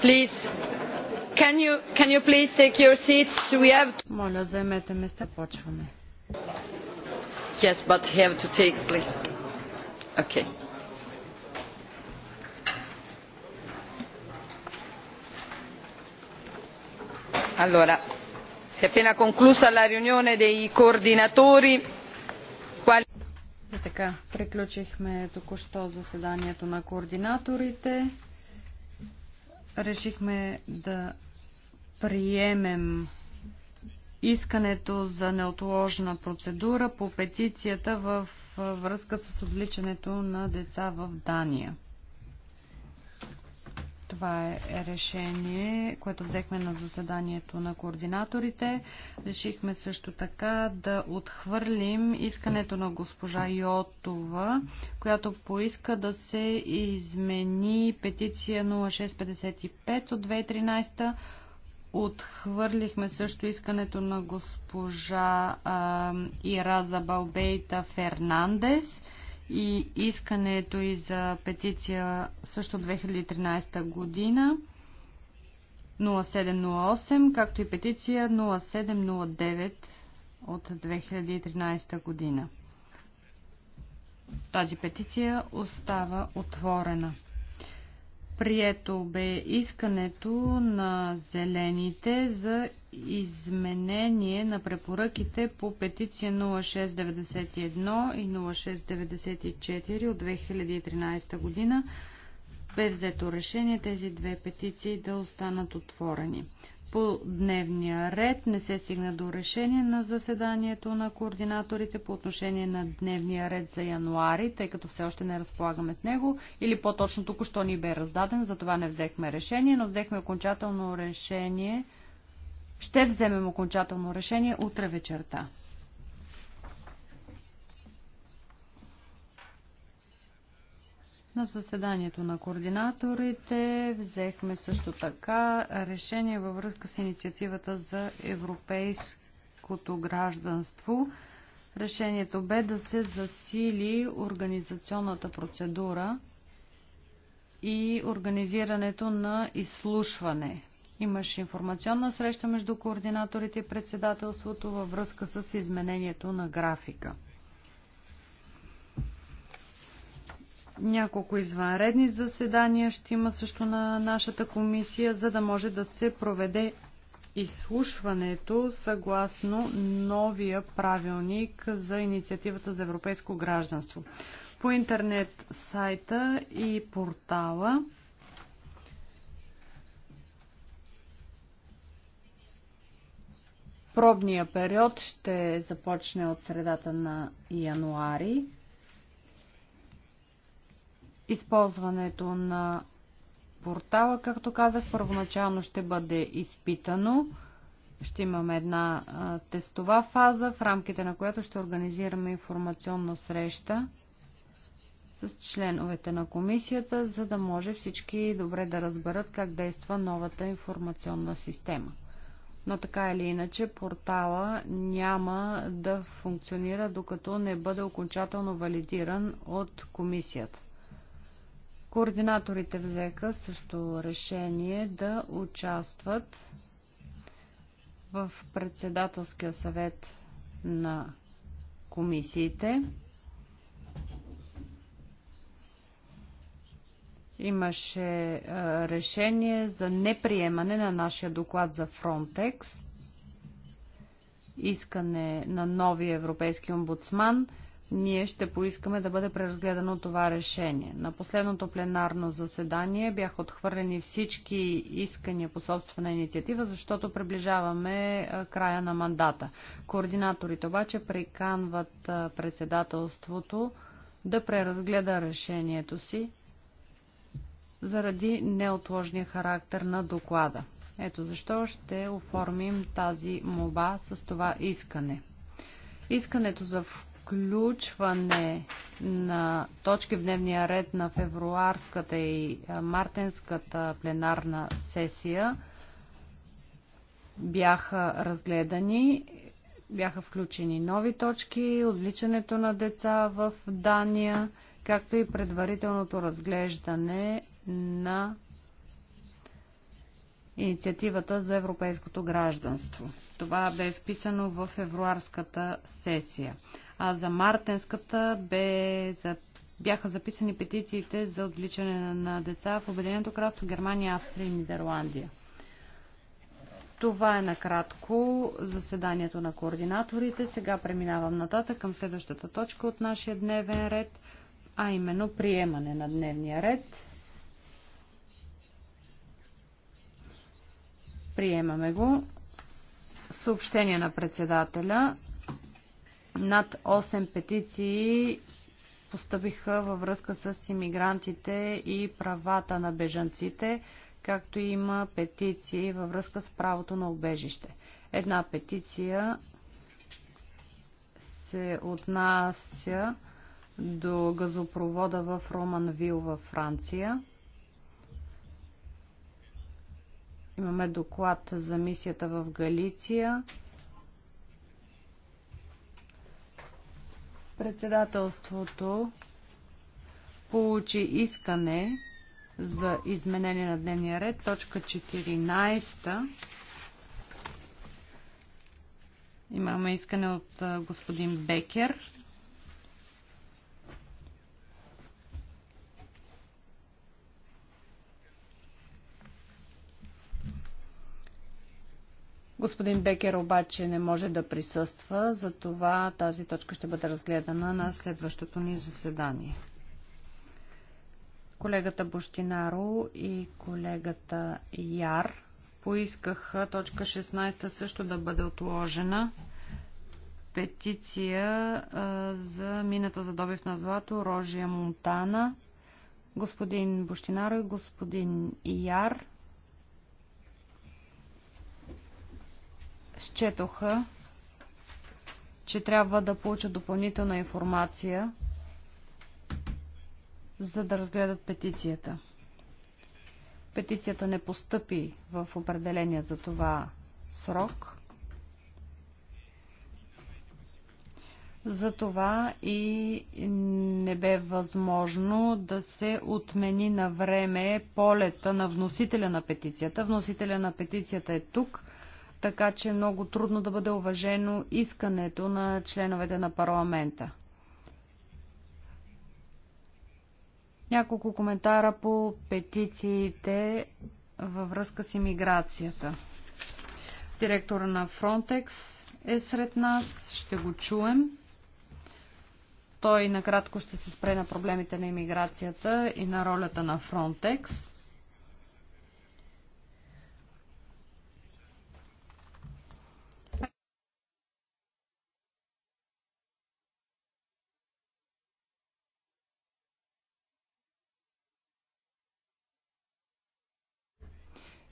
Please, can you, can you please take your seats? We have... Моля, заемете места, почваме. Yes, but have to take, please. Okay. Allora, si è appena conclusa la riunione dei coordinatori така, приключихме току-що заседанието на координаторите. Решихме да приемем искането за неотложна процедура по петицията в връзка с обличането на деца в Дания. Това е решение, което взехме на заседанието на координаторите. Решихме също така да отхвърлим искането на госпожа Йотова, която поиска да се измени петиция 0655 от 2013 Отхвърлихме също искането на госпожа а, Ираза Балбейта Фернандес и искането и за петиция също 2013 година 0708, както и петиция 0709 от 2013 година. Тази петиция остава отворена. Прието бе искането на зелените за изменение на препоръките по петиция 0691 и 0694 от 2013 година. Бе взето решение тези две петиции да останат отворени по дневния ред не се стигна до решение на заседанието на координаторите по отношение на дневния ред за януари, тъй като все още не разполагаме с него, или по-точно току-що ни бе раздаден, затова не взехме решение, но взехме окончателно решение. Ще вземем окончателно решение утре вечерта. На заседанието на координаторите взехме също така решение във връзка с инициативата за европейското гражданство. Решението бе да се засили организационната процедура и организирането на изслушване. Имаше информационна среща между координаторите и председателството във връзка с изменението на графика. Няколко извънредни заседания ще има също на нашата комисия, за да може да се проведе изслушването съгласно новия правилник за инициативата за европейско гражданство. По интернет сайта и портала Пробния период ще започне от средата на януари Използването на портала, както казах, първоначално ще бъде изпитано. Ще имаме една а, тестова фаза, в рамките на която ще организираме информационна среща с членовете на комисията, за да може всички добре да разберат как действа новата информационна система. Но така или иначе, портала няма да функционира, докато не бъде окончателно валидиран от комисията. Координаторите взеха също решение да участват в председателския съвет на комисиите. Имаше решение за неприемане на нашия доклад за Фронтекс, искане на новия европейски омбудсман – ние ще поискаме да бъде преразгледано това решение. На последното пленарно заседание бяха отхвърлени всички искания по собствена инициатива, защото приближаваме е, края на мандата. Координаторите обаче приканват е, председателството да преразгледа решението си заради неотложния характер на доклада. Ето защо ще оформим тази моба с това искане. Искането за включване на точки в дневния ред на февруарската и мартенската пленарна сесия бяха разгледани, бяха включени нови точки, отвличането на деца в Дания, както и предварителното разглеждане на инициативата за европейското гражданство. Това бе вписано в февруарската сесия. А за Мартенската бе за бяха записани петициите за отвличане на деца в Обединеното кралство Германия, Австрия и Нидерландия. Това е накратко заседанието на координаторите. Сега преминавам нататък към следващата точка от нашия дневен ред, а именно приемане на дневния ред. Приемаме го. Съобщение на председателя над 8 петиции поставиха във връзка с иммигрантите и правата на бежанците, както и има петиции във връзка с правото на убежище. Една петиция се отнася до газопровода в Романвил във Франция. Имаме доклад за мисията в Галиция. Председателството получи искане за изменение на дневния ред, точка 14. Имаме искане от господин Бекер. Господин Бекер обаче не може да присъства, затова тази точка ще бъде разгледана на следващото ни заседание. Колегата Бощинаро и колегата Яр поискаха точка 16 също да бъде отложена. Петиция а, за мината за добив на злато Рожия Монтана. Господин Бощинаро и господин Яр счетоха, че трябва да получат допълнителна информация, за да разгледат петицията. Петицията не постъпи в определения за това срок. Затова и не бе възможно да се отмени на време полета на вносителя на петицията. Вносителя на петицията е тук – така че е много трудно да бъде уважено искането на членовете на парламента. Няколко коментара по петициите във връзка с иммиграцията. Директора на Frontex е сред нас, ще го чуем. Той накратко ще се спре на проблемите на иммиграцията и на ролята на Frontex.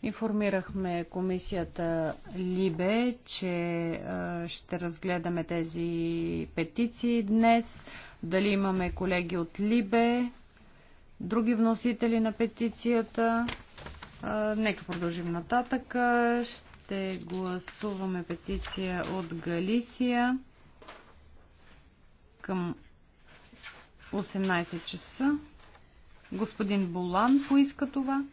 Информирахме комисията Либе, че ще разгледаме тези петиции днес. Дали имаме колеги от Либе, други вносители на петицията. Нека продължим нататък. Ще гласуваме петиция от Галисия към 18 часа. Господин Болан поиска това.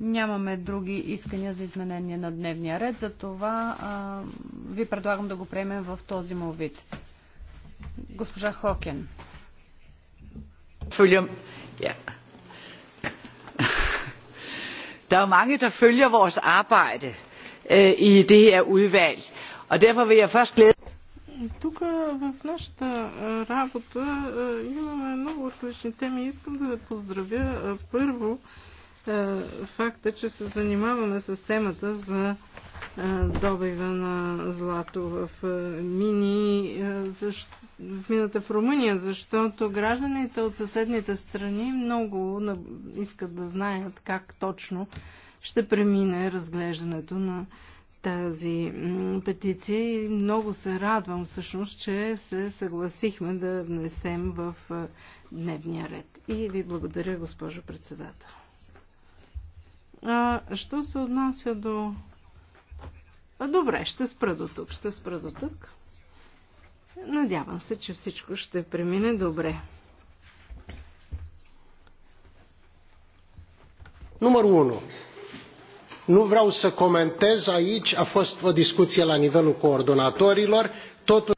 Нямаме други искания за изменение на дневния ред, затова а, ви предлагам да го приемем в този му вид. Госпожа Хокен. Følger, ja. Der er jo mange, der følger vores arbejde øh, i det her udvalg, og derfor vil jeg først glæde тук в нашата работа имаме много различни теми. Искам да поздравя първо е, факта, че се занимаваме с темата за е, добива на злато в е, мини, в мината в Румъния, защото гражданите от съседните страни много искат да знаят как точно ще премине разглеждането на тази петиция и много се радвам всъщност, че се съгласихме да внесем в дневния ред. И ви благодаря, госпожо председател. А, що се отнася до... А, добре, ще спра до тук, ще спра до тук. Надявам се, че всичко ще премине добре. Numărul 1. Nu vreau să comentez aici, a fost o discuție la nivelul coordonatorilor, totul...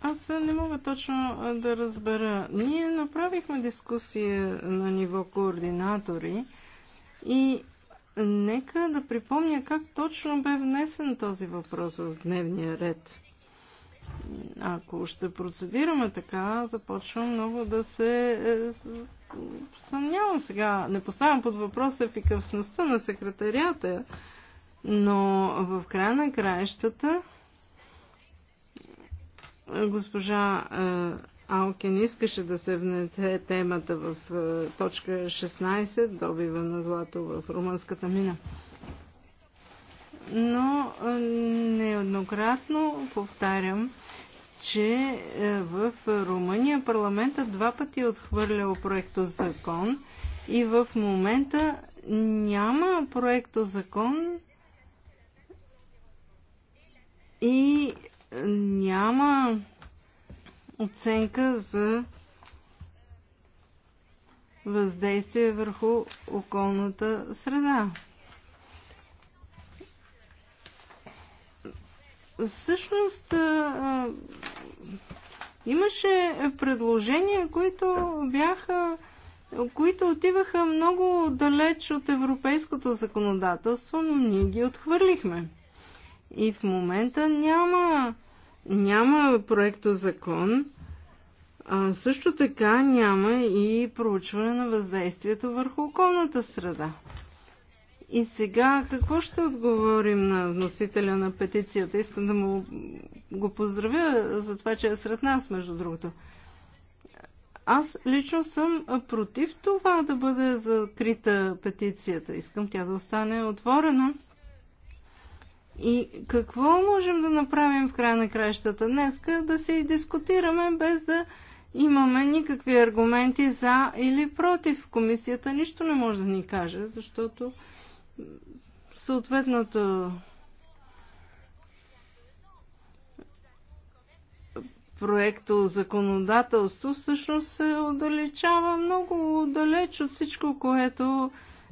Аз не мога точно да разбера. Ние направихме дискусия на ниво координатори и нека да припомня как точно бе внесен този въпрос в дневния ред. Ако ще процедираме така, започвам много да се е, съмнявам сега. Не поставям под въпрос ефикасността на секретарията, но в края на краищата е, госпожа е, Алки не искаше да се внесе темата в е, точка 16, добива на злато в румънската мина. Но е, нееднократно повтарям, че е, в Румъния парламента два пъти е отхвърлял проекто закон и в момента няма проекто закон и няма оценка за въздействие върху околната среда. Всъщност, имаше предложения, които бяха които отиваха много далеч от европейското законодателство, но ние ги отхвърлихме. И в момента няма няма проекто закон, а също така няма и проучване на въздействието върху околната среда. И сега какво ще отговорим на вносителя на петицията? Искам да му го поздравя за това, че е сред нас, между другото. Аз лично съм против това да бъде закрита петицията. Искам тя да остане отворена и какво можем да направим в края на кращата днеска? Да се и дискутираме без да имаме никакви аргументи за или против. Комисията нищо не може да ни каже, защото съответното проекто законодателство всъщност се отдалечава много далеч от всичко, което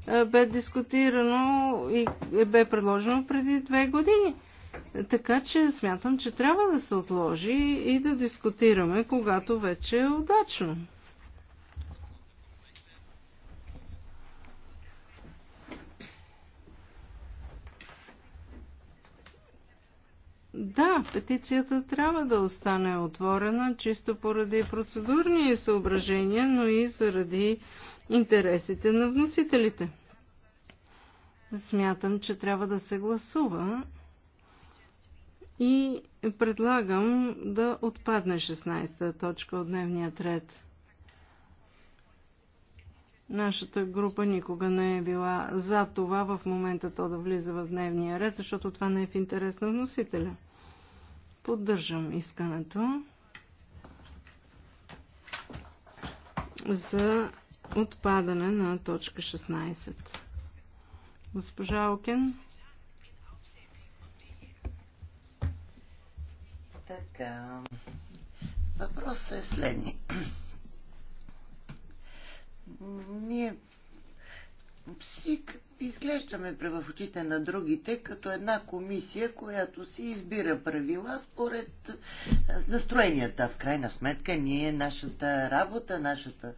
е, бе дискутирано и бе предложено преди две години. Така че смятам, че трябва да се отложи и да дискутираме, когато вече е удачно. Да, петицията трябва да остане отворена чисто поради процедурни съображения, но и заради интересите на вносителите. Смятам, че трябва да се гласува и предлагам да отпадне 16-та точка от дневния ред. Нашата група никога не е била за това в момента то да влиза в дневния ред, защото това не е в интерес на вносителя. Поддържам искането за отпадане на точка 16. Госпожа Окен. Така. Въпросът е следния. Ние си изглеждаме в очите на другите като една комисия, която си избира правила според настроенията. В крайна сметка ние, нашата работа, нашата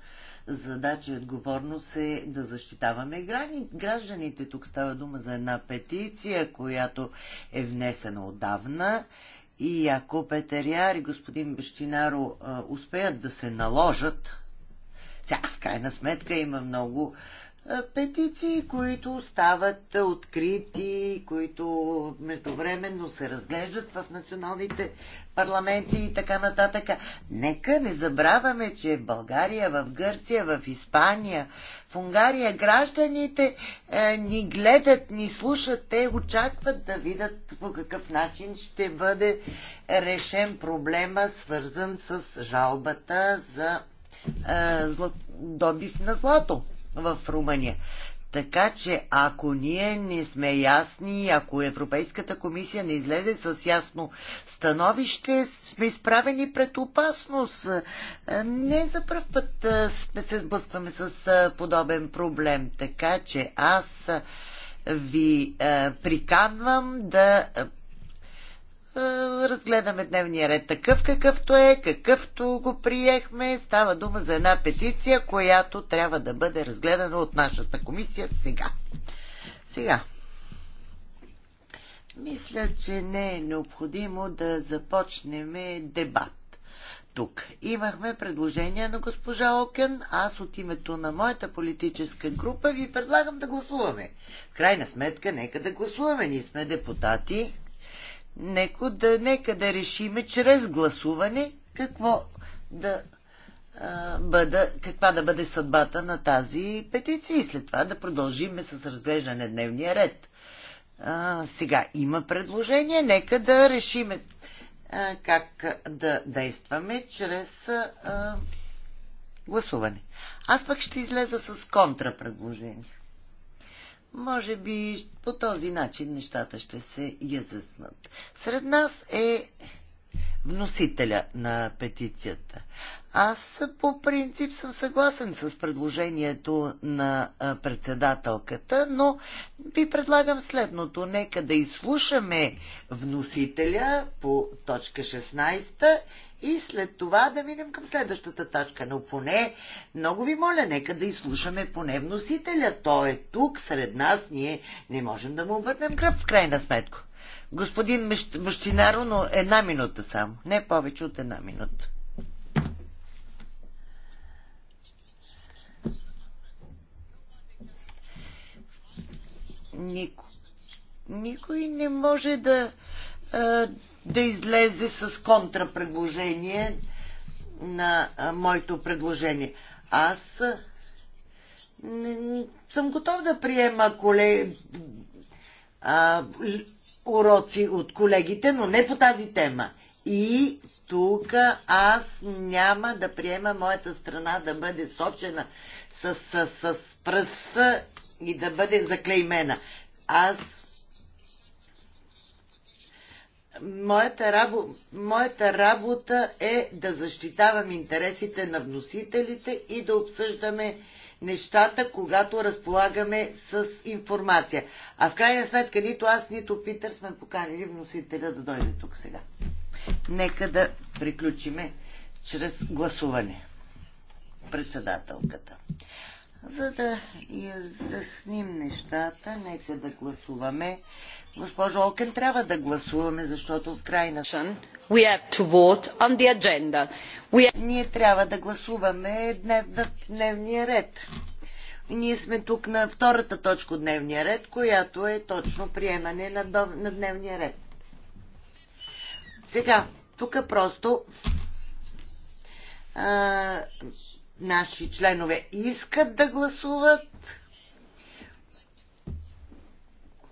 задача и отговорност е да защитаваме грани, гражданите. Тук става дума за една петиция, която е внесена отдавна. И ако Петър Яр и господин Бещинаро успеят да се наложат, сега в крайна сметка има много е, петиции, които стават открити, които междувременно се разглеждат в националните парламенти и така нататък. Нека не забравяме, че в България, в Гърция, в Испания, в Унгария гражданите е, ни гледат, ни слушат, те очакват да видят по какъв начин ще бъде решен проблема, свързан с жалбата за е, добив на злато в Румъния. Така че ако ние не сме ясни, ако Европейската комисия не излезе с ясно становище, сме изправени пред опасност. Е, не за първ път е, сме се сблъскваме с е, подобен проблем. Така че аз ви приканвам да е, разгледаме дневния ред такъв какъвто е, какъвто го приехме. Става дума за една петиция, която трябва да бъде разгледана от нашата комисия сега. Сега. Мисля, че не е необходимо да започнем дебат. Тук имахме предложение на госпожа Окен. Аз от името на моята политическа група ви предлагам да гласуваме. В крайна сметка, нека да гласуваме. Ние сме депутати. Неко да, нека да решиме чрез гласуване какво да а, бъда, каква да бъде съдбата на тази петиция и след това да продължиме с разглеждане дневния ред. А, сега има предложение, нека да решиме а, как да действаме чрез а, гласуване. Аз пък ще излеза с контрапредложение. Може би по този начин нещата ще се изяснат. Сред нас е вносителя на петицията. Аз по принцип съм съгласен с предложението на председателката, но ви предлагам следното. Нека да изслушаме вносителя по точка 16 и след това да минем към следващата точка. Но поне, много ви моля, нека да изслушаме поне вносителя. Той е тук сред нас, ние не можем да му обърнем кръв в крайна сметка. Господин Мощинаро, но една минута само. Не повече от една минута. Никой. Никой не може да, да излезе с контрапредложение на моето предложение. Аз не, съм готов да приема коле... а, уроци от колегите, но не по тази тема. И тук аз няма да приема моята страна да бъде сочена с, с, с пръс и да бъде заклеймена. Аз Моята, рабо... Моята работа е да защитавам интересите на вносителите и да обсъждаме нещата, когато разполагаме с информация. А в крайна сметка нито аз, нито Питър сме поканили вносителя да дойде тук сега. Нека да приключиме чрез гласуване. Председателката. За да засним нещата, нека да гласуваме. Госпожо Олкен, трябва да гласуваме, защото в крайна... We Ние трябва да гласуваме днев, дневния ред. Ние сме тук на втората точка от дневния ред, която е точно приемане на, на дневния ред. Сега, тук просто а, наши членове искат да гласуват.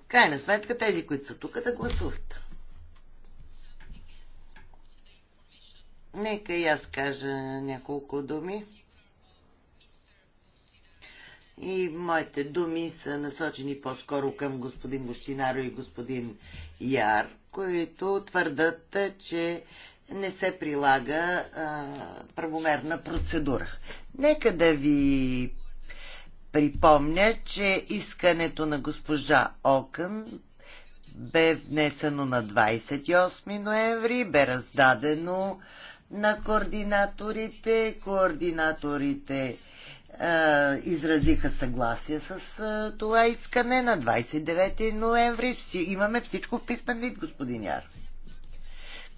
Крайна сметка тези, които са тук, да гласуват. Нека и аз кажа няколко думи. И моите думи са насочени по-скоро към господин Бощинаро и господин Яр, които твърдат, че не се прилага а, правомерна процедура. Нека да ви припомня, че искането на госпожа Окън бе внесено на 28 ноември, бе раздадено на координаторите. Координаторите а, изразиха съгласие с а, това искане на 29 ноември. Имаме всичко в писмен вид, господин Яр.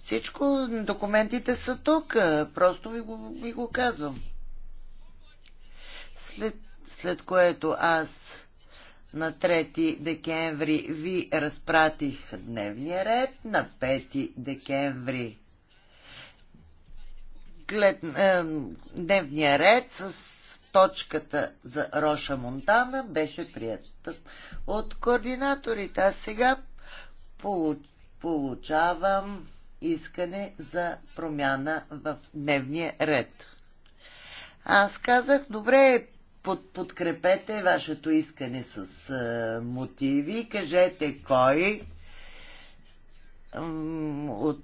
Всичко, документите са тук, просто ви го, ви го казвам. След, след което аз на 3 декември ви разпратих дневния ред, на 5 декември глед, е, дневния ред с точката за Роша Монтана беше приятата от координаторите. А сега получавам искане за промяна в дневния ред. Аз казах, добре, под, подкрепете вашето искане с е, мотиви, кажете кой от,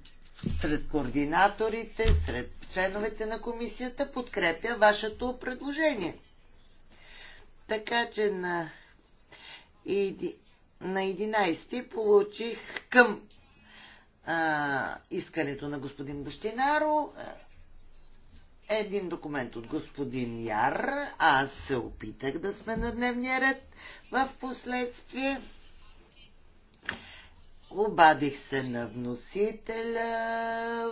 сред координаторите, сред членовете на комисията подкрепя вашето предложение. Така че на, и, на 11 получих към а, искането на господин Бощинаро, е, един документ от господин Яр. Аз се опитах да сме на дневния ред в последствие. Обадих се на вносителя,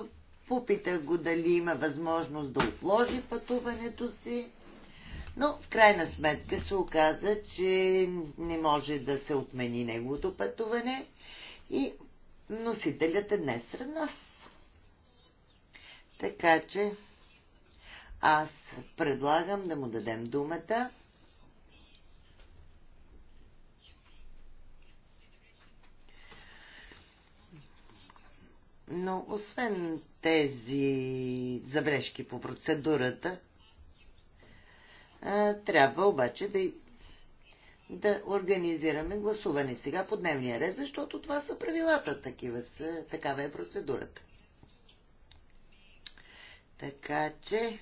попитах го дали има възможност да отложи пътуването си, но в крайна сметка се оказа, че не може да се отмени неговото пътуване и Носителят е днес сред нас. Така че аз предлагам да му дадем думата. Но освен тези забрежки по процедурата, трябва обаче да да организираме гласуване сега по дневния ред, защото това са правилата, такива са, такава е процедурата. Така че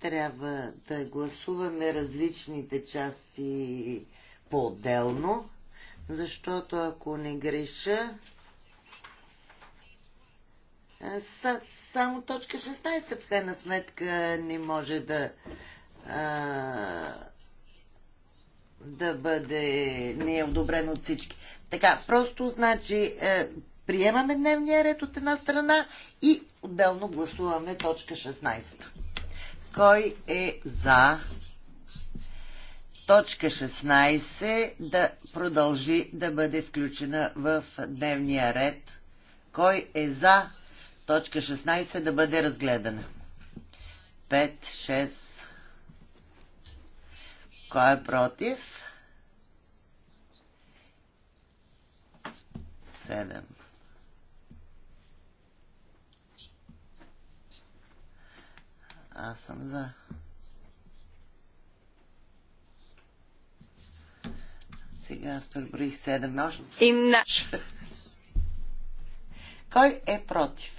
трябва да гласуваме различните части по-отделно, защото ако не греша, са, само точка 16 в крайна сметка не може да а, да бъде не е одобрен от всички. Така, просто значи е, приемаме дневния ред от една страна и отделно гласуваме точка 16. Кой е за точка 16 да продължи да бъде включена в дневния ред? Кой е за точка 16 да бъде разгледана? 5, 6, кой е против? 7. Аз съм за. Сега аз преброих 7 още. И наш. Кой е против?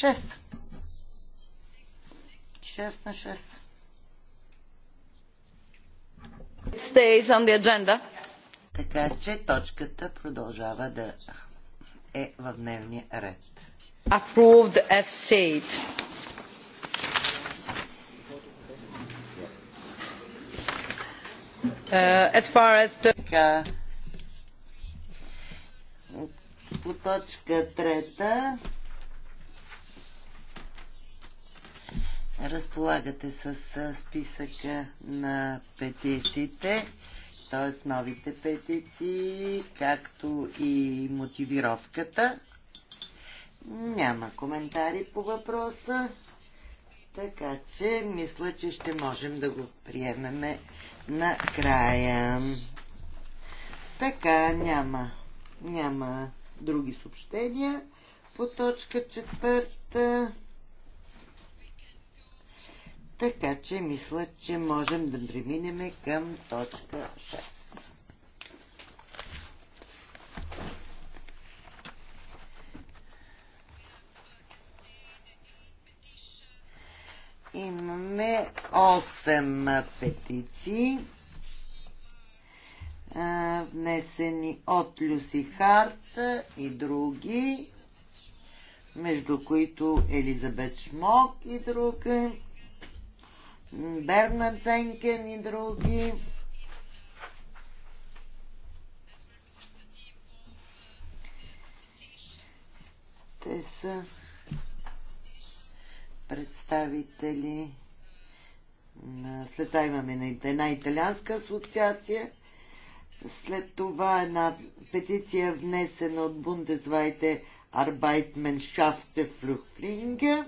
6. 6 на 6. Stays on the agenda. Така че точката продължава да е в дневния ред. Approved as said. Uh, as far as the... Така. По точка трета Разполагате с списъка на петициите, т.е. новите петиции, както и мотивировката. Няма коментари по въпроса, така че мисля, че ще можем да го приемеме накрая. Така, няма, няма други съобщения по точка четвърта. Така че мисля, че можем да преминем към точка 6. Имаме 8 петиции, внесени от Люси Харт и други, между които Елизабет Шмок и други. Бернард Зенкен и други. Те са представители на... След това имаме една италианска асоциация. След това една петиция внесена от Бундесвайте Arbeitmenschaft Flüchtlinge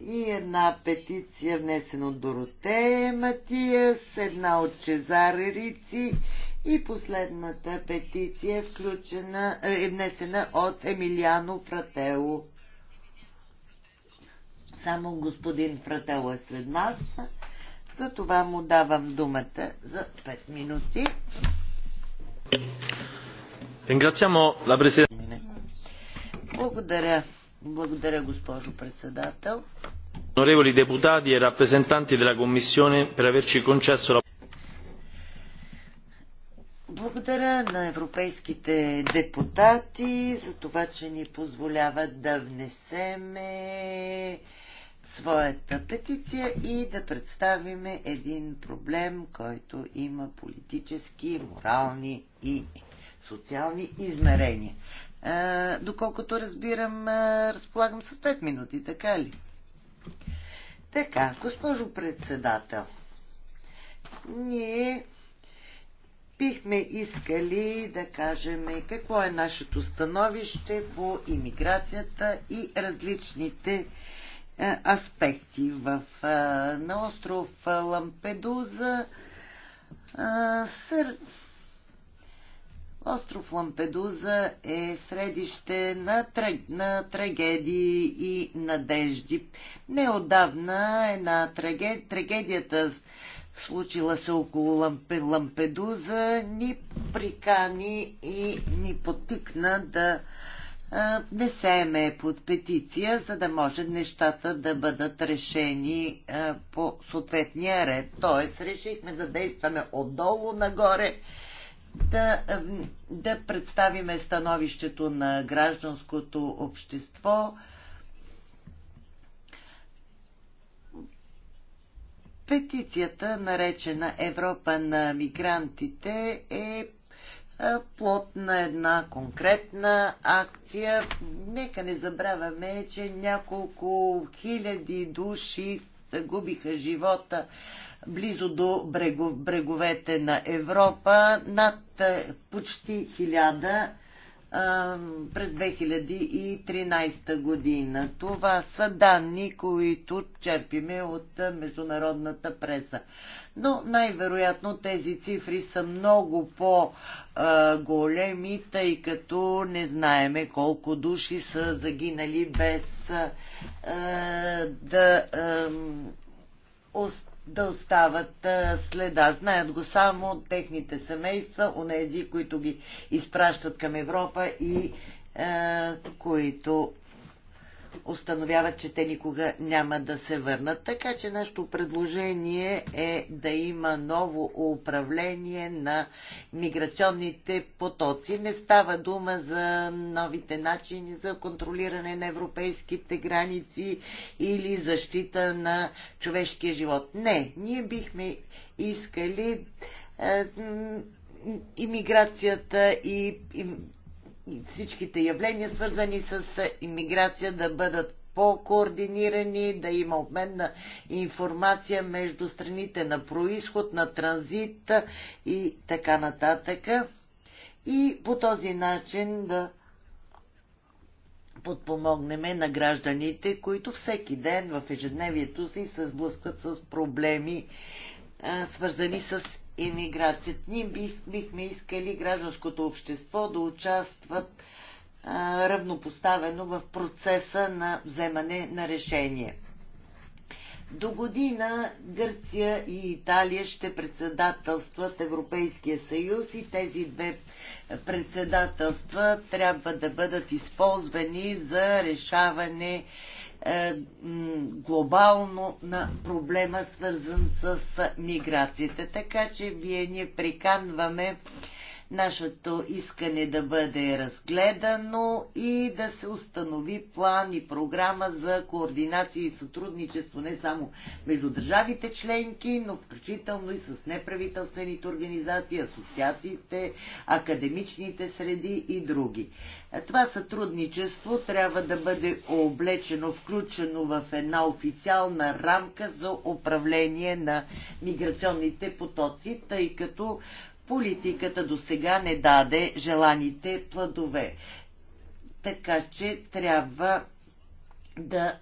и една петиция, внесена от Дороте Матиас, една от Чезаре Рици и последната петиция, е включена, е, е внесена от Емилиано Фрателло. Само господин Фрател е сред нас, за това му давам думата за 5 минути. Благодаря, благодаря, госпожо председател. Onorevoli депутати и репрезентанти на Commissione per averci concesso la... Благодаря на европейските депутати за това, че ни позволяват да внесеме своята петиция и да представиме един проблем, който има политически, морални и социални измерения доколкото разбирам, разполагам с 5 минути, така ли? Така, госпожо председател, ние бихме искали да кажем какво е нашето становище по иммиграцията и различните аспекти в, на остров Лампедуза. Сър Остров Лампедуза е средище на, траг... на трагедии и надежди. Неодавна една трагед... трагедията, случила се около Лампе... Лампедуза, ни прикани и ни потикна да не семе под петиция, за да може нещата да бъдат решени по съответния ред. Тоест, решихме да действаме отдолу нагоре да, да представиме становището на гражданското общество. Петицията, наречена Европа на мигрантите, е, е плод на една конкретна акция. Нека не забравяме, че няколко хиляди души загубиха живота близо до бреговете на Европа, над е, почти 1000 през 2013 година. Това са данни, които черпиме от е, международната преса. Но най-вероятно тези цифри са много по-големи, е, тъй като не знаеме колко души са загинали без да да остават следа. Знаят го само техните семейства, онези, които ги изпращат към Европа и е, които установяват, че те никога няма да се върнат. Така че нашето предложение е да има ново управление на миграционните потоци. Не става дума за новите начини за контролиране на европейските граници или защита на човешкия живот. Не, ние бихме искали е, имиграцията и, и всичките явления, свързани с иммиграция, да бъдат по-координирани, да има обмен на информация между страните на происход, на транзит и така нататък. И по този начин да подпомогнем на гражданите, които всеки ден в ежедневието си се сблъскват с проблеми, свързани с иммиграцията. Ние бихме искали гражданското общество да участва равнопоставено в процеса на вземане на решение. До година Гърция и Италия ще председателстват Европейския съюз и тези две председателства трябва да бъдат използвани за решаване е, глобално на проблема, свързан с миграцията. Така че вие ни приканваме нашето искане да бъде разгледано и да се установи план и програма за координация и сътрудничество не само между държавите членки, но включително и с неправителствените организации, асоциациите, академичните среди и други. Това сътрудничество трябва да бъде облечено, включено в една официална рамка за управление на миграционните потоци, тъй като политиката до сега не даде желаните плодове. Така че трябва да,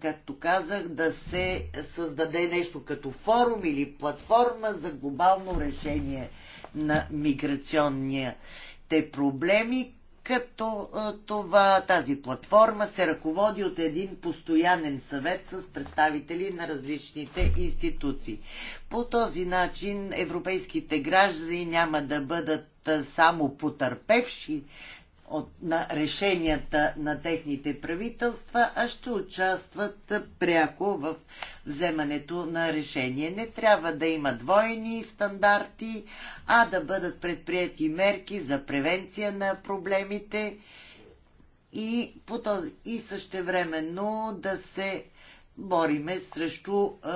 както казах, да се създаде нещо като форум или платформа за глобално решение на миграционните проблеми, като е, това, тази платформа се ръководи от един постоянен съвет с представители на различните институции. По този начин европейските граждани няма да бъдат е, само потърпевши от, на решенията на техните правителства, а ще участват пряко в вземането на решение. Не трябва да има двойни стандарти, а да бъдат предприяти мерки за превенция на проблемите и, по този, и същевременно да се бориме срещу е,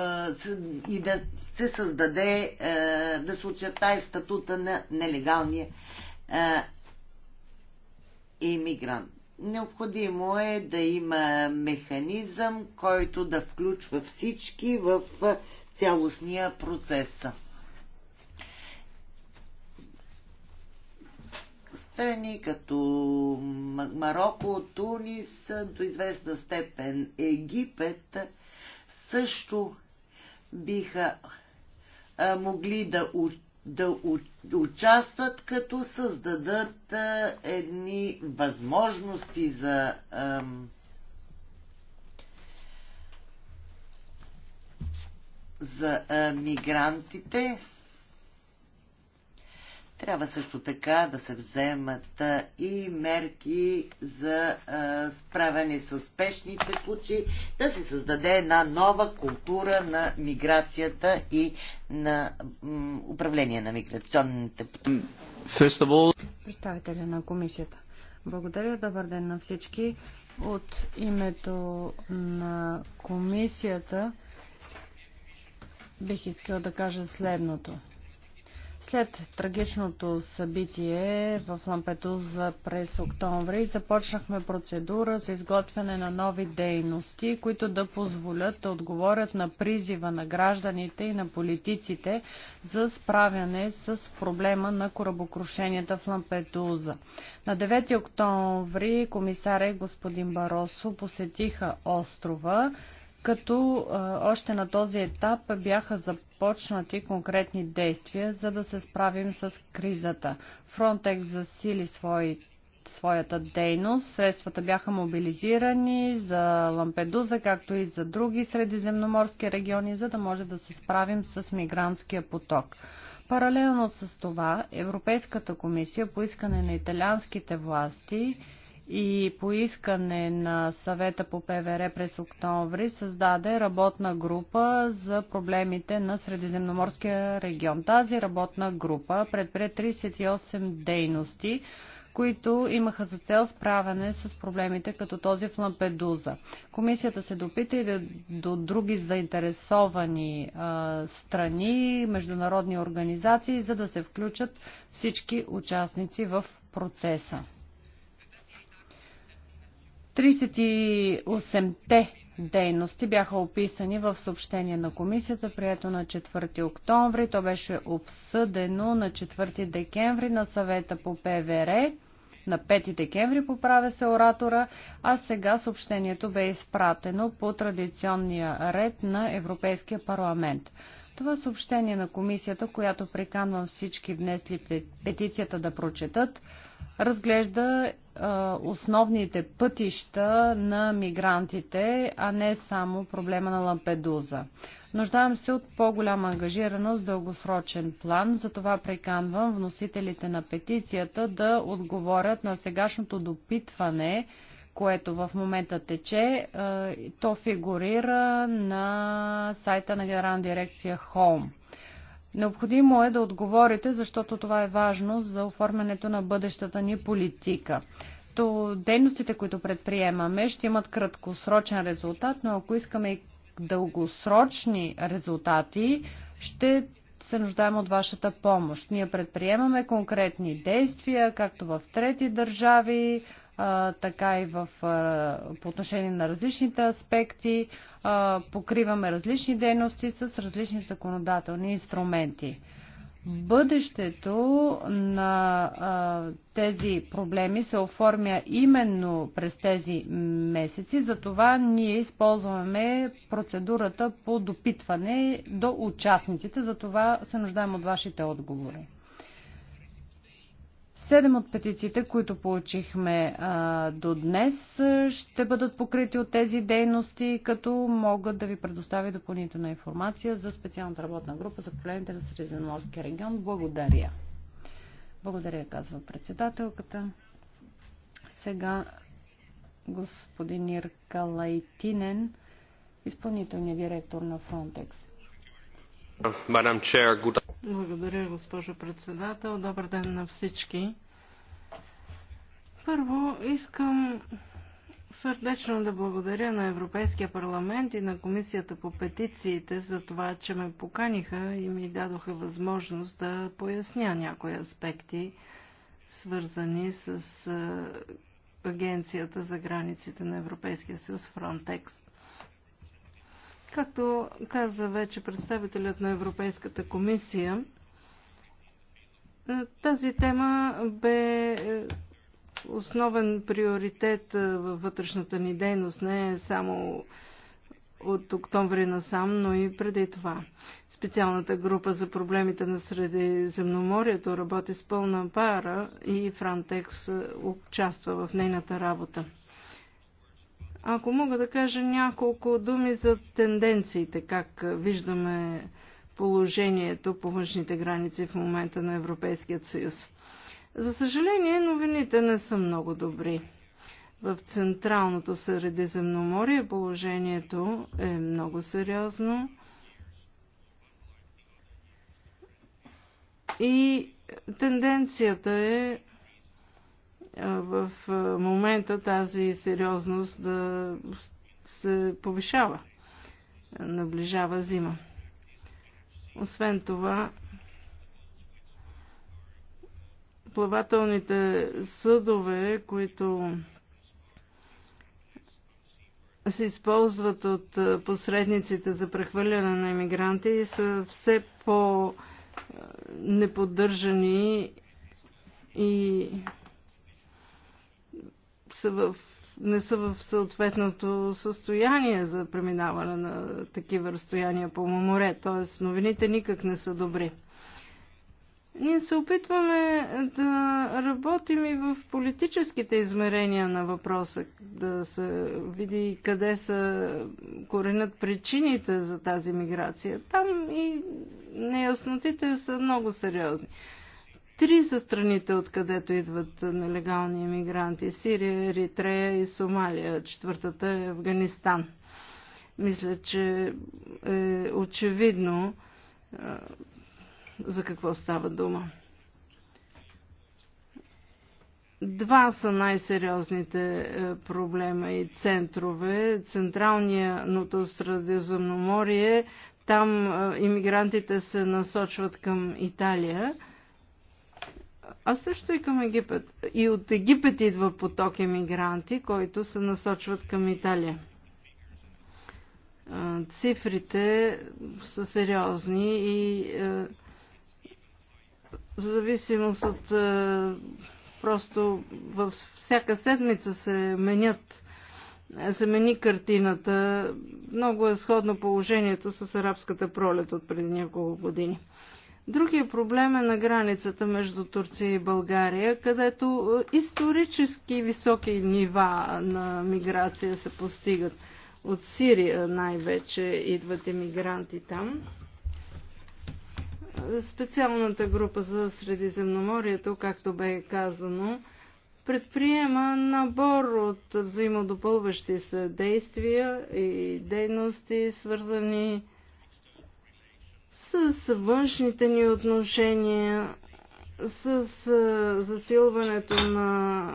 и да се създаде, е, да се очертае статута на нелегалния иммигрант. Необходимо е да има механизъм, който да включва всички в цялостния процес. страни, като Марокко, Тунис, до известна степен Египет, също биха могли да, да участват, като създадат едни възможности за за мигрантите. Трябва също така да се вземат и мерки за справяне с спешните случаи, да се създаде една нова култура на миграцията и на управление на миграционните all... Представителя на комисията. Благодаря, добър ден на всички. От името на комисията бих искал да кажа следното. След трагичното събитие в Лампедуза през октомври започнахме процедура за изготвяне на нови дейности, които да позволят да отговорят на призива на гражданите и на политиците за справяне с проблема на корабокрушенията в Лампедуза. На 9 октомври комисаря господин Баросо посетиха острова като още на този етап бяха започнати конкретни действия, за да се справим с кризата. Фронтек засили свои, своята дейност. Средствата бяха мобилизирани за Лампедуза, както и за други средиземноморски региони, за да може да се справим с мигрантския поток. Паралелно с това, Европейската комисия по искане на италианските власти и по искане на съвета по ПВР през октомври създаде работна група за проблемите на Средиземноморския регион. Тази работна група предпред 38 дейности, които имаха за цел справяне с проблемите като този в Лампедуза. Комисията се допита и до други заинтересовани а, страни, международни организации, за да се включат всички участници в процеса. 38-те дейности бяха описани в съобщение на комисията, прието на 4 октомври. То беше обсъдено на 4 декември на съвета по ПВР. На 5 декември поправя се оратора, а сега съобщението бе изпратено по традиционния ред на Европейския парламент. Това съобщение на комисията, която приканвам всички внесли петицията да прочетат, разглежда основните пътища на мигрантите, а не само проблема на Лампедуза. Нуждаем се от по-голяма ангажираност дългосрочен план, затова приканвам вносителите на петицията да отговорят на сегашното допитване, което в момента тече. То фигурира на сайта на Генерална дирекция Home. Необходимо е да отговорите, защото това е важно за оформянето на бъдещата ни политика. То дейностите, които предприемаме, ще имат краткосрочен резултат, но ако искаме и дългосрочни резултати, ще се нуждаем от вашата помощ. Ние предприемаме конкретни действия, както в трети държави, така и в, по отношение на различните аспекти. Покриваме различни дейности с различни законодателни инструменти. Бъдещето на а, тези проблеми се оформя именно през тези месеци, затова ние използваме процедурата по допитване до участниците, затова се нуждаем от вашите отговори. Седем от петициите, които получихме а, до днес, ще бъдат покрити от тези дейности, като могат да ви предоставя допълнителна информация за специалната работна група за проблемите на Средиземноморския регион. Благодаря. Благодаря, казва председателката. Сега господин Ирка Лайтинен, изпълнителният директор на Фронтекс. Благодаря, госпожо председател. Добър ден на всички. Първо искам сърдечно да благодаря на Европейския парламент и на Комисията по петициите за това, че ме поканиха и ми дадоха възможност да поясня някои аспекти, свързани с Агенцията за границите на Европейския съюз Frontex. Както каза вече представителят на Европейската комисия, е, тази тема бе е, основен приоритет е, във вътрешната ни дейност, не само от октомври насам, но и преди това. Специалната група за проблемите на Средиземноморието работи с пълна пара и Франтекс участва в нейната работа. Ако мога да кажа няколко думи за тенденциите, как виждаме положението по външните граници в момента на Европейският съюз. За съжаление, новините не са много добри. В Централното Средиземноморие положението е много сериозно. И тенденцията е в момента тази сериозност да се повишава. Наближава зима. Освен това, плавателните съдове, които се използват от посредниците за прехвърляне на иммигранти, са все по-неподдържани и са в, не са в съответното състояние за преминаване на такива разстояния по море, т.е. новините никак не са добри. Ние се опитваме да работим и в политическите измерения на въпроса, да се види къде са коренят причините за тази миграция. Там и неяснотите са много сериозни три са страните, откъдето идват нелегални иммигранти. Сирия, Еритрея и Сомалия. Четвъртата е Афганистан. Мисля, че е очевидно е, за какво става дума. Два са най-сериозните е, проблема и центрове. Централното Средиземноморие, там е, иммигрантите се насочват към Италия – а също и към Египет. И от Египет идва поток емигранти, които се насочват към Италия. Цифрите са сериозни и е, в зависимост от е, просто във всяка седмица се менят се мени картината. Много е сходно положението с арабската пролет от преди няколко години. Другия проблем е на границата между Турция и България, където е, исторически високи нива на миграция се постигат. От Сирия най-вече идват емигранти там. Специалната група за Средиземноморието, както бе казано, предприема набор от взаимодопълващи се действия и дейности, свързани с с външните ни отношения, с засилването на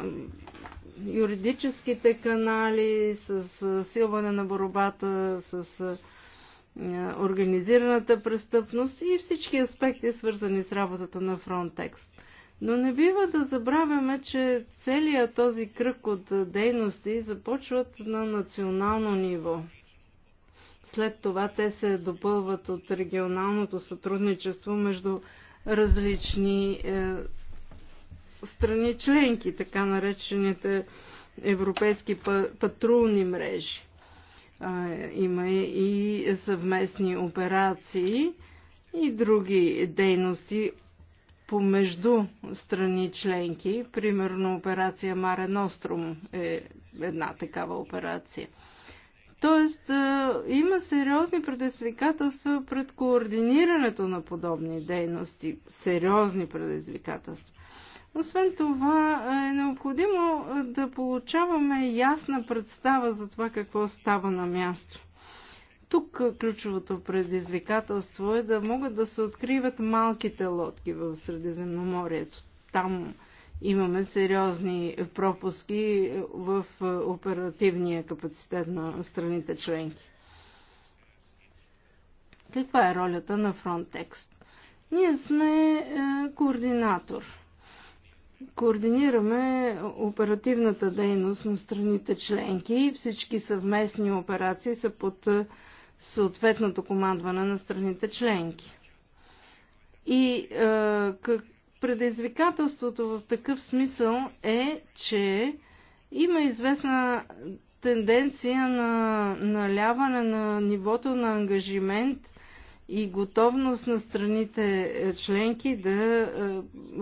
юридическите канали, с засилване на борбата с организираната престъпност и всички аспекти, свързани с работата на Frontex. Но не бива да забравяме, че целият този кръг от дейности започват на национално ниво. След това те се допълват от регионалното сътрудничество между различни е, страни членки, така наречените европейски патрулни мрежи. Е, има и съвместни операции и други дейности помежду страни членки. Примерно операция Маре Ностром е една такава операция. Тоест, има сериозни предизвикателства пред координирането на подобни дейности. Сериозни предизвикателства. Освен това, е необходимо да получаваме ясна представа за това какво става на място. Тук ключовото предизвикателство е да могат да се откриват малките лодки в Средиземноморието. Там имаме сериозни пропуски в е, оперативния капацитет на страните членки. Каква е ролята на Frontex? Ние сме е, координатор. Координираме оперативната дейност на страните членки и всички съвместни операции са под е, съответното командване на страните членки. И е, как, Предизвикателството в такъв смисъл е, че има известна тенденция на наляване на нивото на ангажимент и готовност на страните е, членки да е,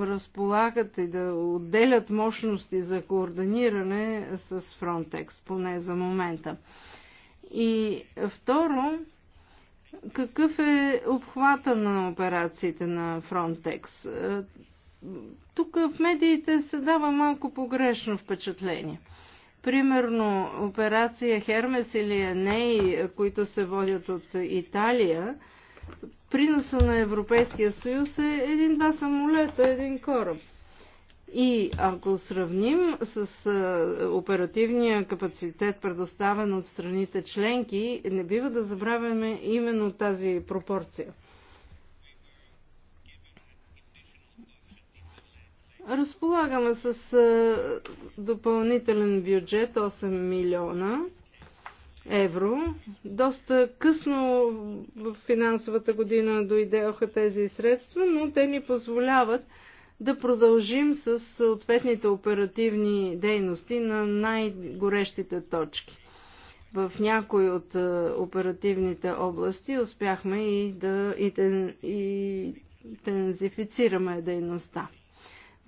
разполагат и да отделят мощности за координиране с Frontex, поне за момента. И второ, какъв е обхвата на операциите на Frontex? Е, тук в медиите се дава малко погрешно впечатление. Примерно операция Хермес или Еней, които се водят от Италия, приноса на Европейския съюз е един-два самолета, един кораб. И ако сравним с а, оперативния капацитет, предоставен от страните членки, не бива да забравяме именно тази пропорция – Разполагаме с е, допълнителен бюджет 8 милиона евро. Доста късно в финансовата година дойдеха тези средства, но те ни позволяват да продължим с съответните оперативни дейности на най-горещите точки. В някои от е, оперативните области успяхме и да интензифицираме дейността.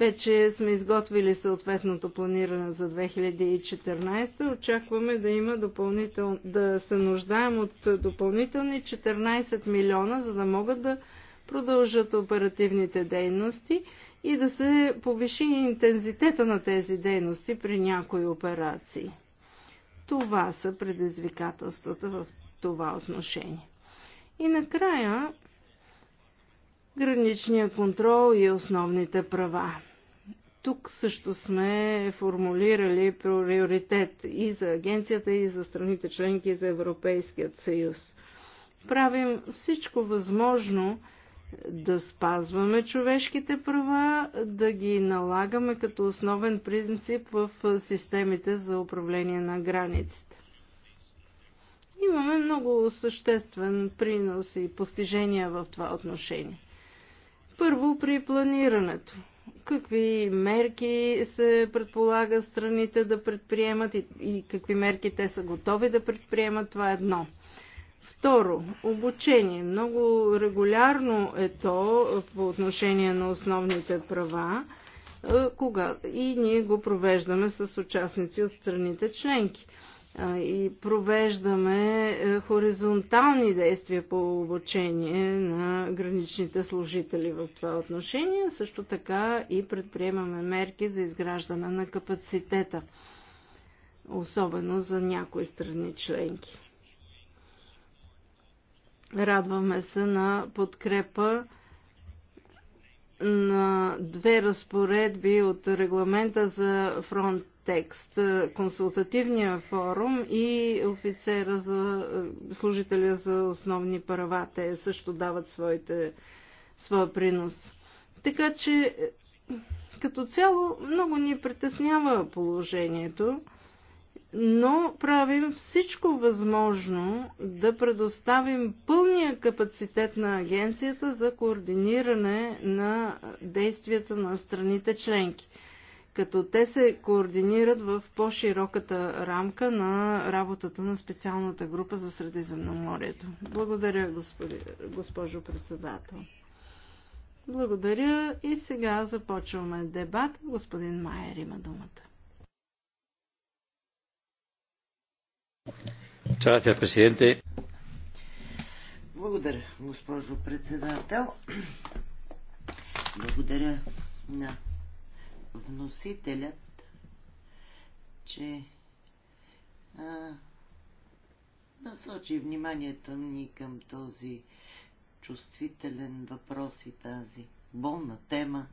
Вече сме изготвили съответното планиране за 2014. Очакваме да има допълнител... да се нуждаем от допълнителни 14 милиона, за да могат да продължат оперативните дейности и да се повиши интензитета на тези дейности при някои операции. Това са предизвикателствата в това отношение. И накрая граничния контрол и основните права. Тук също сме формулирали приоритет и за агенцията, и за страните членки, за Европейският съюз. Правим всичко възможно да спазваме човешките права, да ги налагаме като основен принцип в системите за управление на границите. Имаме много съществен принос и постижения в това отношение. Първо при планирането какви мерки се предполага страните да предприемат и, и какви мерки те са готови да предприемат, това е едно. Второ, обучение. Много регулярно е то по отношение на основните права е, кога и ние го провеждаме с участници от страните членки и провеждаме е, хоризонтални действия по обучение на граничните служители в това отношение. Също така и предприемаме мерки за изграждане на капацитета, особено за някои страни членки. Радваме се на подкрепа на две разпоредби от регламента за фронт текст. Е, консултативния форум и офицера за е, служителя за основни права. Те също дават своите, своя принос. Така че е, като цяло много ни притеснява положението, но правим всичко възможно да предоставим пълния капацитет на агенцията за координиране на действията на страните членки – като те се координират в по-широката рамка на работата на специалната група за Средиземноморието. Благодаря, господи, госпожо председател. Благодаря и сега започваме дебат. Господин Майер има думата. Благодаря, госпожо председател. Благодаря на вносителят, че а, насочи вниманието ни към този чувствителен въпрос и тази болна тема,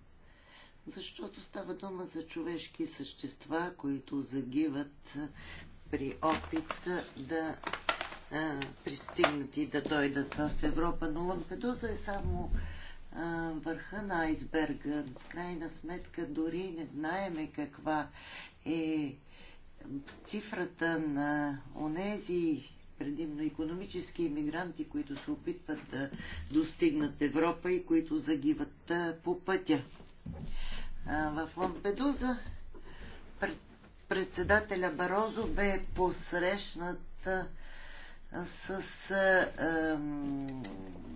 защото става дума за човешки същества, които загиват при опит да а, пристигнат и да дойдат в Европа. Но Лампедуза е само върха на айсберга. В крайна сметка дори не знаеме каква е цифрата на онези предимно економически иммигранти, които се опитват да достигнат Европа и които загиват по пътя. В Лампедуза председателя Барозо бе посрещнат с а,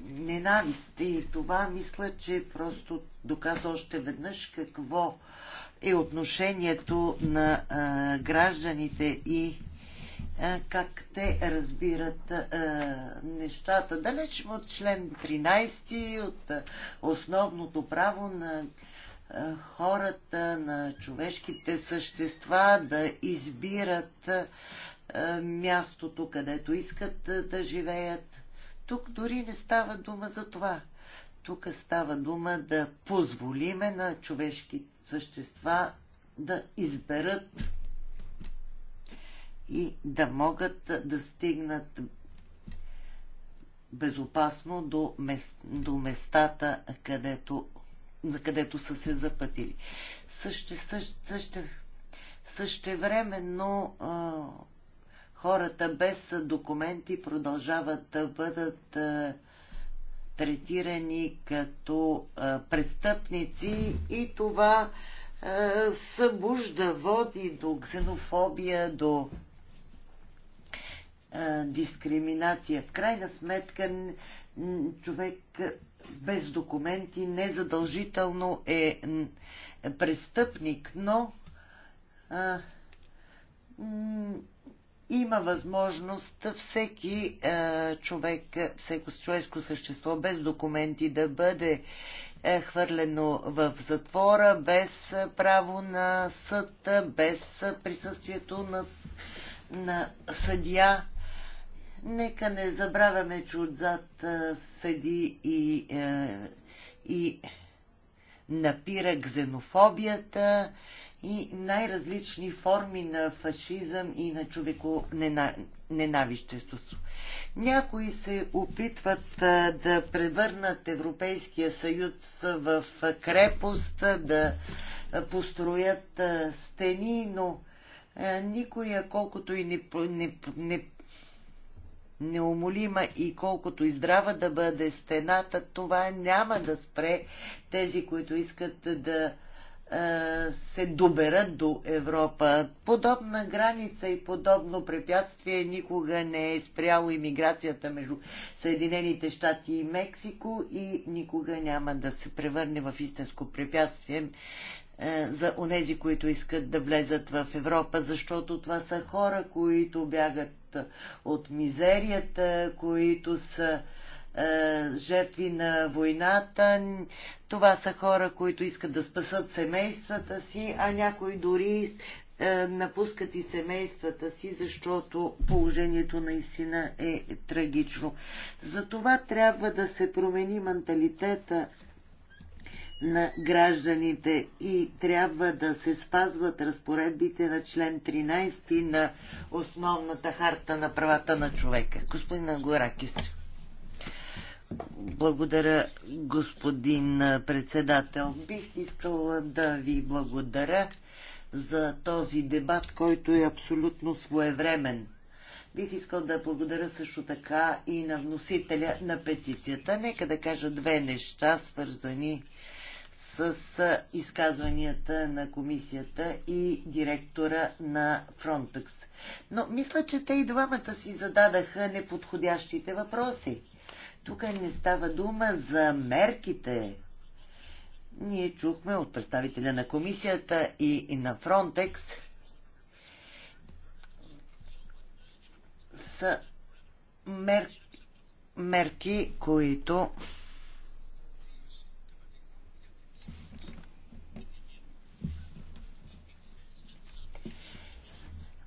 ненавист. И това мисля, че просто доказва още веднъж какво е отношението на а, гражданите и а, как те разбират а, нещата. Далеч от член 13, от а, основното право на а, хората, на човешките същества да избират а, е, мястото, където искат е, да живеят. Тук дори не става дума за това. Тук става дума да позволиме на човешки същества да изберат и да могат да стигнат безопасно до, мест, до местата, където, за където са се запътили. Също, също, също, същевременно хората без документи продължават да бъдат третирани като престъпници и това събужда, води до ксенофобия, до дискриминация. В крайна сметка човек без документи незадължително е престъпник, но има възможност всеки е, човек, всеко човешко същество без документи да бъде е хвърлено в затвора, без право на съд, без присъствието на, на съдия. Нека не забравяме, че отзад е, седи и, е, и напира ксенофобията и най-различни форми на фашизъм и на човеко ненавищество. Някои се опитват да превърнат Европейския съюз в крепост, да построят стени, но никоя, колкото и не, не, не, неумолима и колкото и здрава да бъде стената, това няма да спре тези, които искат да е, се доберат до Европа. Подобна граница и подобно препятствие никога не е спряло иммиграцията между Съединените щати и Мексико и никога няма да се превърне в истинско препятствие е, за онези, които искат да влезат в Европа, защото това са хора, които бягат от мизерията, които са е, жертви на войната. Това са хора, които искат да спасат семействата си, а някои дори е, напускат и семействата си, защото положението наистина е трагично. Затова трябва да се промени менталитета на гражданите и трябва да се спазват разпоредбите на член 13 на основната харта на правата на човека. Господин Горакис. Благодаря, господин председател. Бих искала да ви благодаря за този дебат, който е абсолютно своевремен. Бих искал да благодаря също така и на вносителя на петицията. Нека да кажа две неща, свързани с изказванията на комисията и директора на Фронтекс. Но мисля, че те и двамата си зададаха неподходящите въпроси. Тук не става дума за мерките. Ние чухме от представителя на комисията и, и на Фронтекс са мер, мерки, които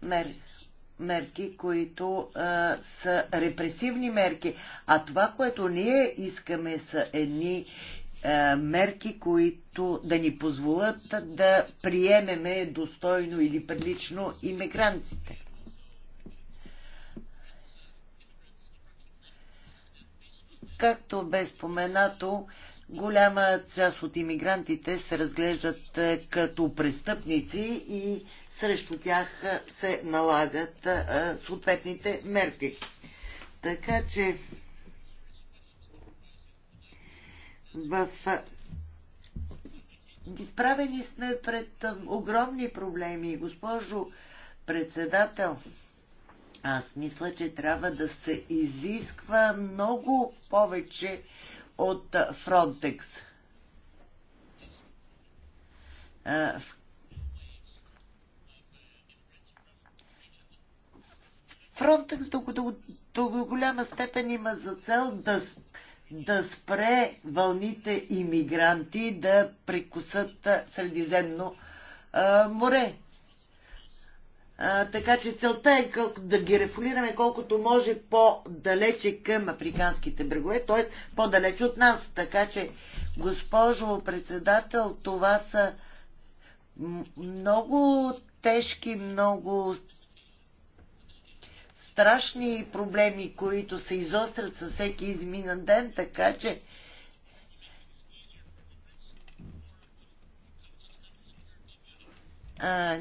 мерки мерки, които а, са репресивни мерки. А това, което ние искаме, са едни а, мерки, които да ни позволят да приемеме достойно или прилично иммигрантите. Както бе споменато, голяма част от иммигрантите се разглеждат като престъпници и срещу тях се налагат съответните мерки. Така че в изправени сме пред огромни проблеми. Госпожо председател, аз мисля, че трябва да се изисква много повече от Фронтекс. В Фронтекс до, до, до голяма степен има за цел да, да спре вълните иммигранти да прекусат Средиземно а, море. А, така че целта е как, да ги рефулираме колкото може по-далече към африканските брегове, т.е. по-далече от нас. Така че, госпожо председател, това са много тежки, много страшни проблеми, които се изострят със всеки изминат ден, така че а,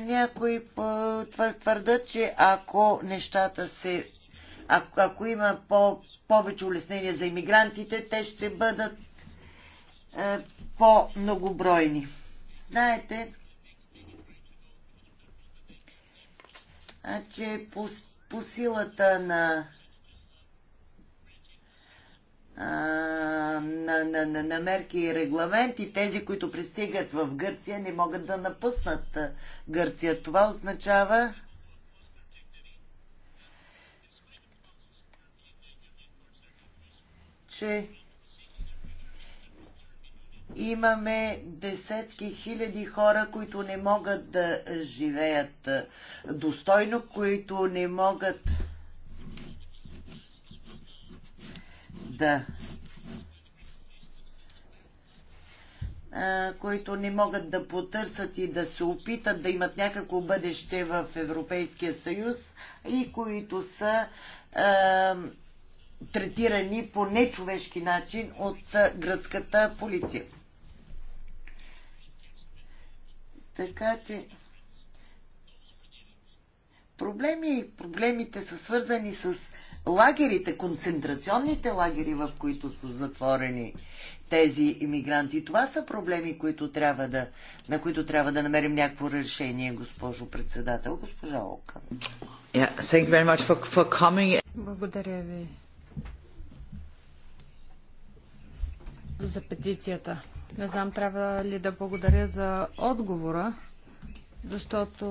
някои твърдат, че ако нещата се ако, ако има по, повече улеснения за иммигрантите, те ще бъдат е, по-многобройни. Знаете, че по, по силата на на, на, на, на мерки и регламенти, тези, които пристигат в Гърция, не могат да напуснат Гърция. Това означава, че имаме десетки хиляди хора, които не могат да живеят достойно, които не могат да които не могат да потърсят и да се опитат да имат някакво бъдеще в Европейския съюз и които са третирани по нечовешки начин от гръцката полиция. Така че проблеми, проблемите са свързани с лагерите, концентрационните лагери, в които са затворени тези иммигранти. Това са проблеми, които трябва да, на които трябва да намерим някакво решение, госпожо председател, госпожа Ока. Yeah, thank you very much for, for coming. Благодаря ви за петицията. Не знам трябва ли да благодаря за отговора, защото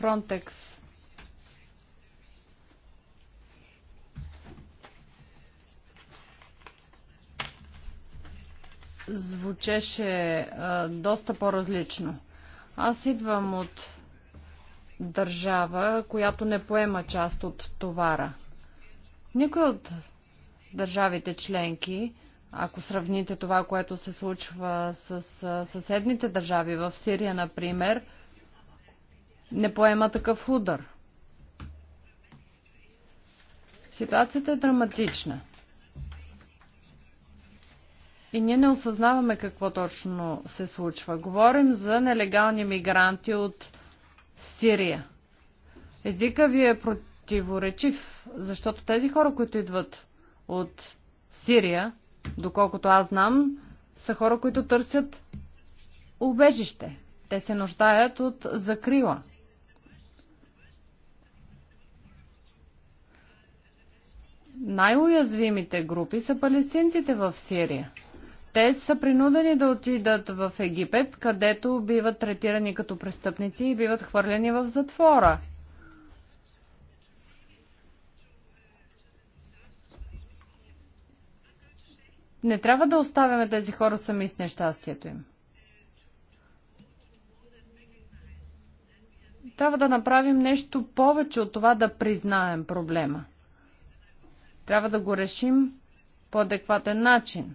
Frontex звучеше а, доста по-различно. Аз идвам от държава, която не поема част от товара. Никой от държавите членки, ако сравните това, което се случва с съседните държави в Сирия, например, не поема такъв удар. Ситуацията е драматична. И ние не осъзнаваме какво точно се случва. Говорим за нелегални мигранти от Сирия. Езика ви е противоречив, защото тези хора, които идват от Сирия, доколкото аз знам, са хора, които търсят убежище. Те се нуждаят от закрила. Най-уязвимите групи са палестинците в Сирия. Те са принудени да отидат в Египет, където биват третирани като престъпници и биват хвърлени в затвора. Не трябва да оставяме тези хора сами с нещастието им. Трябва да направим нещо повече от това да признаем проблема. Трябва да го решим по адекватен начин.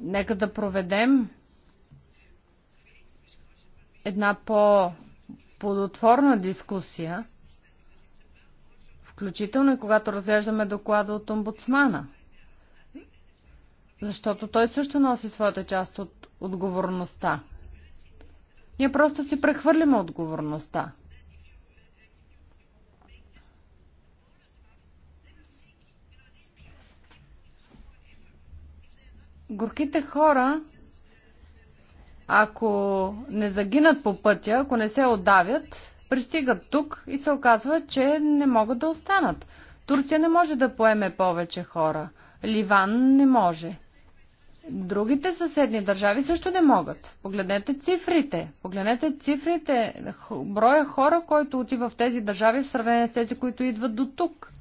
Нека да проведем една по-плодотворна дискусия – Включително и когато разглеждаме доклада от омбудсмана. Защото той също носи своята част от отговорността. Ние просто си прехвърляме отговорността. Горките хора, ако не загинат по пътя, ако не се отдавят, пристигат тук и се оказва, че не могат да останат. Турция не може да поеме повече хора. Ливан не може. Другите съседни държави също не могат. Погледнете цифрите. Погледнете цифрите. Броя хора, който отива в тези държави в сравнение с тези, които идват до тук.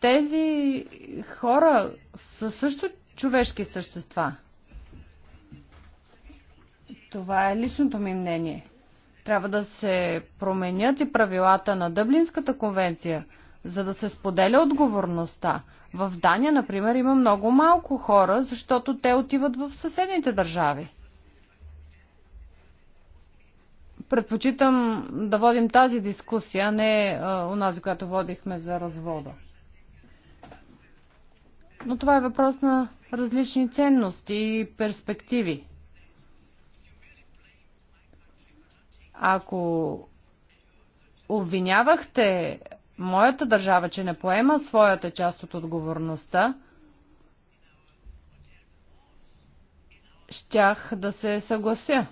Тези хора са също човешки същества. Това е личното ми мнение. Трябва да се променят и правилата на Дъблинската конвенция, за да се споделя отговорността. В Дания, например, има много малко хора, защото те отиват в съседните държави. Предпочитам да водим тази дискусия, а не онази, която водихме за развода. Но това е въпрос на различни ценности и перспективи. Ако обвинявахте моята държава, че не поема своята част от отговорността, щях да се съглася.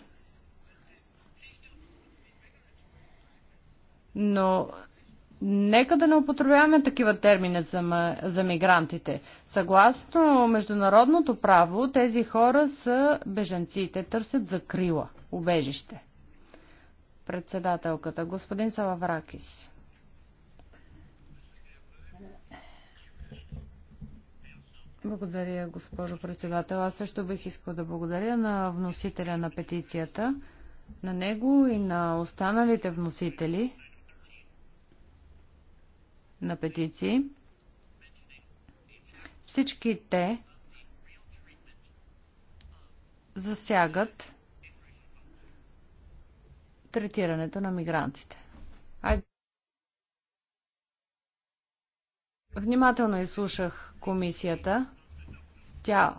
Но нека да не употребяваме такива термини за, за мигрантите. Съгласно международното право, тези хора са бежанци. Те търсят закрила, убежище. Председателката, господин Салавракис. Благодаря, госпожо председател. Аз също бих искал да благодаря на вносителя на петицията, на него и на останалите вносители на петиции. Всички те засягат третирането на мигрантите. Внимателно изслушах комисията. Тя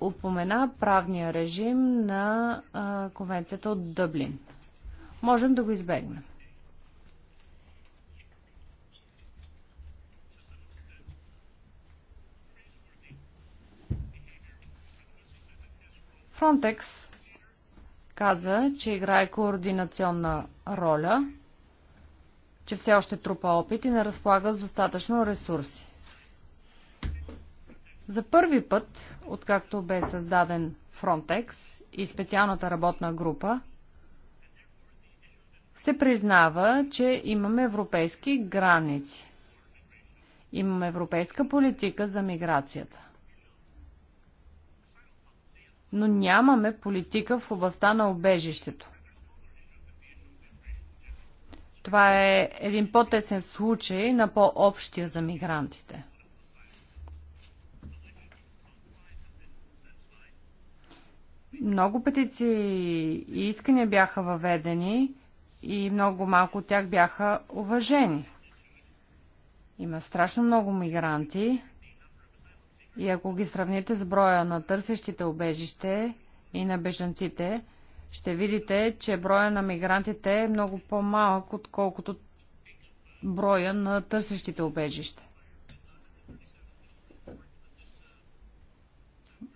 упомена правния режим на а, конвенцията от Дъблин. Можем да го избегнем. Фронтекс каза, че играе координационна роля, че все още трупа опит и не разполага с достатъчно ресурси. За първи път, откакто бе създаден Frontex и специалната работна група, се признава, че имаме европейски граници. Имаме европейска политика за миграцията но нямаме политика в областта на обежището. Това е един по-тесен случай на по-общия за мигрантите. Много петиции и искания бяха въведени и много малко от тях бяха уважени. Има страшно много мигранти, и ако ги сравните с броя на търсещите обежище и на бежанците, ще видите, че броя на мигрантите е много по-малък, отколкото броя на търсещите обежище.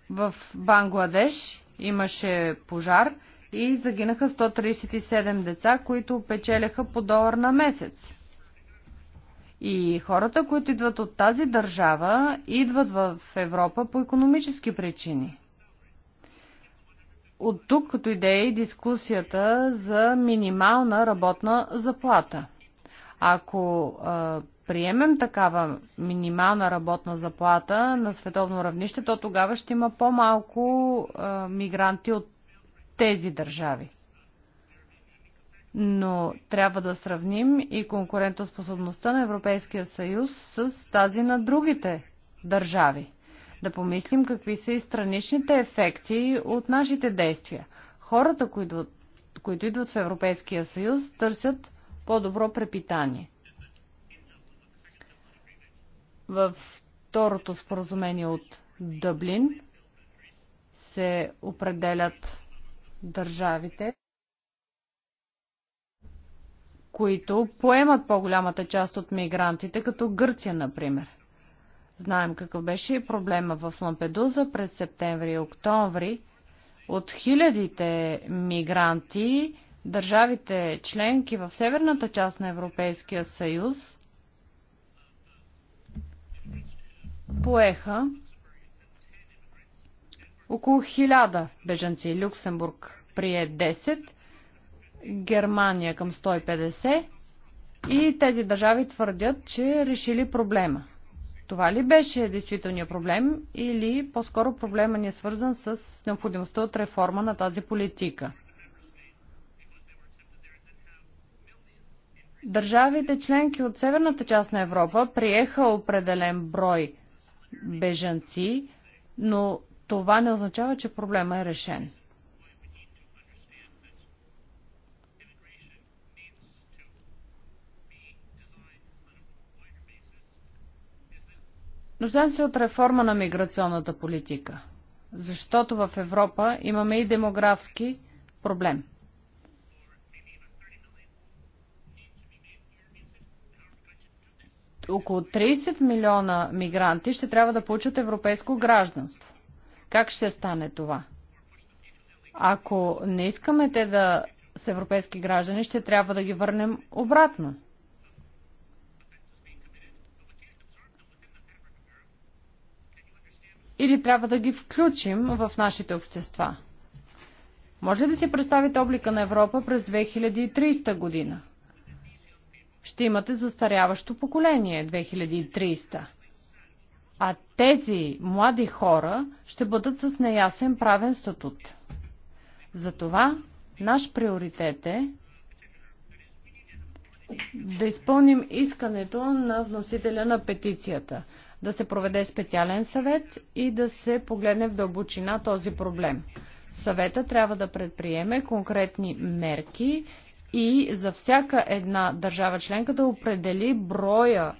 В Бангладеш имаше пожар и загинаха 137 деца, които печелеха по долар на месец. И хората, които идват от тази държава, идват в Европа по економически причини. От тук като идея и дискусията за минимална работна заплата. Ако а, приемем такава минимална работна заплата на световно равнище, то тогава ще има по-малко мигранти от тези държави но трябва да сравним и конкурентоспособността на Европейския съюз с тази на другите държави. Да помислим какви са и страничните ефекти от нашите действия. Хората, които, които идват в Европейския съюз, търсят по-добро препитание. Във второто споразумение от Дъблин се определят държавите които поемат по-голямата част от мигрантите, като Гърция, например. Знаем какъв беше проблема в Лампедуза през септември и октомври. От хилядите мигранти, държавите членки в северната част на Европейския съюз поеха около хиляда бежанци. Люксембург прие 10, Германия към 150 и тези държави твърдят, че решили проблема. Това ли беше действителният проблем или по-скоро проблема ни е свързан с необходимостта от реформа на тази политика? Държавите членки от северната част на Европа приеха определен брой бежанци, но това не означава, че проблема е решен. Нуждаем се от реформа на миграционната политика, защото в Европа имаме и демографски проблем. Около 30 милиона мигранти ще трябва да получат европейско гражданство. Как ще стане това? Ако не искаме те да с европейски граждани, ще трябва да ги върнем обратно. или трябва да ги включим в нашите общества. Може ли да си представите облика на Европа през 2300 година? Ще имате застаряващо поколение 2300. А тези млади хора ще бъдат с неясен правен статут. Затова наш приоритет е да изпълним искането на вносителя на петицията, да се проведе специален съвет и да се погледне в дълбочина този проблем. Съвета трябва да предприеме конкретни мерки и за всяка една държава членка да определи броя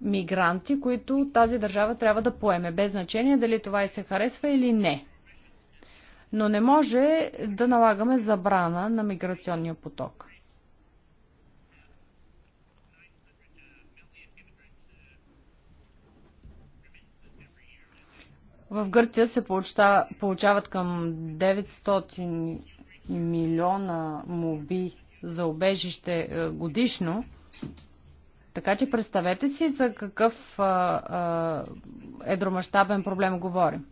мигранти, които тази държава трябва да поеме, без значение дали това и се харесва или не. Но не може да налагаме забрана на миграционния поток. В Гърция се получава, получават към 900 милиона моби за обежище е, годишно. Така че представете си за какъв едромащабен проблем говорим.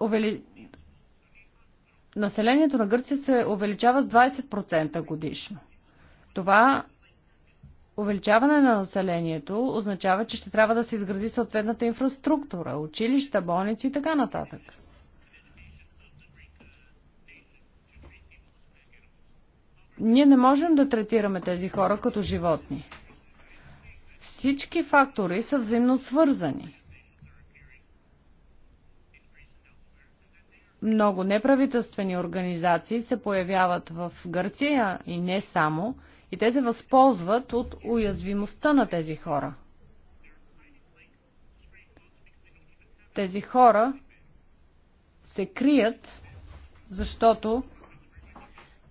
Увели... Населението на Гърция се увеличава с 20% годишно. Това увеличаване на населението означава, че ще трябва да се изгради съответната инфраструктура, училища, болници и така нататък. Ние не можем да третираме тези хора като животни. Всички фактори са взаимно свързани. Много неправителствени организации се появяват в Гърция и не само – и те се възползват от уязвимостта на тези хора. Тези хора се крият, защото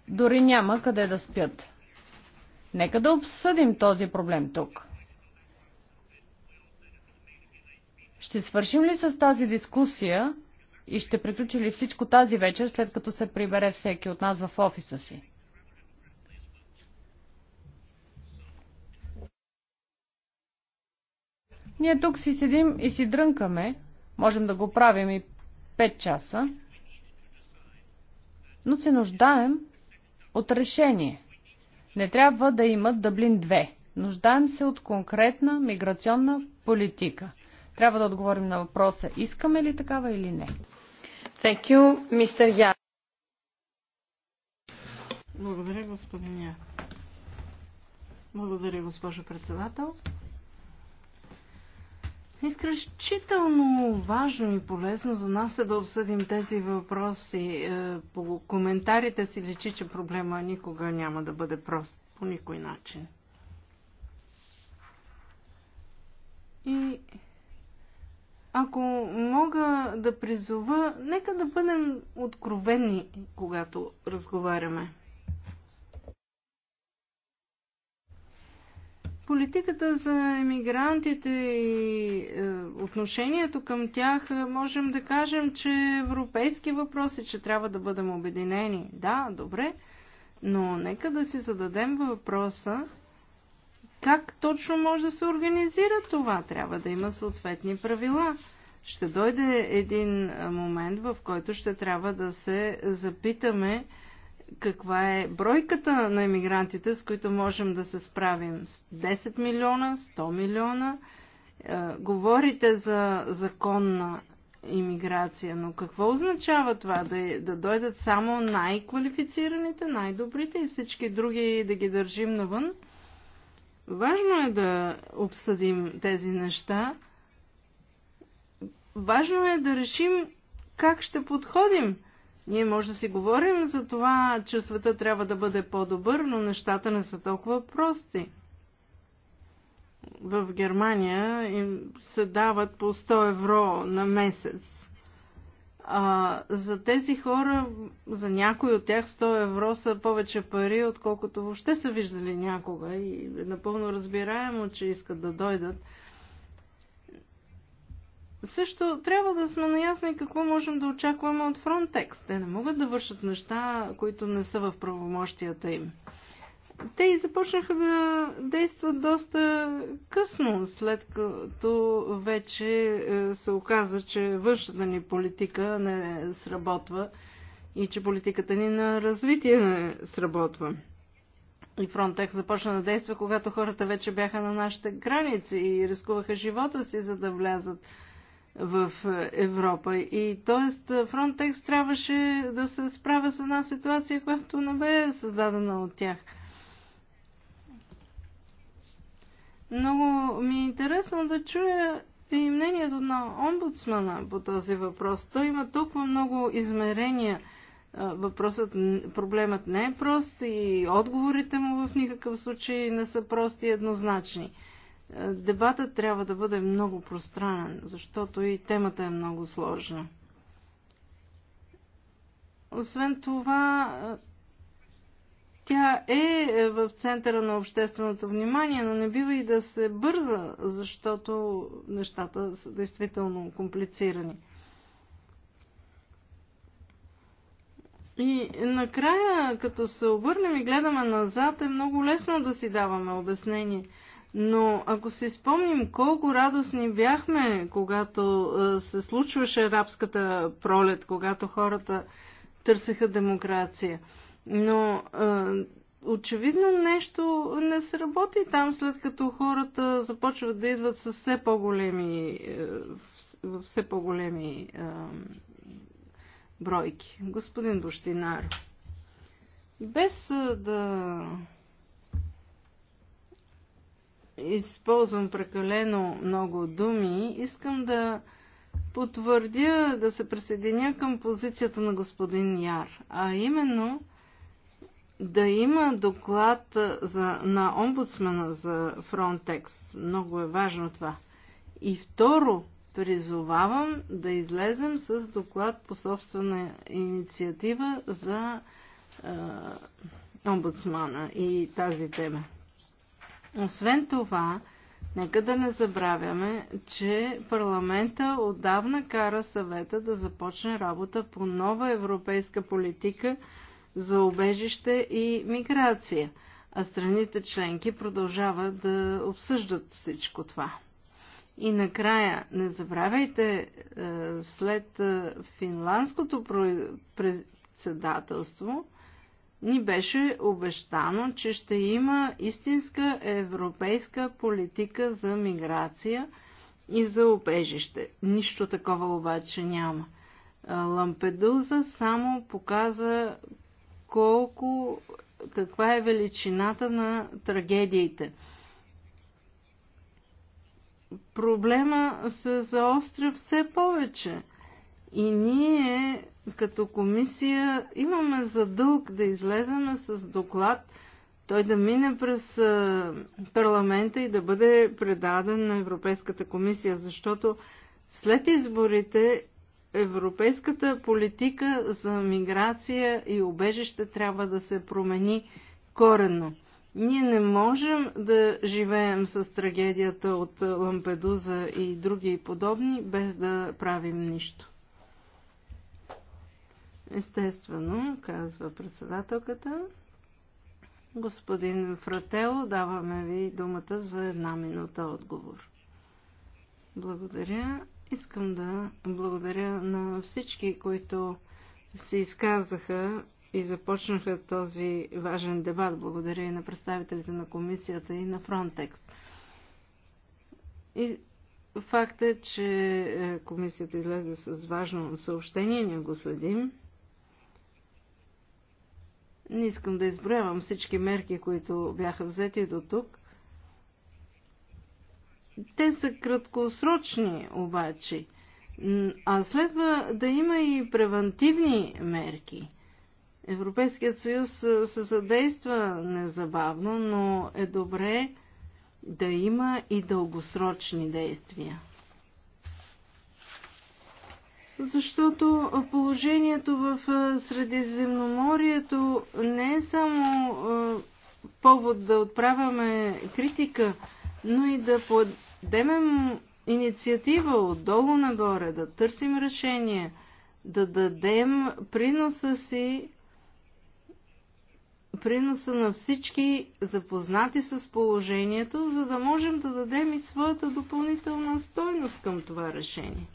дори няма къде да спят. Нека да обсъдим този проблем тук. Ще свършим ли с тази дискусия и ще приключи ли всичко тази вечер, след като се прибере всеки от нас в офиса си? Ние тук си седим и си дрънкаме, можем да го правим и 5 часа, но се нуждаем от решение. Не трябва да има Дъблин 2. Нуждаем се от конкретна миграционна политика. Трябва да отговорим на въпроса, искаме ли такава или не. Thank you, Mr. Ya. Благодаря, господин Я. Благодаря, госпожо председател. Изключително важно и полезно за нас е да обсъдим тези въпроси. Е, по коментарите си личи, че проблема никога няма да бъде прост по никой начин. И ако мога да призова, нека да бъдем откровени, когато разговаряме. Политиката за емигрантите и е, отношението към тях е, можем да кажем, че е европейски въпроси, че трябва да бъдем обединени. Да, добре, но нека да си зададем въпроса как точно може да се организира това. Трябва да има съответни правила. Ще дойде един момент, в който ще трябва да се запитаме каква е бройката на емигрантите, с които можем да се справим. 10 милиона, 100 милиона. Е, говорите за законна иммиграция, но какво означава това? Да, да дойдат само най-квалифицираните, най-добрите и всички други да ги държим навън? Важно е да обсъдим тези неща. Важно е да решим как ще подходим – ние може да си говорим за това, че света трябва да бъде по-добър, но нещата не са толкова прости. В Германия им се дават по 100 евро на месец. А, за тези хора, за някои от тях 100 евро са повече пари, отколкото въобще са виждали някога. И е напълно разбираемо, че искат да дойдат също трябва да сме наясни какво можем да очакваме от Frontex. Те не могат да вършат неща, които не са в правомощията им. Те и започнаха да действат доста късно, след като вече е, се оказа, че външната ни политика не сработва и че политиката ни на развитие не сработва. И Фронтекс започна да действа, когато хората вече бяха на нашите граници и рискуваха живота си, за да влязат в Европа. И т.е. Фронтекс трябваше да се справя с една ситуация, която не бе създадена от тях. Много ми е интересно да чуя и мнението на омбудсмана по този въпрос. Той има толкова много измерения. Въпросът, проблемът не е прост и отговорите му в никакъв случай не са прости и еднозначни. Дебатът трябва да бъде много пространен, защото и темата е много сложна. Освен това, тя е в центъра на общественото внимание, но не бива и да се бърза, защото нещата са действително комплицирани. И накрая, като се обърнем и гледаме назад, е много лесно да си даваме обяснение – но ако си спомним колко радостни бяхме, когато се случваше арабската пролет, когато хората търсеха демокрация. Но очевидно нещо не се работи там, след като хората започват да идват с все по-големи, все по-големи бройки. Господин Бощинар, без да използвам прекалено много думи, искам да потвърдя, да се присъединя към позицията на господин Яр, а именно да има доклад за, на омбудсмена за Frontex. Много е важно това. И второ, призовавам да излезем с доклад по собствена инициатива за е, омбудсмана и тази тема. Освен това, нека да не забравяме, че парламента отдавна кара съвета да започне работа по нова европейска политика за убежище и миграция, а страните членки продължават да обсъждат всичко това. И накрая, не забравяйте, е, след е, финландското председателство, ни беше обещано, че ще има истинска европейска политика за миграция и за обежище. Нищо такова обаче няма. Лампедуза само показа колко, каква е величината на трагедиите. Проблема се заостря все повече – и ние като комисия имаме за дълг да излеземе с доклад, той да мине през парламента и да бъде предаден на Европейската комисия, защото след изборите европейската политика за миграция и убежище трябва да се промени коренно. Ние не можем да живеем с трагедията от Лампедуза и други подобни, без да правим нищо. Естествено, казва председателката. Господин Фрател, даваме ви думата за една минута отговор. Благодаря. Искам да благодаря на всички, които се изказаха и започнаха този важен дебат. Благодаря и на представителите на комисията и на Фронтекс. И факт е, че е, комисията излезе с важно съобщение, ние го следим. Не искам да изброявам всички мерки, които бяха взети до тук. Те са краткосрочни обаче, а следва да има и превентивни мерки. Европейският съюз се задейства незабавно, но е добре да има и дългосрочни действия защото положението в Средиземноморието не е само повод да отправяме критика, но и да подемем инициатива отдолу нагоре, да търсим решение, да дадем приноса си, приноса на всички запознати с положението, за да можем да дадем и своята допълнителна стойност към това решение.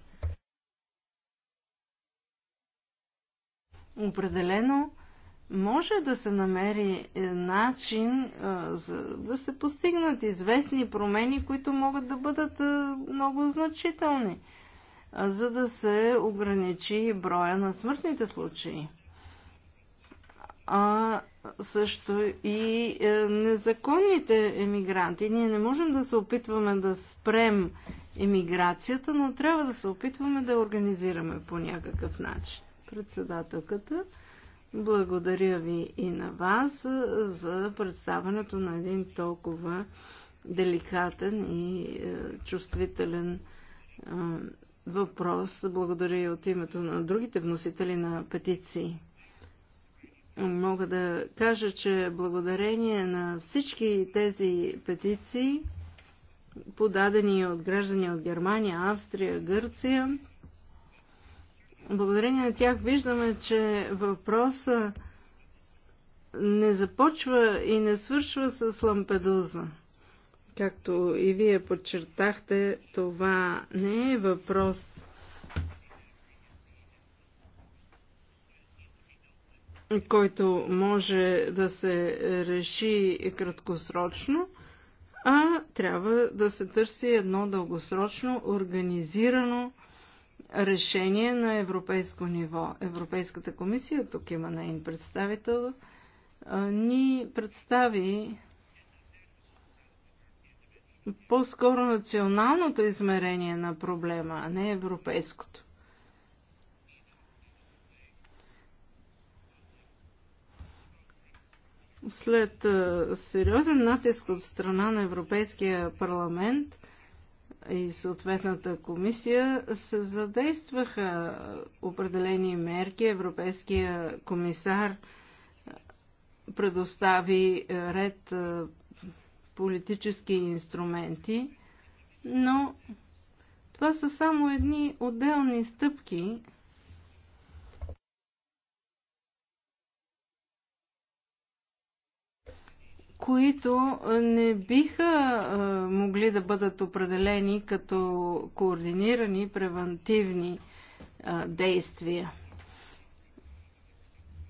Определено може да се намери е, начин е, за да се постигнат известни промени, които могат да бъдат е, много значителни, за да се ограничи броя на смъртните случаи. А също и незаконните емигранти. Ние не можем да се опитваме да спрем емиграцията, но трябва да се опитваме да организираме по някакъв начин председателката. Благодаря ви и на вас за представането на един толкова деликатен и чувствителен въпрос. Благодаря и от името на другите вносители на петиции. Мога да кажа, че благодарение на всички тези петиции, подадени от граждани от Германия, Австрия, Гърция, благодарение на тях виждаме, че въпроса не започва и не свършва с Лампедуза. Както и вие подчертахте, това не е въпрос който може да се реши краткосрочно, а трябва да се търси едно дългосрочно, организирано решение на европейско ниво. Европейската комисия, тук има нейн представител, ни представи по-скоро националното измерение на проблема, а не европейското. След сериозен натиск от страна на Европейския парламент, и съответната комисия се задействаха определени мерки. Европейския комисар е, предостави е, ред е, политически инструменти, но това са само едни отделни стъпки които не биха могли да бъдат определени като координирани превентивни действия.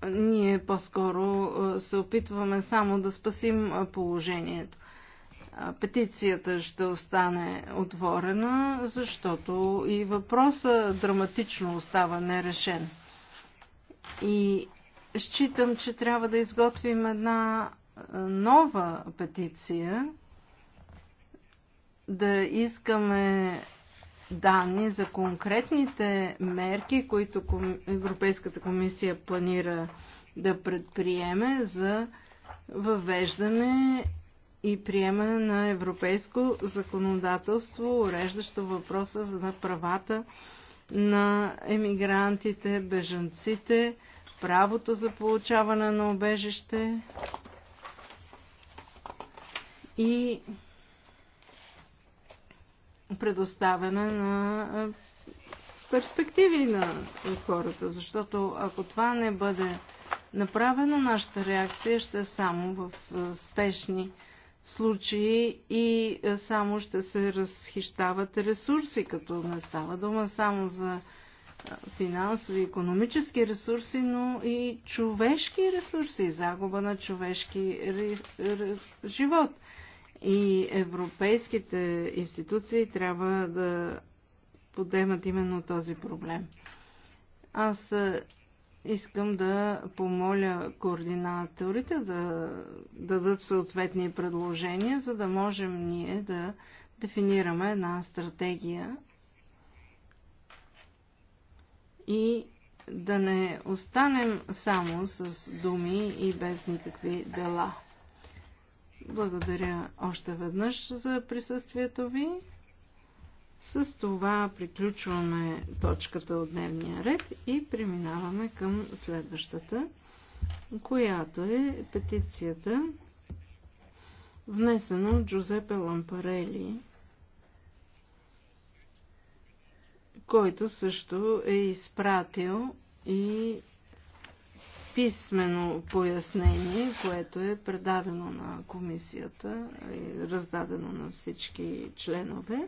Ние по-скоро се опитваме само да спасим положението. Петицията ще остане отворена, защото и въпросът драматично остава нерешен. И считам, че трябва да изготвим една нова петиция да искаме данни за конкретните мерки, които Европейската комисия планира да предприеме за въвеждане и приемане на европейско законодателство, уреждащо въпроса за правата на емигрантите, бежанците, правото за получаване на обежище и предоставяне на перспективи на хората, защото ако това не бъде направено, нашата реакция ще е само в спешни случаи и само ще се разхищават ресурси, като не става дума само за финансови, и економически ресурси, но и човешки ресурси, загуба на човешки живот. И европейските институции трябва да подемат именно този проблем. Аз искам да помоля координаторите да дадат съответни предложения, за да можем ние да дефинираме една стратегия и да не останем само с думи и без никакви дела. Благодаря още веднъж за присъствието ви. С това приключваме точката от дневния ред и преминаваме към следващата, която е петицията, внесена от Джузепе Лампарели, който също е изпратил и писмено пояснение, което е предадено на комисията и раздадено на всички членове,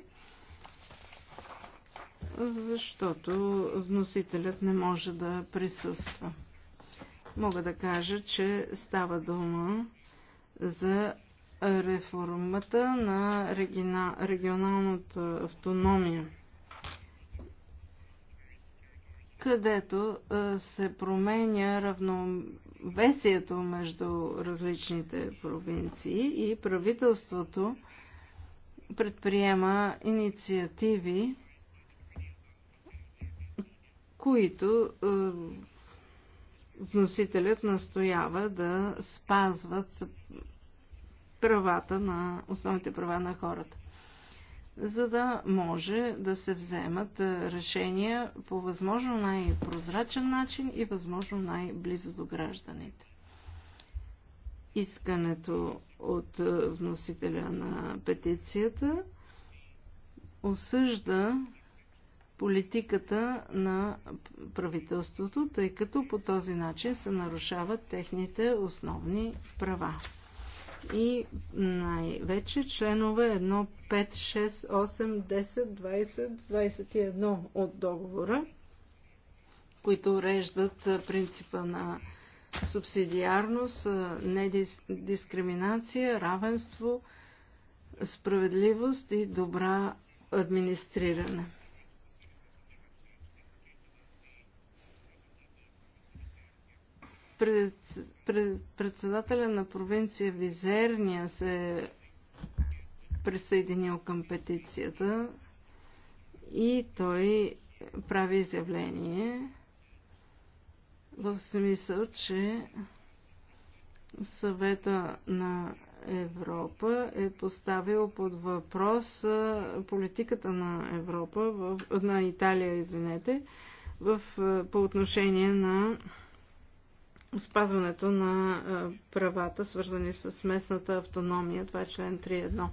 защото вносителят не може да присъства. Мога да кажа, че става дума за реформата на регионалната автономия където се променя равновесието между различните провинции и правителството предприема инициативи, които вносителят настоява да спазват правата на основните права на хората за да може да се вземат решения по възможно най-прозрачен начин и възможно най-близо до гражданите. Искането от вносителя на петицията осъжда политиката на правителството, тъй като по този начин се нарушават техните основни права и най-вече членове 1, 5, 6, 8, 10, 20, 21 от договора, които уреждат принципа на субсидиарност, недискриминация, равенство, справедливост и добра администриране. пред, пред, председателя на провинция Визерния се присъединил към петицията и той прави изявление в смисъл, че съвета на Европа е поставил под въпрос политиката на Европа, в, на Италия, извинете, в, по отношение на спазването на правата, свързани с местната автономия. Това е член 3.1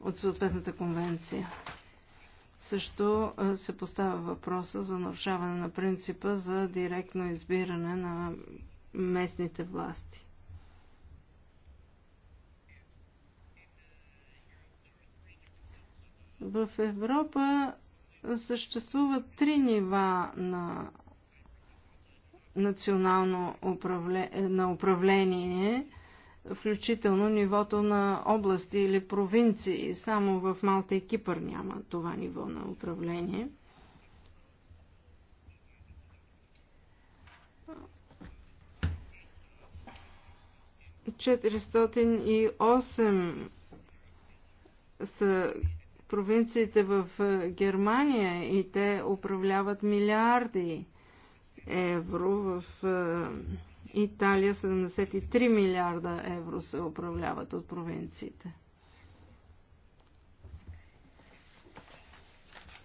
от съответната конвенция. Също се поставя въпроса за нарушаване на принципа за директно избиране на местните власти. В Европа съществуват три нива на национално управление, на управление, включително нивото на области или провинции. Само в Малта и Кипър няма това ниво на управление. Четиристотин и осем са провинциите в е, Германия и те управляват милиарди евро. В е, Италия 73 милиарда евро се управляват от провинциите.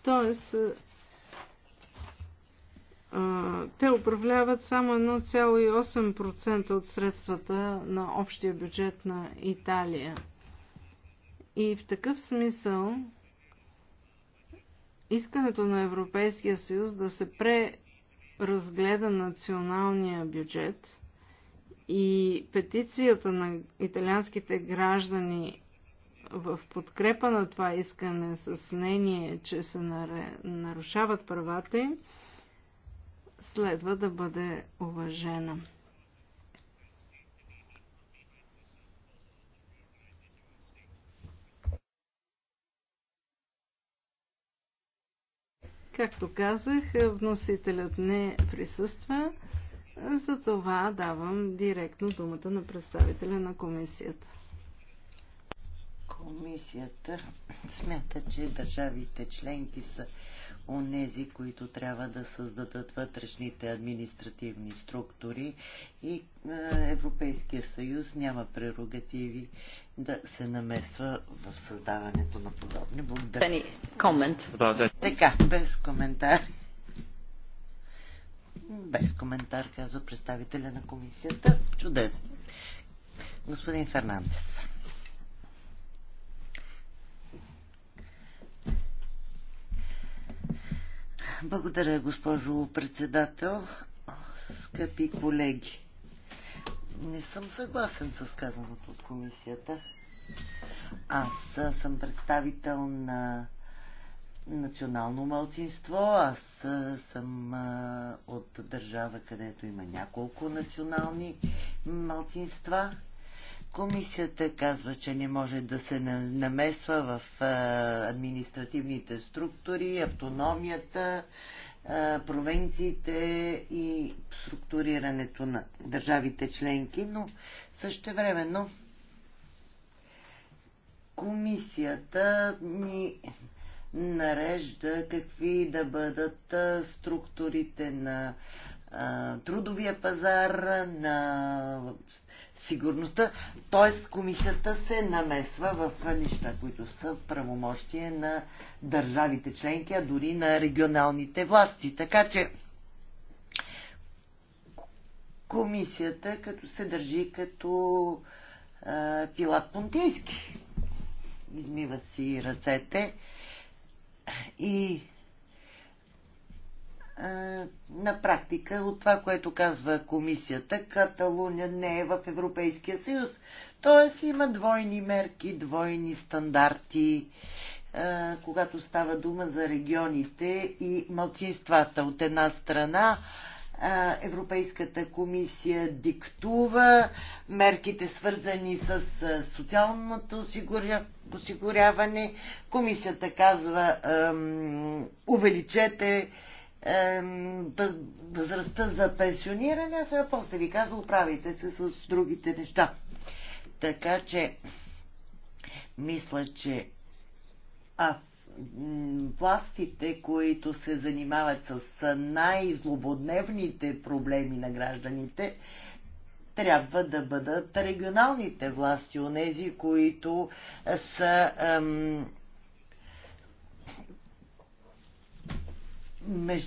Тоест, е, е, те управляват само 1,8% от средствата на общия бюджет на Италия. И в такъв смисъл искането на Европейския съюз да се пре разгледа националния бюджет и петицията на италианските граждани в подкрепа на това искане с мнение, че се нарушават правата им, следва да бъде уважена. Както казах, вносителят не присъства, затова давам директно думата на представителя на комисията. Комисията смята, че държавите членки са онези, които трябва да създадат вътрешните административни структури и е, Европейския съюз няма прерогативи да се намесва в създаването на подобни. Благодаря. Комент. Така, без коментар. Без коментар, казва представителя на комисията. Чудесно. Господин Фернандес. Благодаря, госпожо председател. Скъпи колеги, не съм съгласен с казаното от комисията. Аз съм представител на национално малцинство. Аз съм от държава, където има няколко национални малцинства. Комисията казва, че не може да се намесва в административните структури, автономията, провинциите и структурирането на държавите членки, но времено комисията ни нарежда какви да бъдат структурите на трудовия пазар, на сигурността, т.е. комисията се намесва в неща, които са правомощие на държавите членки, а дори на регионалните власти. Така че комисията като се държи като а, Пилат Понтийски. Измива си ръцете и е, на практика от това, което казва комисията, Каталуния не е в Европейския съюз. Тоест има двойни мерки, двойни стандарти, е, когато става дума за регионите и малцинствата. От една страна е, Европейската комисия диктува мерките свързани с социалното осигуряване. Комисията казва увеличете възрастта за пенсиониране, а сега после ви казва, управите се с другите неща. Така че, мисля, че а, властите, които се занимават с най-злободневните проблеми на гражданите, трябва да бъдат регионалните власти, онези, които са ем, меж,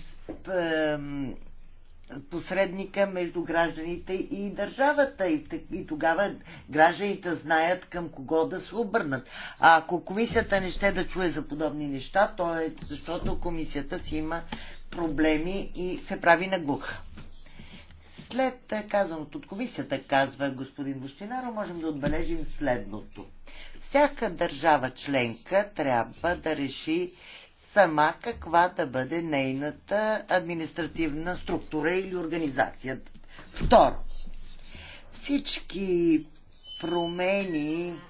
посредника между гражданите и държавата. И, и тогава гражданите знаят към кого да се обърнат. А ако комисията не ще да чуе за подобни неща, то е защото комисията си има проблеми и се прави на глух. След е, казаното от комисията, казва господин Бощинаро, можем да отбележим следното. Всяка държава членка трябва да реши сама каква да бъде нейната административна структура или организация. Второ, всички промени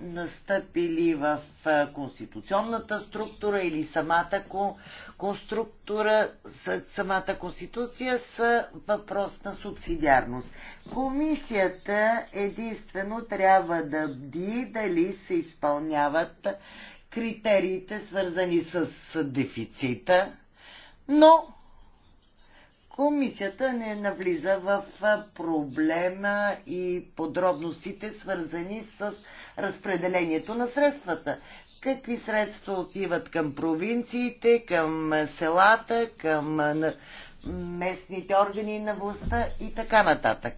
настъпили в конституционната структура или самата конструктура, самата конституция са въпрос на субсидиарност. Комисията единствено трябва да бди дали се изпълняват критериите, свързани с дефицита, но комисията не навлиза в проблема и подробностите, свързани с разпределението на средствата. Какви средства отиват към провинциите, към селата, към местните органи на властта и така нататък.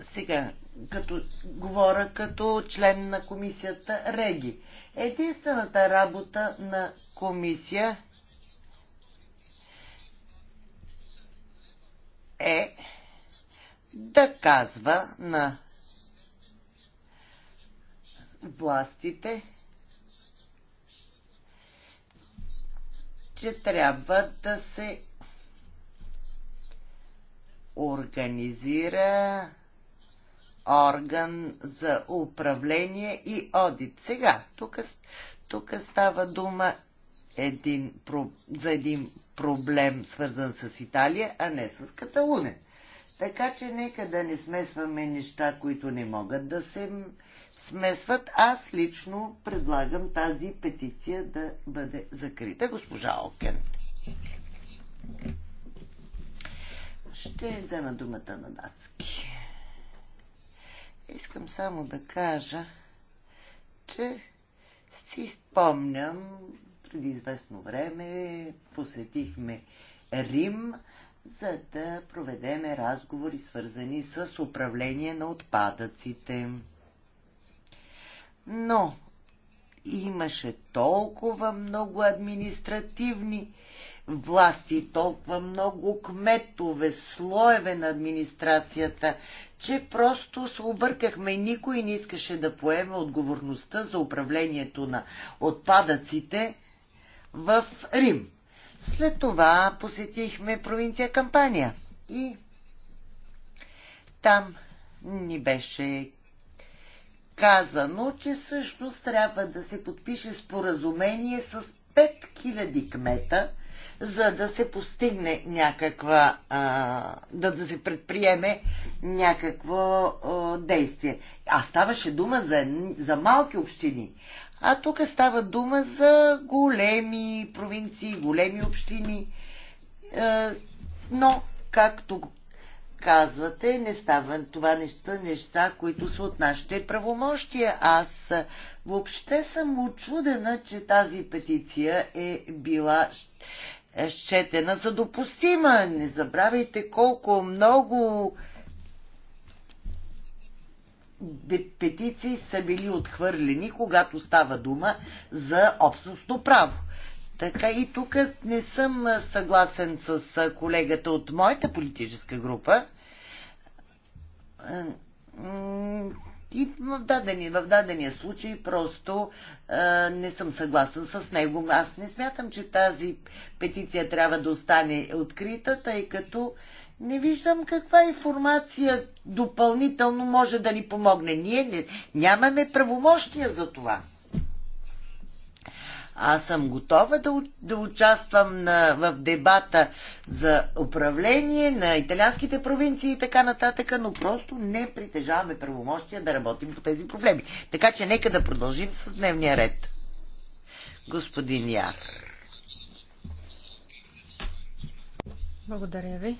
Сега, като, говоря като член на комисията Реги. Единствената работа на комисия е да казва на властите, че трябва да се организира орган за управление и одит. Сега, тук, тук става дума един, за един проблем, свързан с Италия, а не с Каталуния. Така че нека да не смесваме неща, които не могат да се смесват. Аз лично предлагам тази петиция да бъде закрита, госпожа Окен. Ще взема думата на датски. Искам само да кажа, че си спомням, преди известно време посетихме Рим, за да проведеме разговори, свързани с управление на отпадъците. Но имаше толкова много административни власти, толкова много кметове, слоеве на администрацията, че просто се объркахме. Никой не искаше да поеме отговорността за управлението на отпадъците в Рим. След това посетихме провинция Кампания и там ни беше казано, че всъщност трябва да се подпише споразумение с 5000 кмета, за да се постигне някаква, да, да се предприеме някакво действие. А ставаше дума за, за малки общини. А тук става дума за големи провинции, големи общини. но, както казвате, не става това неща, неща, които са от нашите правомощия. Аз въобще съм очудена, че тази петиция е била е счетена за допустима. Не забравяйте колко много петиции са били отхвърлени, когато става дума за общностно право. Така и тук не съм съгласен с колегата от моята политическа група. И в дадения, в дадения случай просто а, не съм съгласен с него. Аз не смятам, че тази петиция трябва да остане открита, тъй като не виждам каква информация допълнително може да ни помогне. Ние не, нямаме правомощия за това. Аз съм готова да, да участвам на, в дебата за управление на италианските провинции и така нататък, но просто не притежаваме правомощия да работим по тези проблеми. Така че нека да продължим с дневния ред. Господин Яр. Благодаря ви.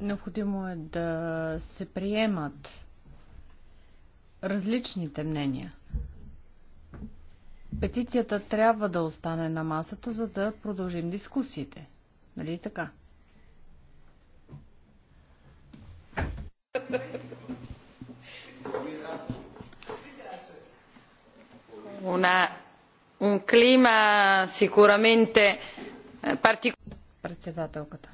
Необходимо е да се приемат различните мнения – Петицията трябва да остане на масата, за да продължим дискусиите. Нали така? Una, un clima sicuramente eh, particolare. Председателката.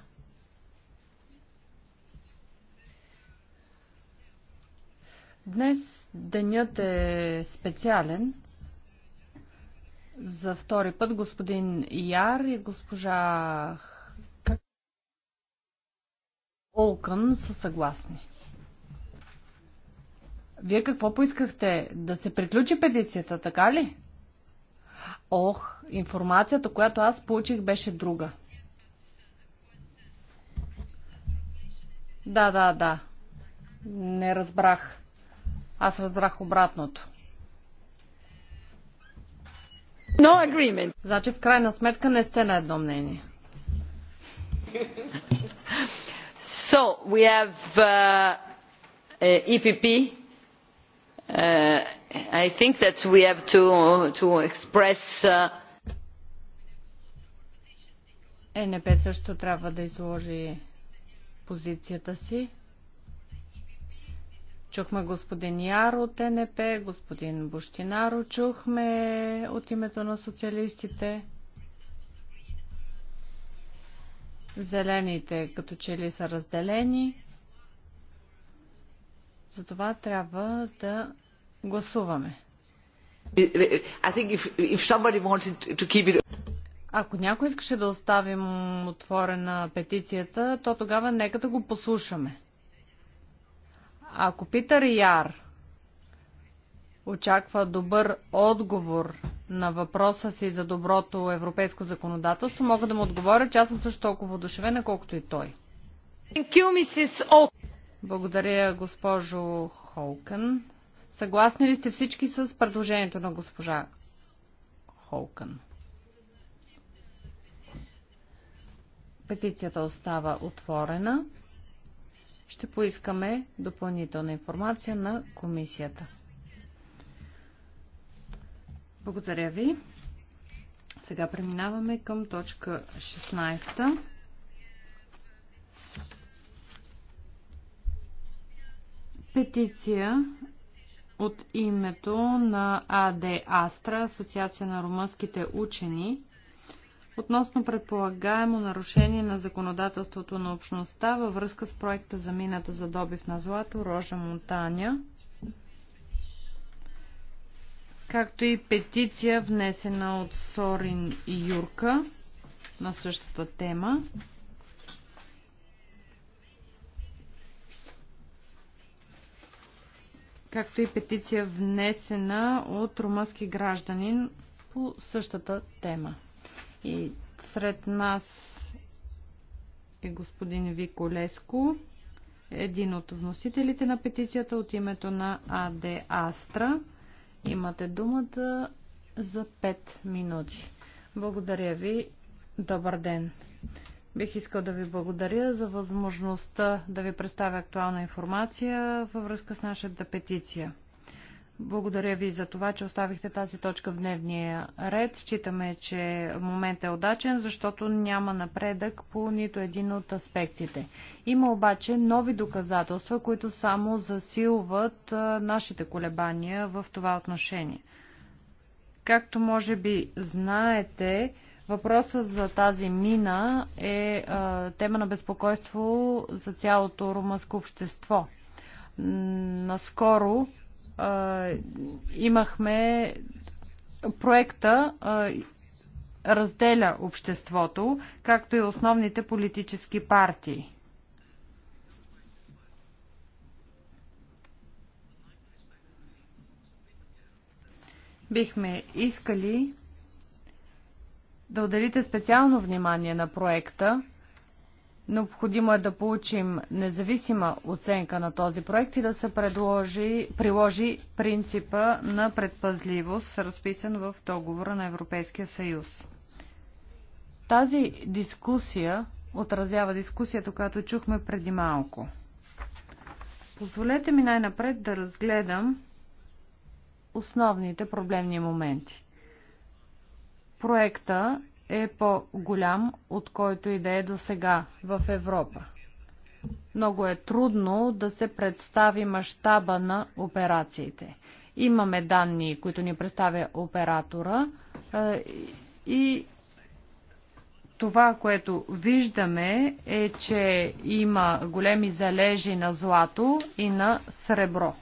Днес денят е специален – за втори път господин Яр и госпожа Олкън са съгласни. Вие какво поискахте? Да се приключи петицията, така ли? Ох, информацията, която аз получих, беше друга. Да, да, да. Не разбрах. Аз разбрах обратното. No agreement. Значи в крайна сметка не сте на едно мнение. So we have uh, uh EPP. Uh, I think that we have to, to express uh, е, НП също трябва да изложи позицията си. Чухме господин Яр от НП, господин Бощинаро чухме от името на социалистите. Зелените като че ли са разделени. Затова трябва да гласуваме. If, if it... Ако някой искаше да оставим отворена петицията, то тогава нека да го послушаме. Ако Питър Яр очаква добър отговор на въпроса си за доброто европейско законодателство, мога да му отговоря, че аз съм също толкова одушевена, колкото и той. Благодаря, госпожо Холкън. Съгласни ли сте всички с предложението на госпожа Холкън? Петицията остава отворена ще поискаме допълнителна информация на комисията. Благодаря ви. Сега преминаваме към точка 16. Петиция от името на АД Астра, Асоциация на румънските учени, относно предполагаемо нарушение на законодателството на общността във връзка с проекта за мината за добив на злато Рожа Монтаня, както и петиция, внесена от Сорин и Юрка на същата тема. както и петиция внесена от румънски гражданин по същата тема. И сред нас е господин Вико Леско, един от вносителите на петицията от името на АД Астра. Имате думата за 5 минути. Благодаря ви. Добър ден. Бих искал да ви благодаря за възможността да ви представя актуална информация във връзка с нашата петиция. Благодаря ви за това, че оставихте тази точка в дневния ред. Считаме, че момент е удачен, защото няма напредък по нито един от аспектите. Има обаче нови доказателства, които само засилват нашите колебания в това отношение. Както може би знаете, Въпросът за тази мина е тема на безпокойство за цялото румънско общество. Наскоро имахме проекта разделя обществото, както и основните политически партии. Бихме искали да отделите специално внимание на проекта, Необходимо е да получим независима оценка на този проект и да се предложи, приложи принципа на предпазливост, разписан в договора на Европейския съюз. Тази дискусия отразява дискусията, която чухме преди малко. Позволете ми най-напред да разгледам основните проблемни моменти. Проекта е по-голям, от който и да е до сега в Европа. Много е трудно да се представи мащаба на операциите. Имаме данни, които ни представя оператора е, и това, което виждаме е, че има големи залежи на злато и на сребро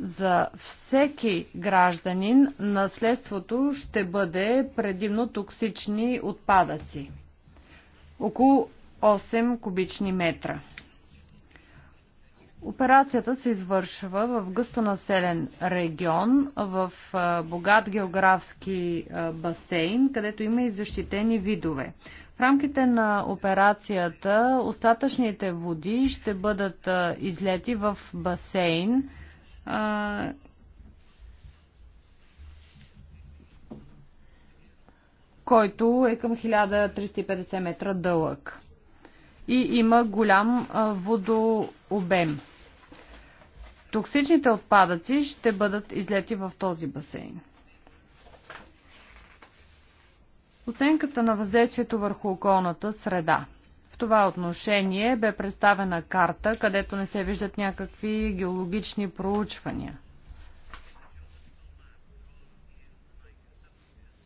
за всеки гражданин наследството ще бъде предимно токсични отпадъци. Около 8 кубични метра. Операцията се извършва в гъстонаселен регион, в богат географски басейн, където има и защитени видове. В рамките на операцията остатъчните води ще бъдат излети в басейн, който е към 1350 метра дълъг и има голям водообем. Токсичните отпадъци ще бъдат излети в този басейн. Оценката на въздействието върху околната среда – това отношение бе представена карта, където не се виждат някакви геологични проучвания.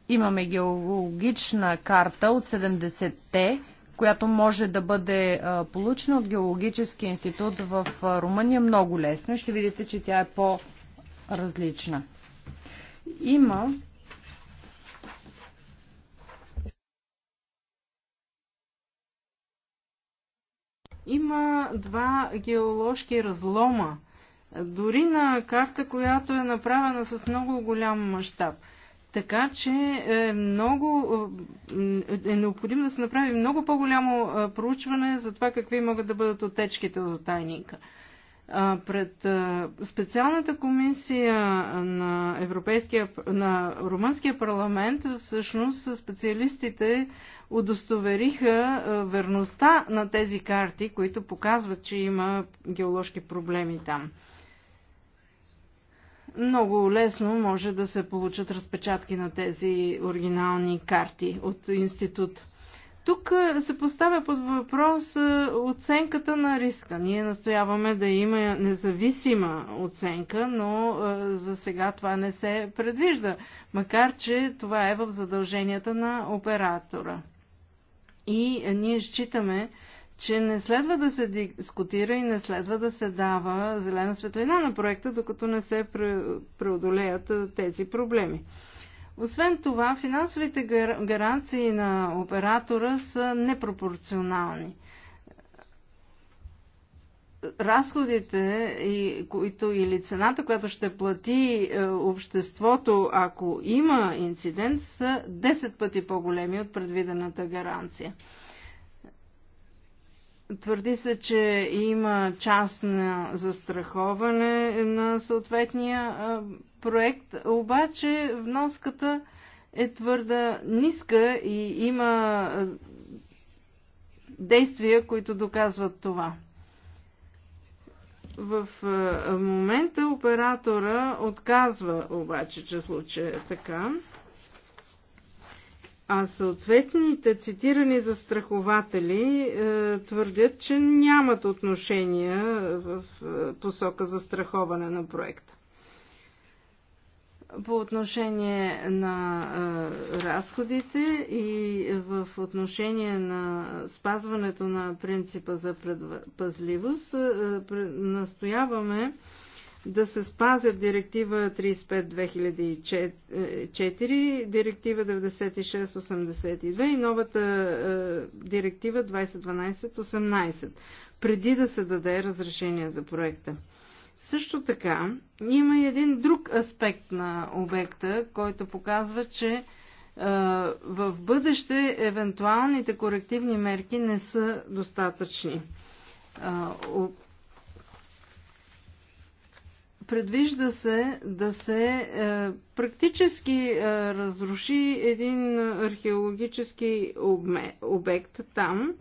Имаме геологична карта от 70-те, която може да бъде получена от геологически институт в Румъния много лесно. Ще видите, че тя е по-различна. Има Има два геоложки разлома, дори на карта, която е направена с много голям мащаб. Така че е, много, е, е необходимо да се направи много по-голямо е, проучване за това какви могат да бъдат отечките от тайника пред специалната комисия на, Европейския, на Румънския парламент всъщност специалистите удостовериха верността на тези карти, които показват, че има геоложки проблеми там. Много лесно може да се получат разпечатки на тези оригинални карти от институт. Тук е, се поставя под въпрос е, оценката на риска. Ние настояваме да има независима оценка, но е, за сега това не се предвижда, макар че това е в задълженията на оператора. И ние считаме, че не следва да се дискутира и не следва да се дава зелена светлина на проекта, докато не се преодолеят тези проблеми. Освен това, финансовите гаранции на оператора са непропорционални. Разходите, и, които, или цената, която ще плати е, обществото, ако има инцидент, са 10 пъти по-големи от предвидената гаранция. Твърди се, че има част на застраховане на съответния е, проект, обаче вноската е твърда ниска и има действия, които доказват това. В момента оператора отказва обаче, че случая е така, а съответните цитирани застрахователи е, твърдят, че нямат отношения в е, посока застраховане на проекта по отношение на разходите и в отношение на спазването на принципа за предпазливост, настояваме да се спазят директива 35-2004, директива 96-82 и новата директива 2012-18, преди да се даде разрешение за проекта. Също така има и един друг аспект на обекта, който показва, че е, в бъдеще евентуалните корективни мерки не са достатъчни. Е, предвижда се да се е, практически разруши един археологически обект там,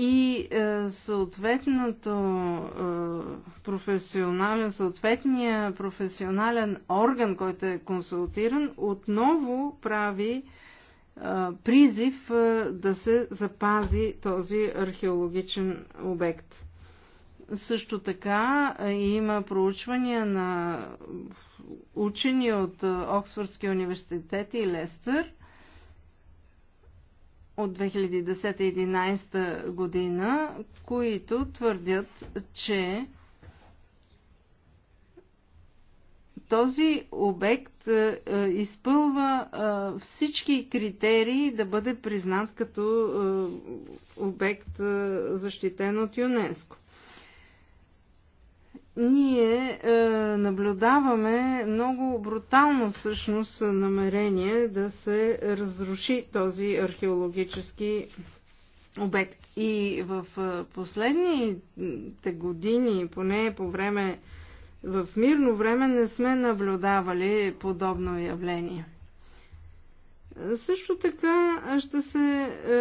и е, съответното е, професионален, съответния професионален орган, който е консултиран, отново прави е, призив да се запази този археологичен обект. Също така има проучвания на учени от Оксфордския университет и Лестър, от 2010-2011 година, които твърдят, че този обект е, е, изпълва е, всички критерии да бъде признат като обект защитен от ЮНЕСКО ние е, наблюдаваме много брутално всъщност намерение да се разруши този археологически обект. И в е, последните години, поне по време в мирно време, не сме наблюдавали подобно явление. Също така ще се е,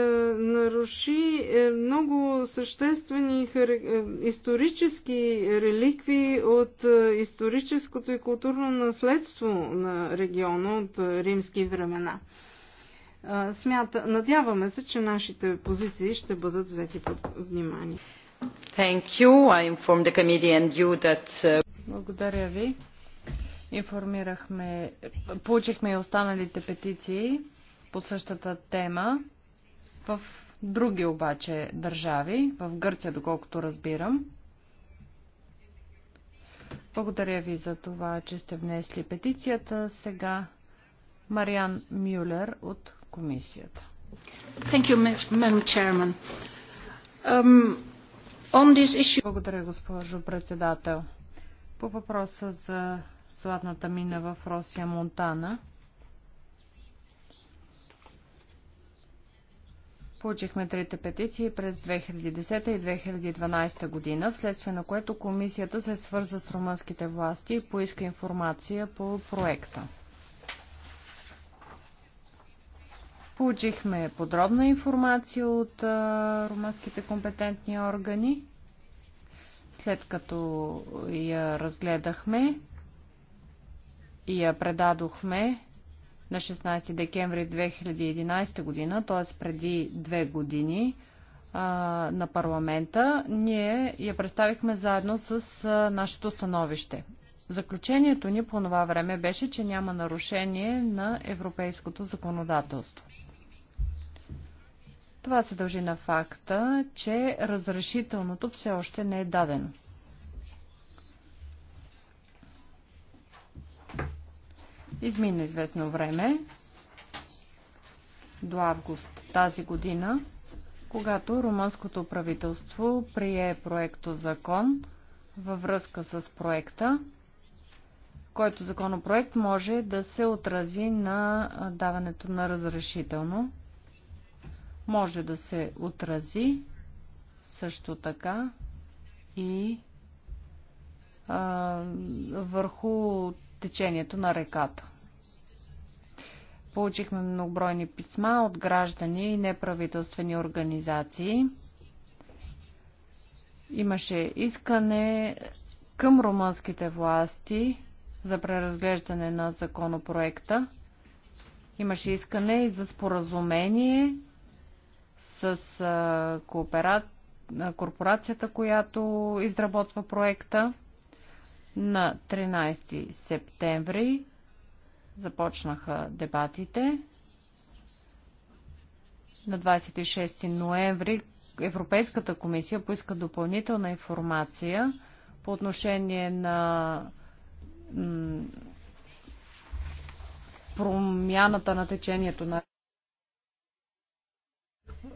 наруши е, много съществени хар... Е, исторически реликви от е, историческото и културно наследство на региона от е, римски времена. Е, смята, надяваме се, че нашите позиции ще бъдат взети под внимание. Thank you. I the and you that... Uh, Благодаря ви. Информирахме, получихме и останалите петиции по същата тема в други обаче държави, в Гърция, доколкото разбирам. Благодаря ви за това, че сте внесли петицията. Сега Мариан Мюлер от комисията. You, um, issue... Благодаря, госпожо председател. По въпроса за златната мина в Росия, Монтана. Получихме трите петиции през 2010 и 2012 година, вследствие на което комисията се свърза с румънските власти и поиска информация по проекта. Получихме подробна информация от румънските компетентни органи. След като я разгледахме, и я предадохме на 16 декември 2011 година, т.е. преди две години на парламента, ние я представихме заедно с нашето становище. Заключението ни по това време беше, че няма нарушение на европейското законодателство. Това се дължи на факта, че разрешителното все още не е дадено. Измина известно време до август тази година, когато румънското правителство прие проекто закон във връзка с проекта, който законопроект може да се отрази на даването на разрешително. Може да се отрази също така и а, върху течението на реката. Получихме многобройни писма от граждани и неправителствени организации. Имаше искане към румънските власти за преразглеждане на законопроекта. Имаше искане и за споразумение с кооперат... корпорацията, която изработва проекта. На 13 септември започнаха дебатите. На 26 ноември Европейската комисия поиска допълнителна информация по отношение на промяната на течението на,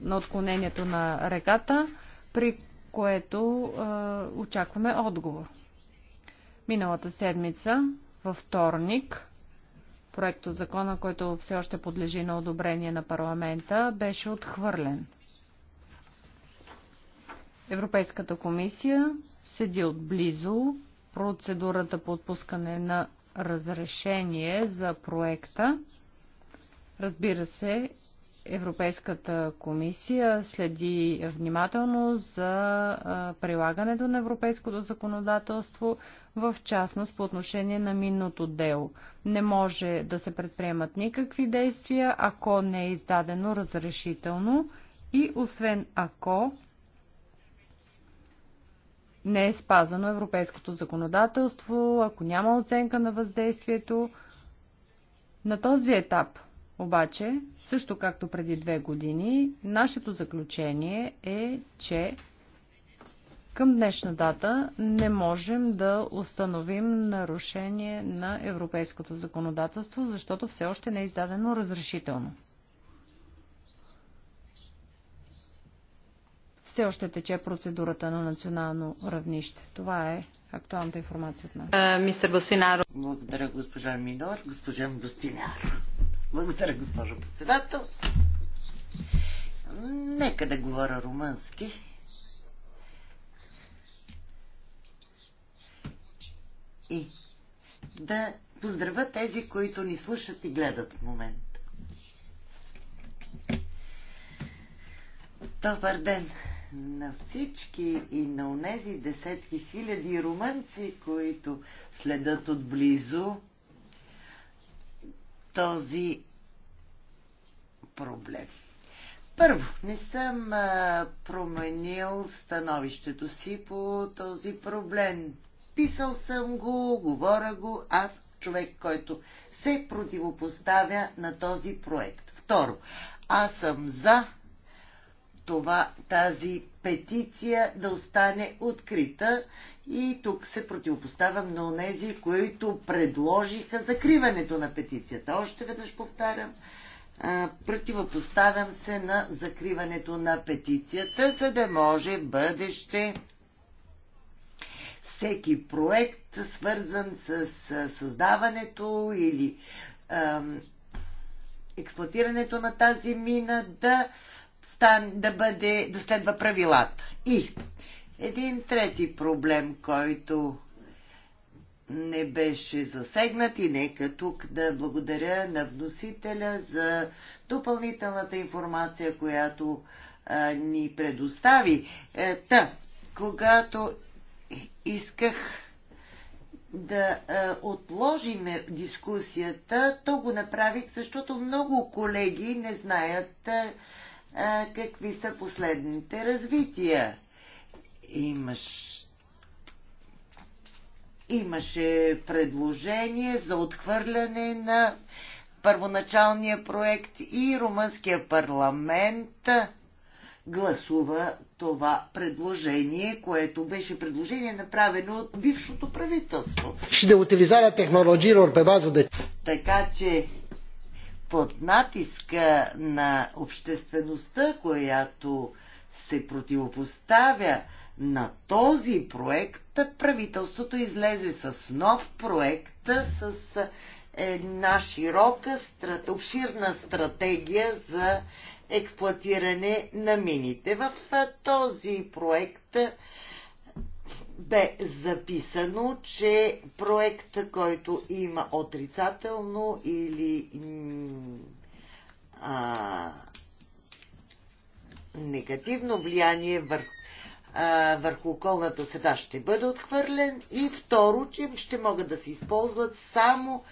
на отклонението на реката, при което е, очакваме отговор. Миналата седмица, във вторник, проектът закона, който все още подлежи на одобрение на парламента, беше отхвърлен. Европейската комисия седи отблизо процедурата по отпускане на разрешение за проекта. Разбира се, Европейската комисия следи внимателно за прилагането на европейското законодателство, в частност по отношение на минното дело. Не може да се предприемат никакви действия, ако не е издадено разрешително и освен ако не е спазано европейското законодателство, ако няма оценка на въздействието. На този етап – обаче, също както преди две години, нашето заключение е, че към днешна дата не можем да установим нарушение на европейското законодателство, защото все още не е издадено разрешително. Все още тече процедурата на национално равнище. Това е актуалната информация от нас. Е, мистер Босинаро. Благодаря, госпожа Минор. Госпожа Бостинаро. Благодаря, госпожо председател. Нека да говоря румънски. И да поздравя тези, които ни слушат и гледат в момента. Добър ден на всички и на онези десетки хиляди румънци, които следят отблизо този проблем. Първо, не съм а, променил становището си по този проблем. Писал съм го, говоря го, аз човек, който се противопоставя на този проект. Второ, аз съм за това, тази петиция да остане открита и тук се противопоставям на онези, които предложиха закриването на петицията. Още веднъж повтарям, противопоставям се на закриването на петицията, за да може бъдеще всеки проект, свързан с създаването или експлуатирането на тази мина, да остан, да, бъде, да следва правилата. И един трети проблем, който не беше засегнат и нека тук да благодаря на вносителя за допълнителната информация, която а, ни предостави. Е, та, когато исках да е, отложим дискусията, то го направих, защото много колеги не знаят Е, какви са последните развития. Имаш имаше предложение за отхвърляне на първоначалния проект и румънския парламент гласува това предложение, което беше предложение направено от бившото правителство. Ще да утилизаря технологиilor pe да... Така че под натиска на обществеността, която се противопоставя на този проект, правителството излезе с нов проект, с една широка, обширна стратегия за експлуатиране на мините. В този проект бе записано, че проект, който има отрицателно или а, негативно влияние върху върху околната среда ще бъде отхвърлен и второ, че ще могат да се използват само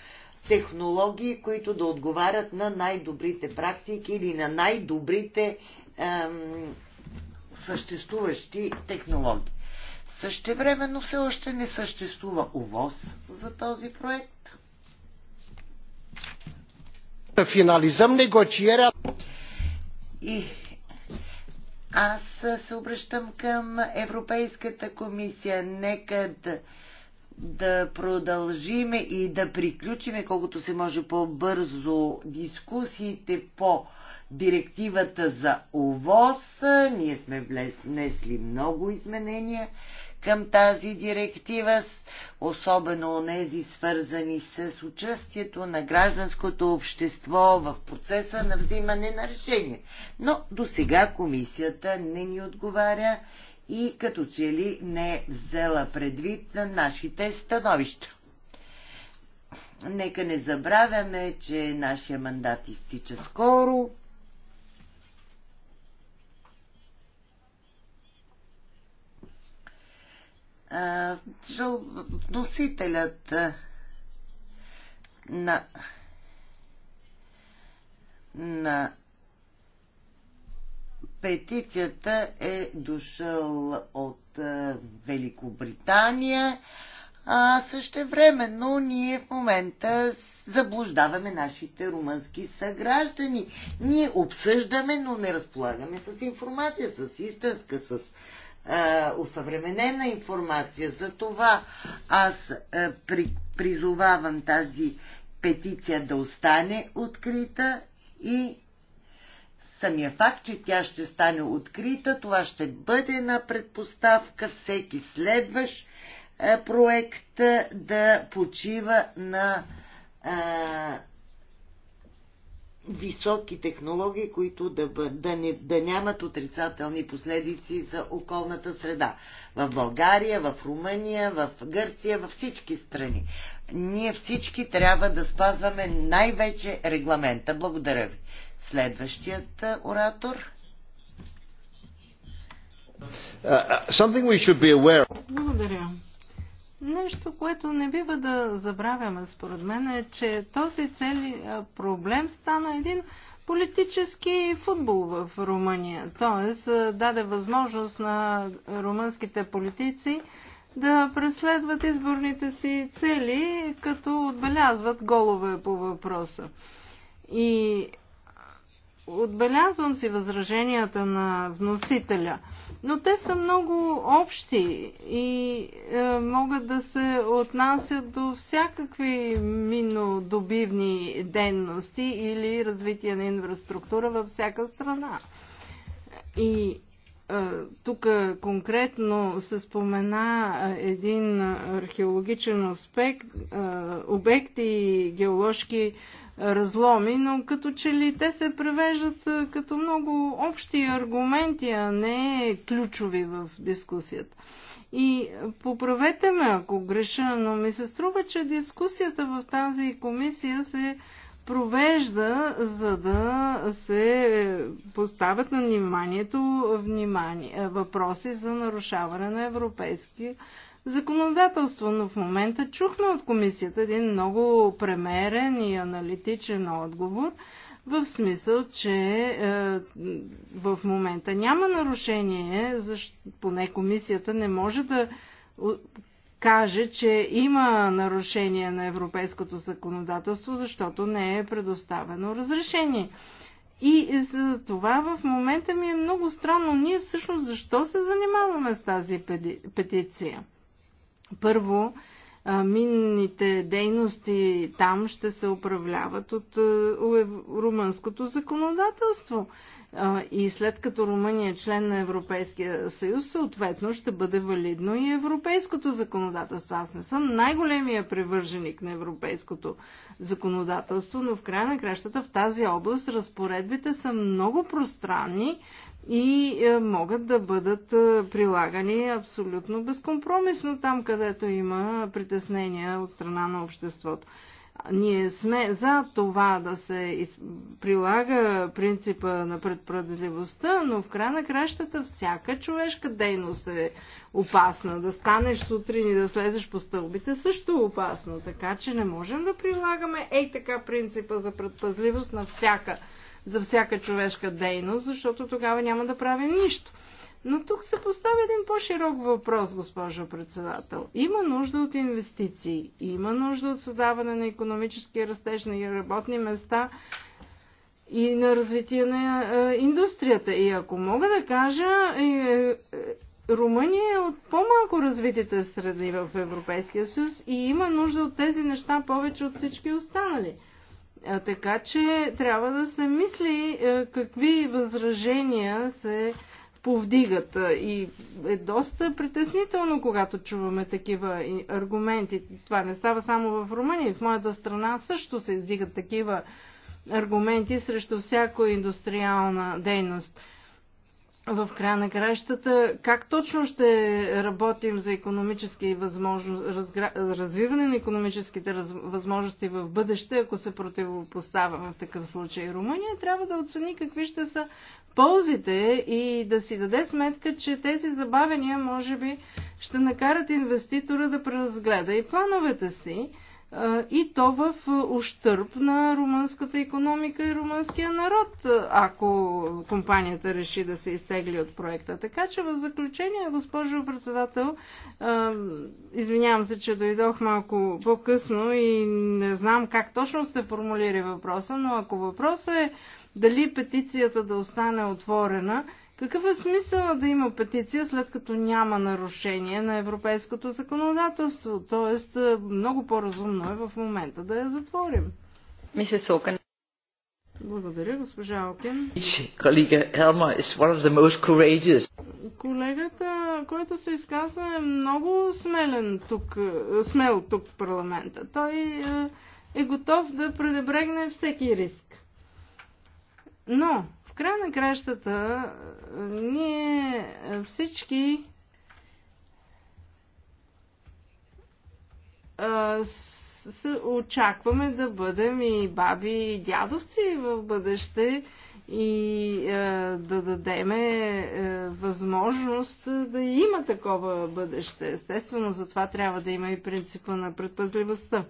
технологии, които да отговарят на най-добрите практики или на най-добрите съществуващи технологии но все още не съществува увоз за този проект. Да финализъм негочиера. И аз се обръщам към Европейската комисия. Нека да, да продължиме и да приключиме колкото се може по-бързо дискусиите по директивата за увоз. Ние сме внесли много изменения към тази директива, особено онези свързани с участието на гражданското общество в процеса на взимане на решение. Но до сега комисията не ни отговаря и като че ли не е взела предвид на нашите становища. Нека не забравяме, че нашия мандат изтича скоро жъл... носителят на на петицията е дошъл от Великобритания. А но ние в момента заблуждаваме нашите румънски съграждани. Ние обсъждаме, но не разполагаме с информация, с истинска, с усъвременена е, информация. За това аз е, при, призовавам тази петиция да остане открита и самия факт, че тя ще стане открита, това ще бъде една предпоставка всеки следващ е, проект да почива на а, високи технологии, които да, да, не, да нямат отрицателни последици за околната среда. В България, в Румъния, в Гърция, във всички страни. Ние всички трябва да спазваме най-вече регламента. Благодаря ви. Следващият оратор. Uh, uh, Благодаря. Нещо, което не бива да забравяме, според мен, е, че този цели проблем стана един политически футбол в Румъния. Тоест, даде възможност на румънските политици да преследват изборните си цели, като отбелязват голове по въпроса. И отбелязвам си възраженията на вносителя – но те са много общи и е, могат да се отнасят до всякакви минодобивни дейности или развитие на инфраструктура във всяка страна. И е, тук конкретно се спомена е, един археологичен аспект, е, обект и геоложки разломи, но като че ли те се превеждат като много общи аргументи, а не ключови в дискусията. И поправете ме, ако греша, но ми се струва, че дискусията в тази комисия се провежда, за да се поставят на вниманието внимание, въпроси за нарушаване на европейски законодателство, но в момента чухме от комисията един много премерен и аналитичен отговор, в смисъл, че е, в момента няма нарушение, защо, поне комисията не може да каже, че има нарушение на европейското законодателство, защото не е предоставено разрешение. И е, за това в момента ми е много странно. Ние всъщност защо се занимаваме с тази пети... петиция? Първо, минните дейности там ще се управляват от румънското законодателство. И след като Румъния е член на Европейския съюз, съответно ще бъде валидно и европейското законодателство. Аз не съм най-големия привърженик на европейското законодателство, но в края на кращата в тази област разпоредбите са много пространни и е, могат да бъдат е, прилагани абсолютно безкомпромисно там, където има притеснения от страна на обществото. Ние сме за това да се прилага принципа на предпредливостта, но в края на кращата всяка човешка дейност е опасна. Да станеш сутрин и да слезеш по стълбите също е опасно, така че не можем да прилагаме ей така принципа за предпазливост на всяка за всяка човешка дейност, защото тогава няма да правим нищо. Но тук се поставя един по-широк въпрос, госпожо председател. Има нужда от инвестиции, има нужда от създаване на економически растеж на работни места и на развитие на е, индустрията. И ако мога да кажа, е, е, Румъния е от по-малко развитите среди в Европейския съюз и има нужда от тези неща повече от всички останали – така че трябва да се мисли е, какви възражения се повдигат. И е доста притеснително, когато чуваме такива аргументи. Това не става само в Румъния. В моята страна също се издигат такива аргументи срещу всяко индустриална дейност в края на краищата, как точно ще работим за економически възможно, разгра, развиване на економическите раз, възможности в бъдеще, ако се противопоставяме в такъв случай? Румъния трябва да оцени какви ще са ползите и да си даде сметка, че тези забавения може би ще накарат инвеститора да преразгледа и плановете си и то в ущърп на румънската економика и румънския народ, ако компанията реши да се изтегли от проекта. Така че в заключение, госпожо председател, извинявам се, че дойдох малко по-късно и не знам как точно сте формулирали въпроса, но ако въпросът е дали петицията да остане отворена, какъв е смисъл да има петиция, след като няма нарушение на европейското законодателство? Тоест, е, много по-разумно е в момента да я затворим. Мисля Сокен. Благодаря, госпожа Окен. Колега Елма е one of the most courageous. Колегата, който се изказва, е много смелен тук, е, смел тук в парламента. Той е, е готов да пренебрегне всеки риск. Но, Край на кращата ние всички се очакваме да бъдем и баби и дядовци в бъдеще и да дадеме възможност да има такова бъдеще. Естествено, за това трябва да има и принципа на предпазливостта.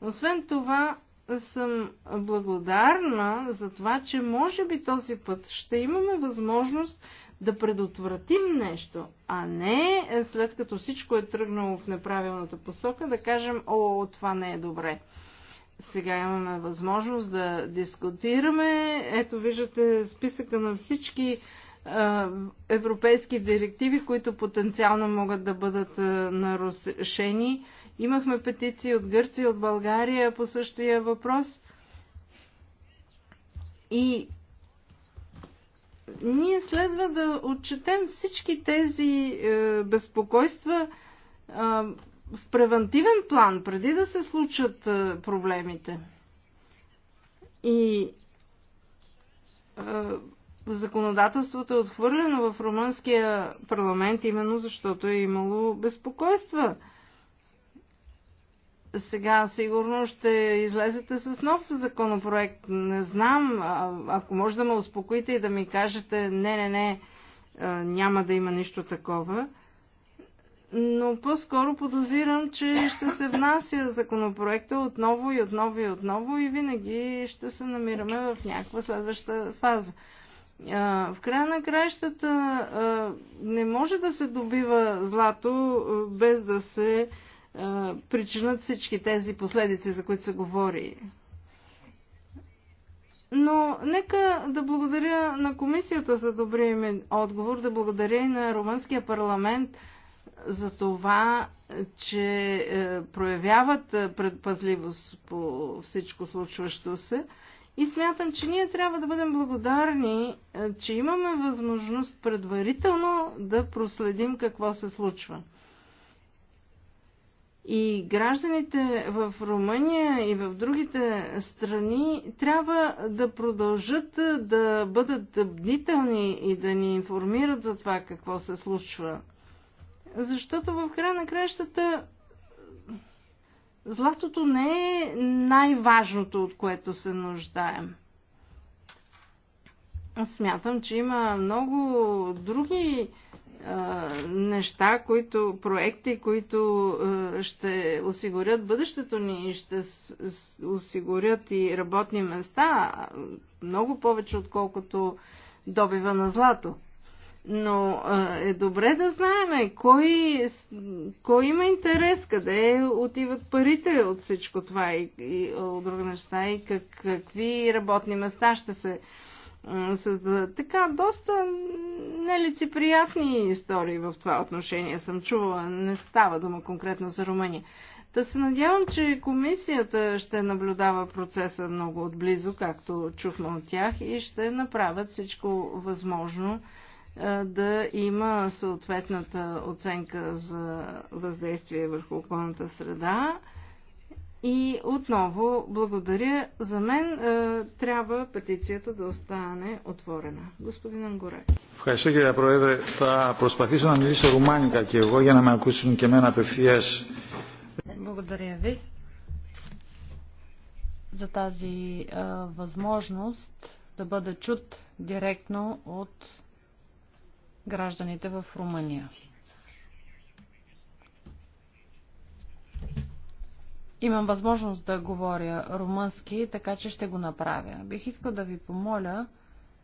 Освен това, съм благодарна за това, че може би този път ще имаме възможност да предотвратим нещо, а не след като всичко е тръгнало в неправилната посока да кажем, о, това не е добре. Сега имаме възможност да дискутираме. Ето виждате списъка на всички е, европейски директиви, които потенциално могат да бъдат е, нарушени Имахме петиции от Гърция, от България по същия въпрос. И ние следва да отчетем всички тези е, безпокойства е, в превентивен план, преди да се случат е, проблемите. И е, законодателството е отхвърлено в румънския парламент, именно защото е имало безпокойства. Сега сигурно ще излезете с нов законопроект. Не знам, ако може да ме успокоите и да ми кажете, не, не, не, няма да има нищо такова. Но по-скоро подозирам, че ще се внася законопроекта отново и отново и отново и винаги ще се намираме в някаква следваща фаза в края на краищата не може да се добива злато без да се причинат всички тези последици, за които се говори. Но нека да благодаря на комисията за добрия ми отговор, да благодаря и на Румънския парламент за това, че е, проявяват е, предпазливост по всичко случващо се. И смятам, че ние трябва да бъдем благодарни, е, че имаме възможност предварително да проследим какво се случва. И гражданите в Румъния и в другите страни трябва да продължат да бъдат бдителни и да ни информират за това какво се случва. Защото в края на кращата златото не е най-важното, от което се нуждаем. Смятам, че има много други неща, които, проекти, които ще осигурят бъдещето ни и ще осигурят и работни места, много повече отколкото добива на злато. Но е добре да знаем кой, кой има интерес, къде отиват парите от всичко това и, и от друга неща и как, какви работни места ще се създадат. Така, доста нелицеприятни истории в това отношение съм чувала. Не става дума конкретно за Румъния. Да се надявам, че комисията ще наблюдава процеса много отблизо, както чухме от тях, и ще направят всичко възможно да има съответната оценка за въздействие върху околната среда и отново благодаря. За мен е, трябва петицията да остане отворена. Господин Ангорай. Ευχαριστώ κύριε Πρόεδρε. Θα προσπαθήσω να μιλήσω ρουμάνικα και εγώ για να με ακούσουν και εμένα απευθείας. Благодаря ви за тази а, е, възможност да бъда чут директно от гражданите в Румъния. Имам възможност да говоря румънски, така че ще го направя. Бих искал да ви помоля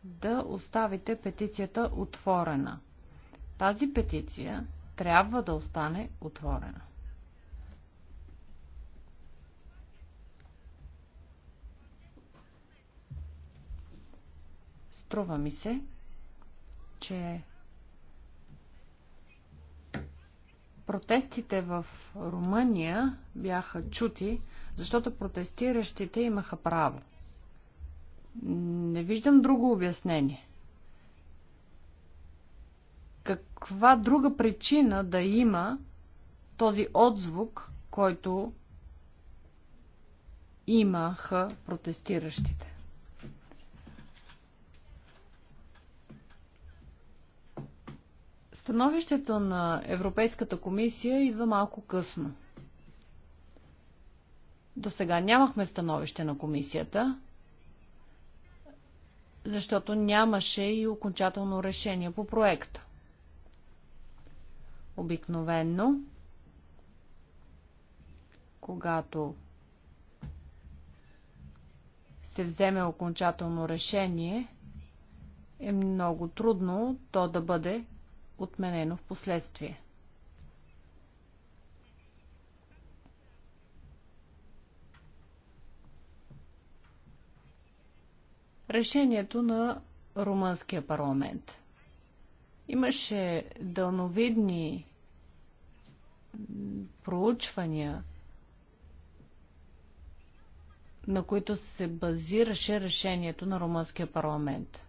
да оставите петицията отворена. Тази петиция трябва да остане отворена. Струва ми се, че Протестите в Румъния бяха чути, защото протестиращите имаха право. Не виждам друго обяснение. Каква друга причина да има този отзвук, който имаха протестиращите? Становището на Европейската комисия идва малко късно. До сега нямахме становище на комисията, защото нямаше и окончателно решение по проекта. Обикновенно, когато се вземе окончателно решение, е много трудно то да бъде отменено в последствие. Решението на Румънския парламент. Имаше дълновидни проучвания, на които се базираше решението на Румънския парламент.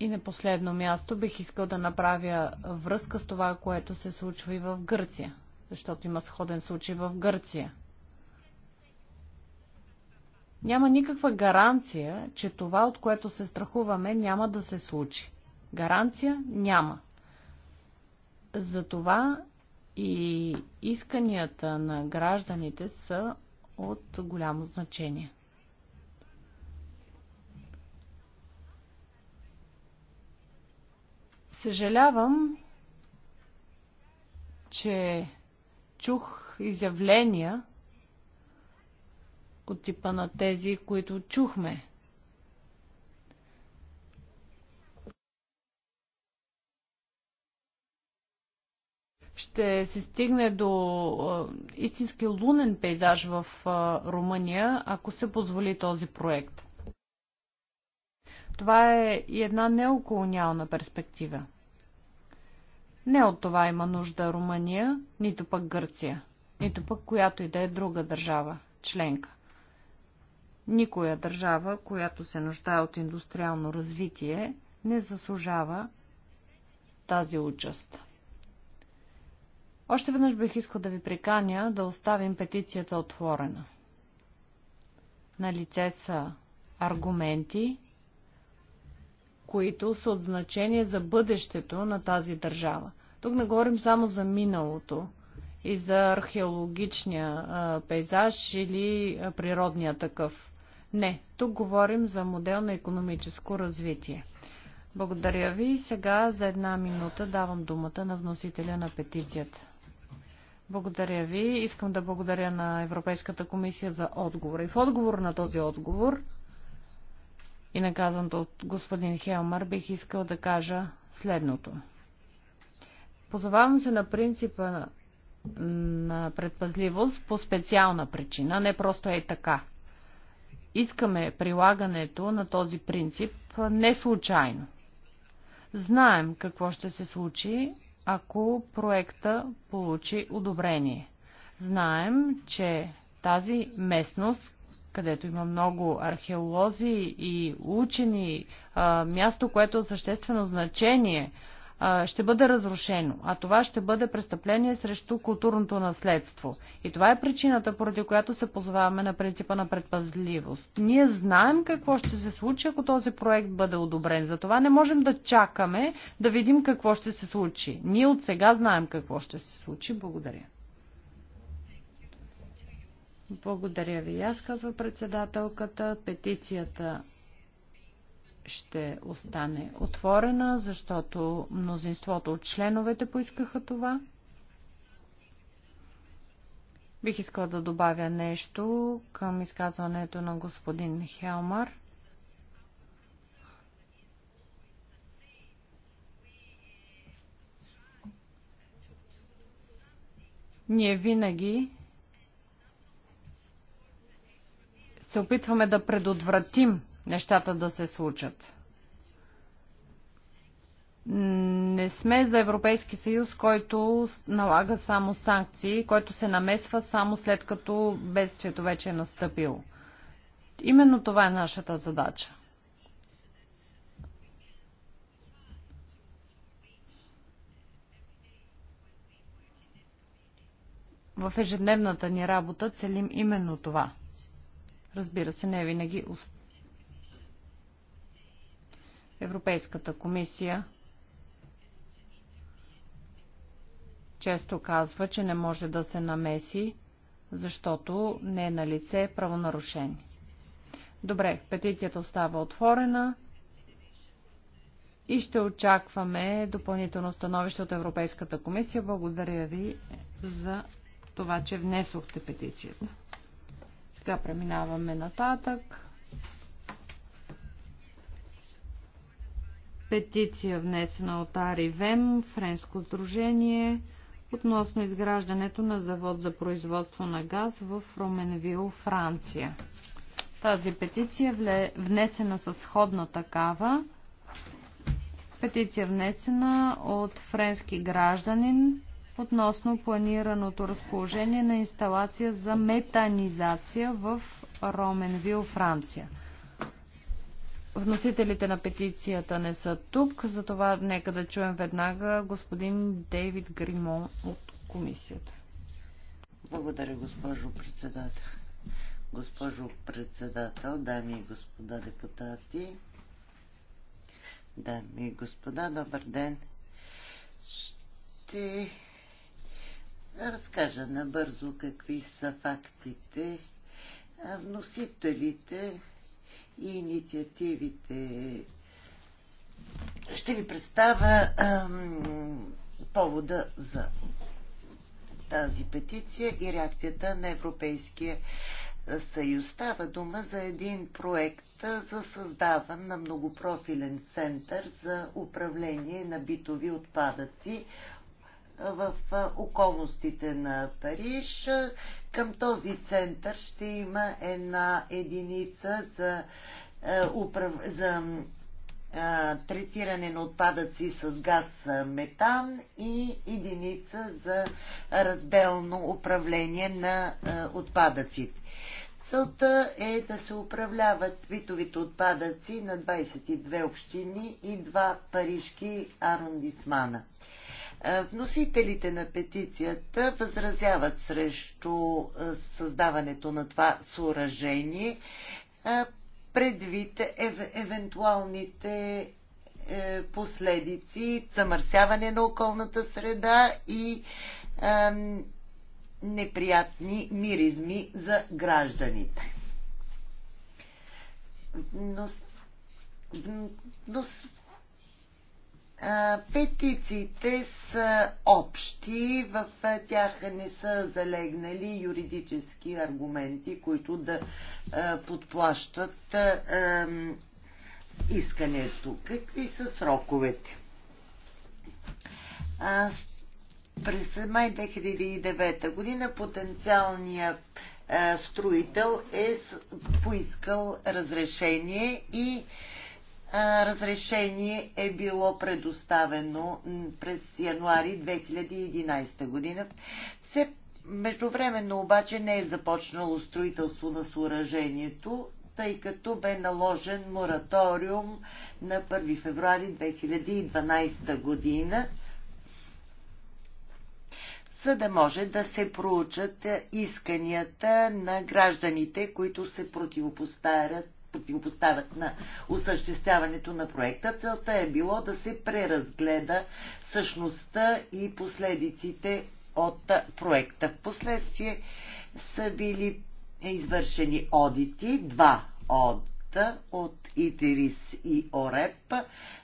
И на последно място бих искал да направя връзка с това, което се случва и в Гърция, защото има сходен случай в Гърция. Няма никаква гаранция, че това, от което се страхуваме, няма да се случи. Гаранция няма. Затова и исканията на гражданите са от голямо значение. Съжалявам, че чух изявления от типа на тези, които чухме. ще се стигне до истински лунен пейзаж в Румъния, ако се позволи този проект. Това е и една неоколониална перспектива. Не от това има нужда Румъния, нито пък Гърция, нито пък която и да е друга държава, членка. Никоя държава, която се нуждае от индустриално развитие, не заслужава тази участ. Още веднъж бих искал да ви приканя да оставим петицията отворена. На лице са аргументи, които са от значение за бъдещето на тази държава. Тук не говорим само за миналото и за археологичния а, пейзаж или а, природния такъв. Не, тук говорим за модел на економическо развитие. Благодаря ви. Сега за една минута давам думата на вносителя на петицията. Благодаря ви. Искам да благодаря на Европейската комисия за отговора. И в отговор на този отговор и наказаното от господин Хелмър, бих искал да кажа следното. Позовавам се на принципа на предпазливост по специална причина, не просто е така. Искаме прилагането на този принцип не случайно. Знаем какво ще се случи, ако проекта получи одобрение. Знаем, че тази местност където има много археолози и учени, а, място, което е от съществено значение, а, ще бъде разрушено. А това ще бъде престъпление срещу културното наследство. И това е причината, поради която се позоваваме на принципа на предпазливост. Ние знаем какво ще се случи, ако този проект бъде одобрен. Затова не можем да чакаме да видим какво ще се случи. Ние от сега знаем какво ще се случи. Благодаря. Благодаря ви. Аз казва председателката, петицията ще остане отворена, защото мнозинството от членовете поискаха това. Бих искала да добавя нещо към изказването на господин Хелмар. Ние винаги се опитваме да предотвратим нещата да се случат. Не сме за Европейски съюз, който налага само санкции, който се намесва само след като бедствието вече е настъпило. Именно това е нашата задача. В ежедневната ни работа целим именно това. Разбира се, не винаги Европейската комисия често казва, че не може да се намеси, защото не е на лице правонарушение. Добре, петицията остава отворена и ще очакваме допълнително становище от Европейската комисия. Благодаря ви за това, че внесохте петицията. Сега преминаваме нататък. Петиция внесена от Ари Вем, френско дружение относно изграждането на завод за производство на газ в Роменвил, Франция. Тази петиция е внесена с сходна такава. Петиция внесена от френски гражданин относно планираното разположение на инсталация за метанизация в Роменвил, Франция. Вносителите на петицията не са тук, затова нека да чуем веднага господин Дейвид Гримон от комисията. Благодаря, госпожо председател. Госпожо председател, дами и господа депутати, дами и господа, добър ден. Ще разкажа набързо какви са фактите, вносителите и инициативите. Ще ви представя ам, повода за тази петиция и реакцията на Европейския съюз. Става дума за един проект за създаване на многопрофилен център за управление на битови отпадъци в околностите на Париж. Към този център ще има една единица за, управ... за третиране на отпадъци с газ метан и единица за разделно управление на отпадъците. Целта е да се управляват битовите отпадъци на 22 общини и два парижки арондисмана. Е, вносителите на петицията възразяват срещу е, създаването на това съоръжение е, предвид ев- евентуалните последици, замърсяване на околната среда и е, неприятни миризми за гражданите. Но, но Петициите са общи, в тях не са залегнали юридически аргументи, които да подплащат искането. Какви са сроковете? През май 2009 година потенциалният строител е поискал разрешение и разрешение е било предоставено през януари 2011 година. Все междувременно обаче не е започнало строителство на съоръжението, тъй като бе наложен мораториум на 1 февруари 2012 година, за да може да се проучат исканията на гражданите, които се противопоставят си го поставят на осъществяването на проекта. Целта е било да се преразгледа същността и последиците от проекта. Впоследствие са били извършени одити, два одита от ИТИРИС и ОРЕП,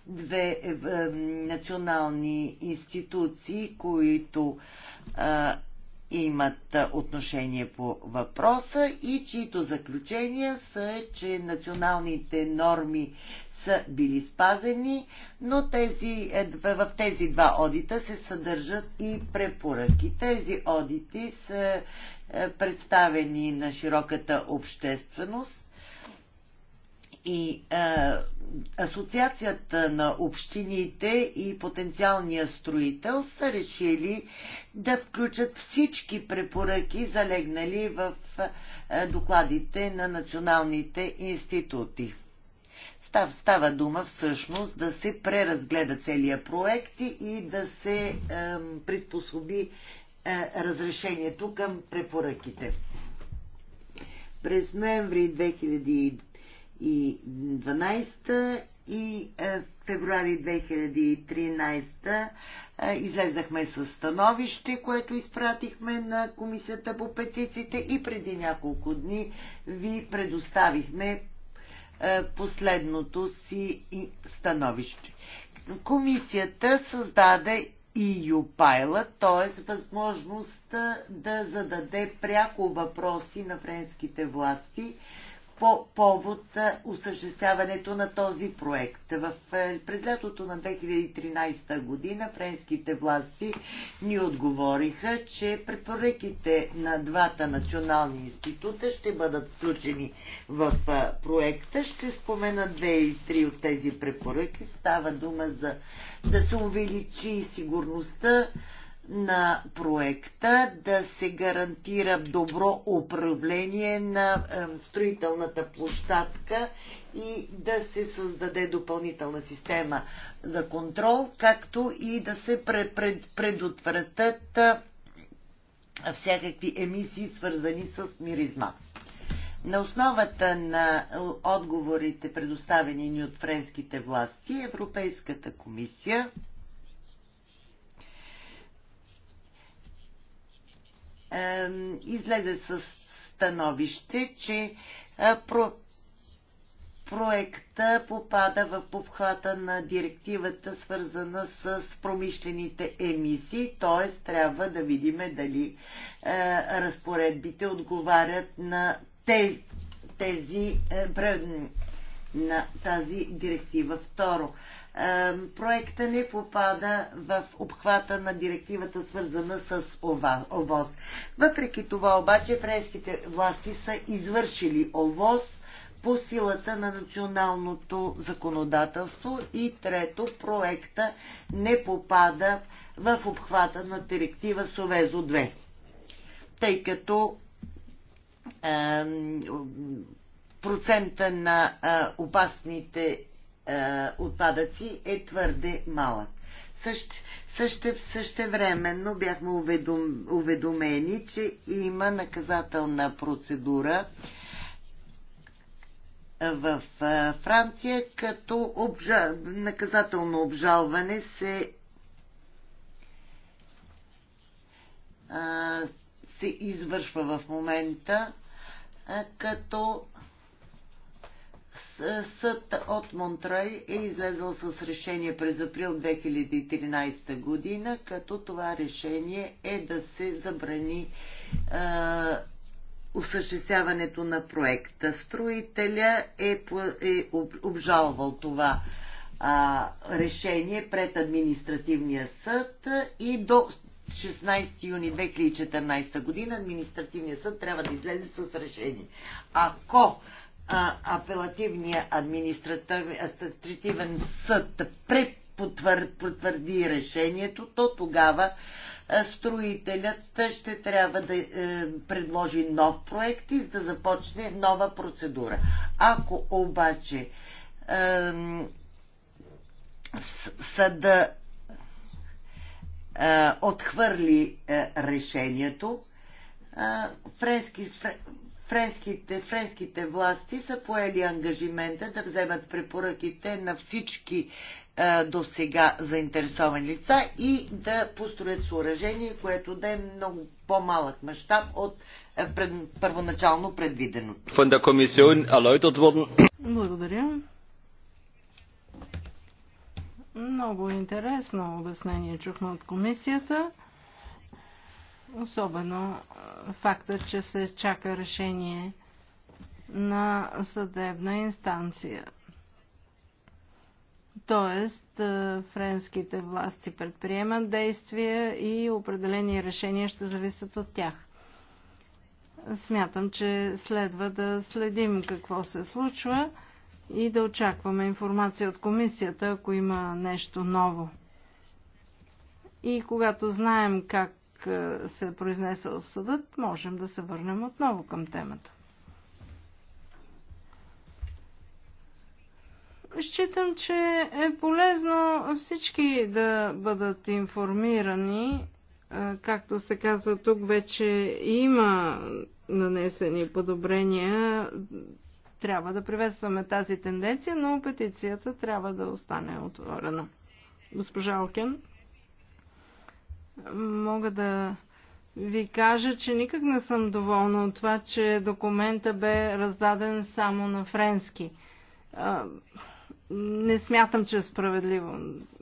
две е, е, национални институции, които имат отношение по въпроса и чието заключения са, че националните норми са били спазени, но тези, е, в тези два одита се съдържат и препоръки. Тези одити са е, представени на широката общественост и а, е, Асоциацията на общините и потенциалния строител са решили да включат всички препоръки, залегнали в а, е, докладите на националните институти. Став, става дума всъщност да се преразгледа целият проект и да се а, е, приспособи а, разрешението към препоръките. През ноември 2012 и е, февруари 2013 е, излезахме с становище, което изпратихме на Комисията по петициите и преди няколко дни ви предоставихме е, последното си становище. Комисията създаде и e ЮПАЙЛА, т.е. възможността да зададе пряко въпроси на френските власти по повод осъществяването на този проект. В, през лятото на 2013 година френските власти ни отговориха, че препоръките на двата национални института ще бъдат включени в проекта. Ще спомена две или три от тези препоръки. Става дума за да се увеличи сигурността на проекта, да се гарантира добро управление на строителната площадка и да се създаде допълнителна система за контрол, както и да се предотвратят е, всякакви емисии, свързани с миризма. На основата на отговорите, предоставени ни от френските власти, Европейската комисия излезе с становище, че е, про, проекта попада в обхвата на директивата, свързана с промишлените емисии, т.е. трябва да видим дали е, разпоредбите отговарят на тези, е, на тази директива. Второ, проекта не попада в обхвата на директивата, свързана с ОВОз. Въпреки това обаче френските власти са извършили ОВОз по силата на националното законодателство и трето, проекта не попада в обхвата на директива Совезо 2, тъй като процента на опасните е, отпадъци е твърде малък. Също, също, същевременно бяхме уведом, уведомени, че има наказателна процедура е, в е, Франция, като обжа... наказателно обжалване се се извършва в момента, като Съд от Монтрой е излезъл с решение през април 2013 година, като това решение е да се забрани е, осъществяването на проекта. Строителя е, е обжалвал това а, решение пред административния съд и до 16 юни 2014 година административният съд трябва да излезе с решение. Ако апелативния административен съд препотвърди решението, то тогава строителят ще трябва да е, предложи нов проект и да започне нова процедура. Ако обаче съда отхвърли е, решението, френски, френските, френските власти са поели ангажимента да вземат препоръките на всички е, до сега заинтересовани лица и да построят съоръжение, което да е много по-малък мащаб от е, пред, първоначално предвиденото. Благодаря. Много интересно обяснение чухме от комисията. Особено факта, че се чака решение на съдебна инстанция. Тоест, френските власти предприемат действия и определени решения ще зависят от тях. Смятам, че следва да следим какво се случва и да очакваме информация от комисията, ако има нещо ново. И когато знаем как е, се е произнесъл съдът, можем да се върнем отново към темата. Считам, че е полезно всички да бъдат информирани. Е, както се казва, тук вече има нанесени подобрения. Трябва да приветстваме тази тенденция, но петицията трябва да остане отворена. Госпожа Окен мога да ви кажа, че никак не съм доволна от това, че документа бе раздаден само на френски. Не смятам, че е справедливо.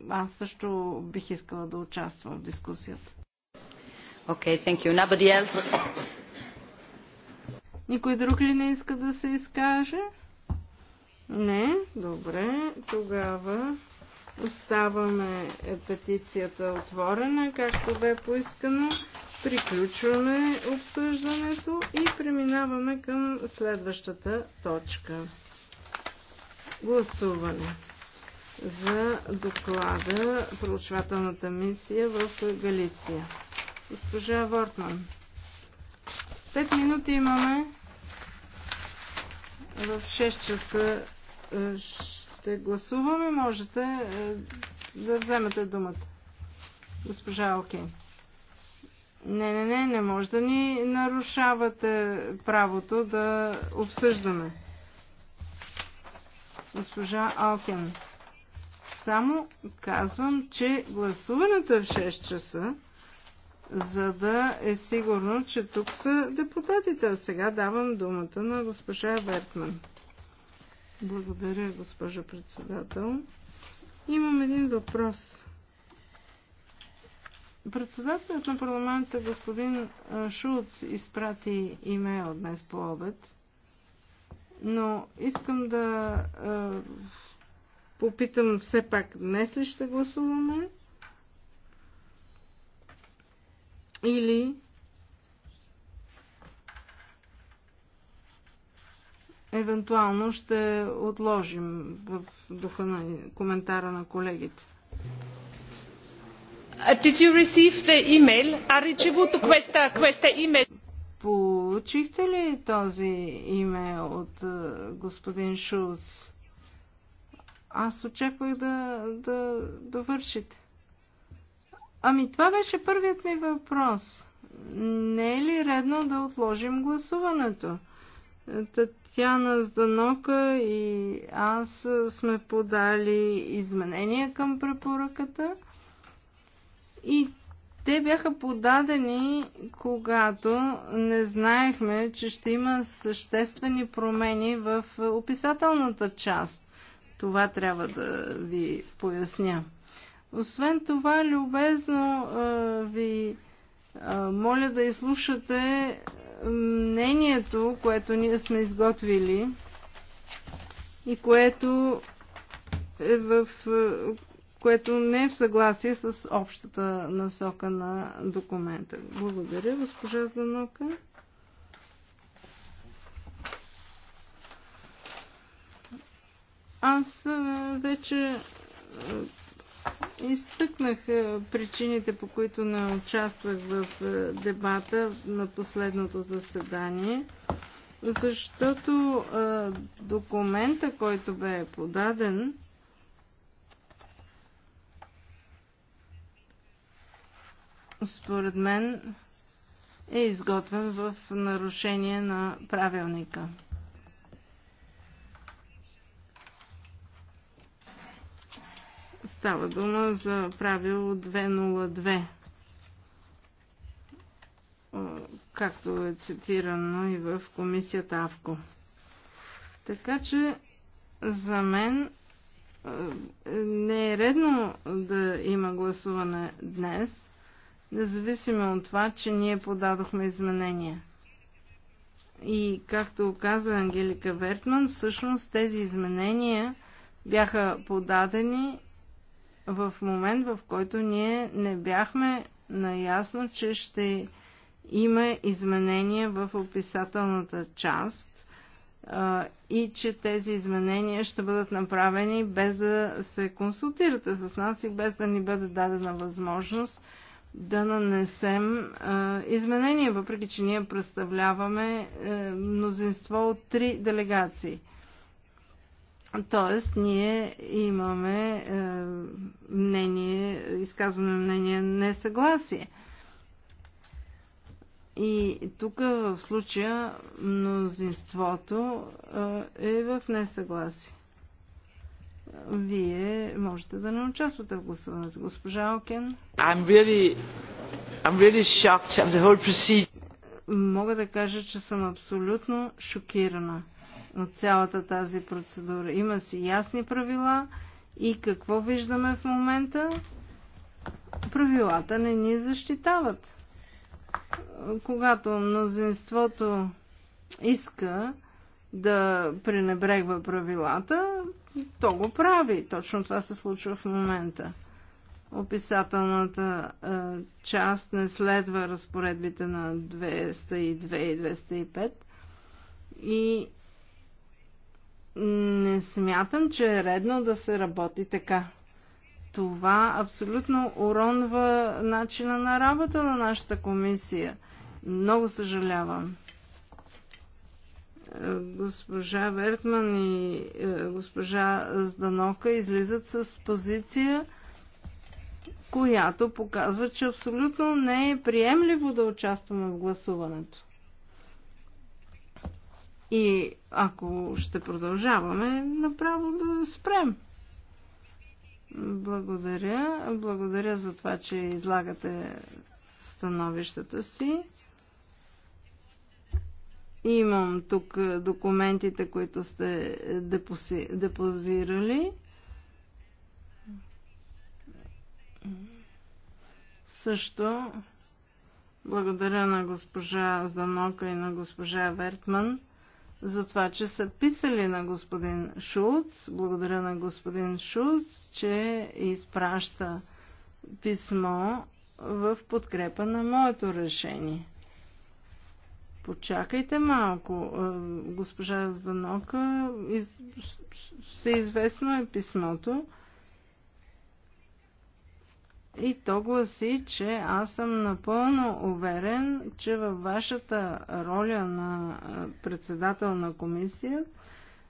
Аз също бих искала да участвам в дискусията. Okay, thank you. Nobody else? Никой друг ли не иска да се изкаже? Не, добре, тогава Оставаме петицията отворена, както бе поискано. Приключваме обсъждането и преминаваме към следващата точка. Гласуване за доклада проучвателната мисия в Галиция. Госпожа Вортман. Пет минути имаме в 6 часа. Е, ще гласуваме, можете е, да вземете думата. Госпожа Окей. Не, не, не, не може да ни нарушавате правото да обсъждаме. Госпожа Алкен, само казвам, че гласуването е в 6 часа, за да е сигурно, че тук са депутатите. А сега давам думата на госпожа Вертман. Благодаря, госпожа председател. Имам един въпрос. Председателят на парламента господин Шулц изпрати имейл днес по обед, но искам да е, попитам все пак днес ли ще гласуваме или евентуално ще отложим в духа на коментара на колегите. Did you receive the email? Ha ricevuto questa, questa email? Получихте ли този имейл от господин Шулц? Аз очаквах да, да довършите. Ами това беше първият ми въпрос. Не е ли редно да отложим гласуването? Тяна Зданока и аз сме подали изменения към препоръката и те бяха подадени, когато не знаехме, че ще има съществени промени в описателната част. Това трябва да ви поясня. Освен това, любезно ви моля да изслушате мнението, което ние сме изготвили и което е в е, което не е в съгласие с общата насока на документа. Благодаря, госпожа Зданока. Аз е, вече е, изтъкнах причините, по които не участвах в е, дебата на последното заседание, защото е, документа, който бе подаден, според мен е изготвен в нарушение на правилника. Става дума за правило 202, както е цитирано и в комисията АВКО. Така че за мен е, не е редно да има гласуване днес, независимо от това, че ние подадохме изменения. И както каза Ангелика Вертман, всъщност тези изменения бяха подадени в момент, в който ние не бяхме наясно, че ще има изменения в описателната част и че тези изменения ще бъдат направени без да се консултирате с нас и без да ни бъде дадена възможност да нанесем а, изменения, въпреки че ние представляваме е, мнозинство от три делегации – Тоест, ние имаме е, мнение, изказваме мнение несъгласие. И тук в случая мнозинството е, е в несъгласие. Вие можете да не участвате в гласуването, госпожа Окен. I'm really, I'm really shocked at the whole procedure. Мога да кажа, че съм абсолютно шокирана. От цялата тази процедура. Има си ясни правила и какво виждаме в момента? Правилата не ни защитават. Когато мнозинството иска да пренебрегва правилата, то го прави. Точно това се случва в момента. Описателната е, част не следва разпоредбите на 202 и 205 и не смятам, че е редно да се работи така. Това абсолютно уронва начина на работа на нашата комисия. Много съжалявам е, госпожа Вертман и е, госпожа Зданока излизат с позиция, която показва, че абсолютно не е приемливо да участваме в гласуването. И ако ще продължаваме, направо да спрем. Благодаря. Благодаря за това, че излагате становищата си. Имам тук документите, които сте депози... депозирали. Също благодаря на госпожа Зданока и на госпожа Вертман за това, че са писали на господин Шулц. Благодаря на господин Шулц, че изпраща писмо в подкрепа на моето решение. Почакайте малко. Е, госпожа Звънока, се известно е писмото. И то гласи, че аз съм напълно уверен, че във вашата роля на председател на комисия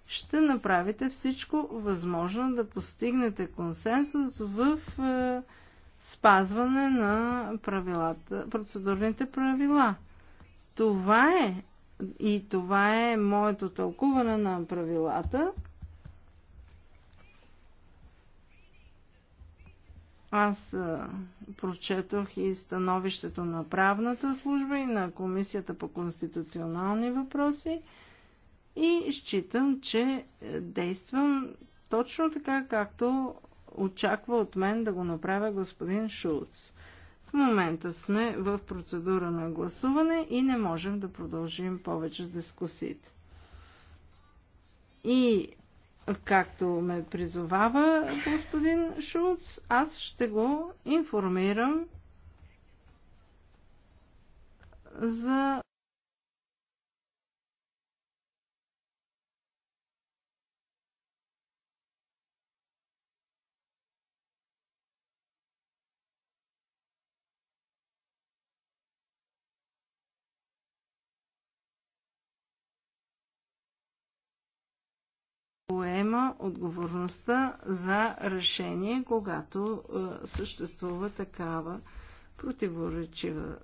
ще направите всичко възможно да постигнете консенсус в спазване на правилата, процедурните правила. Това е и това е моето тълкуване на правилата. Аз прочетох и становището на правната служба и на Комисията по конституционални въпроси и считам, че е, действам точно така, както очаква от мен да го направя господин Шулц. В момента сме в процедура на гласуване и не можем да продължим повече с дискусиите. И както ме призовава господин Шулц, аз ще го информирам за поема отговорността за решение, когато съществува такава противоречива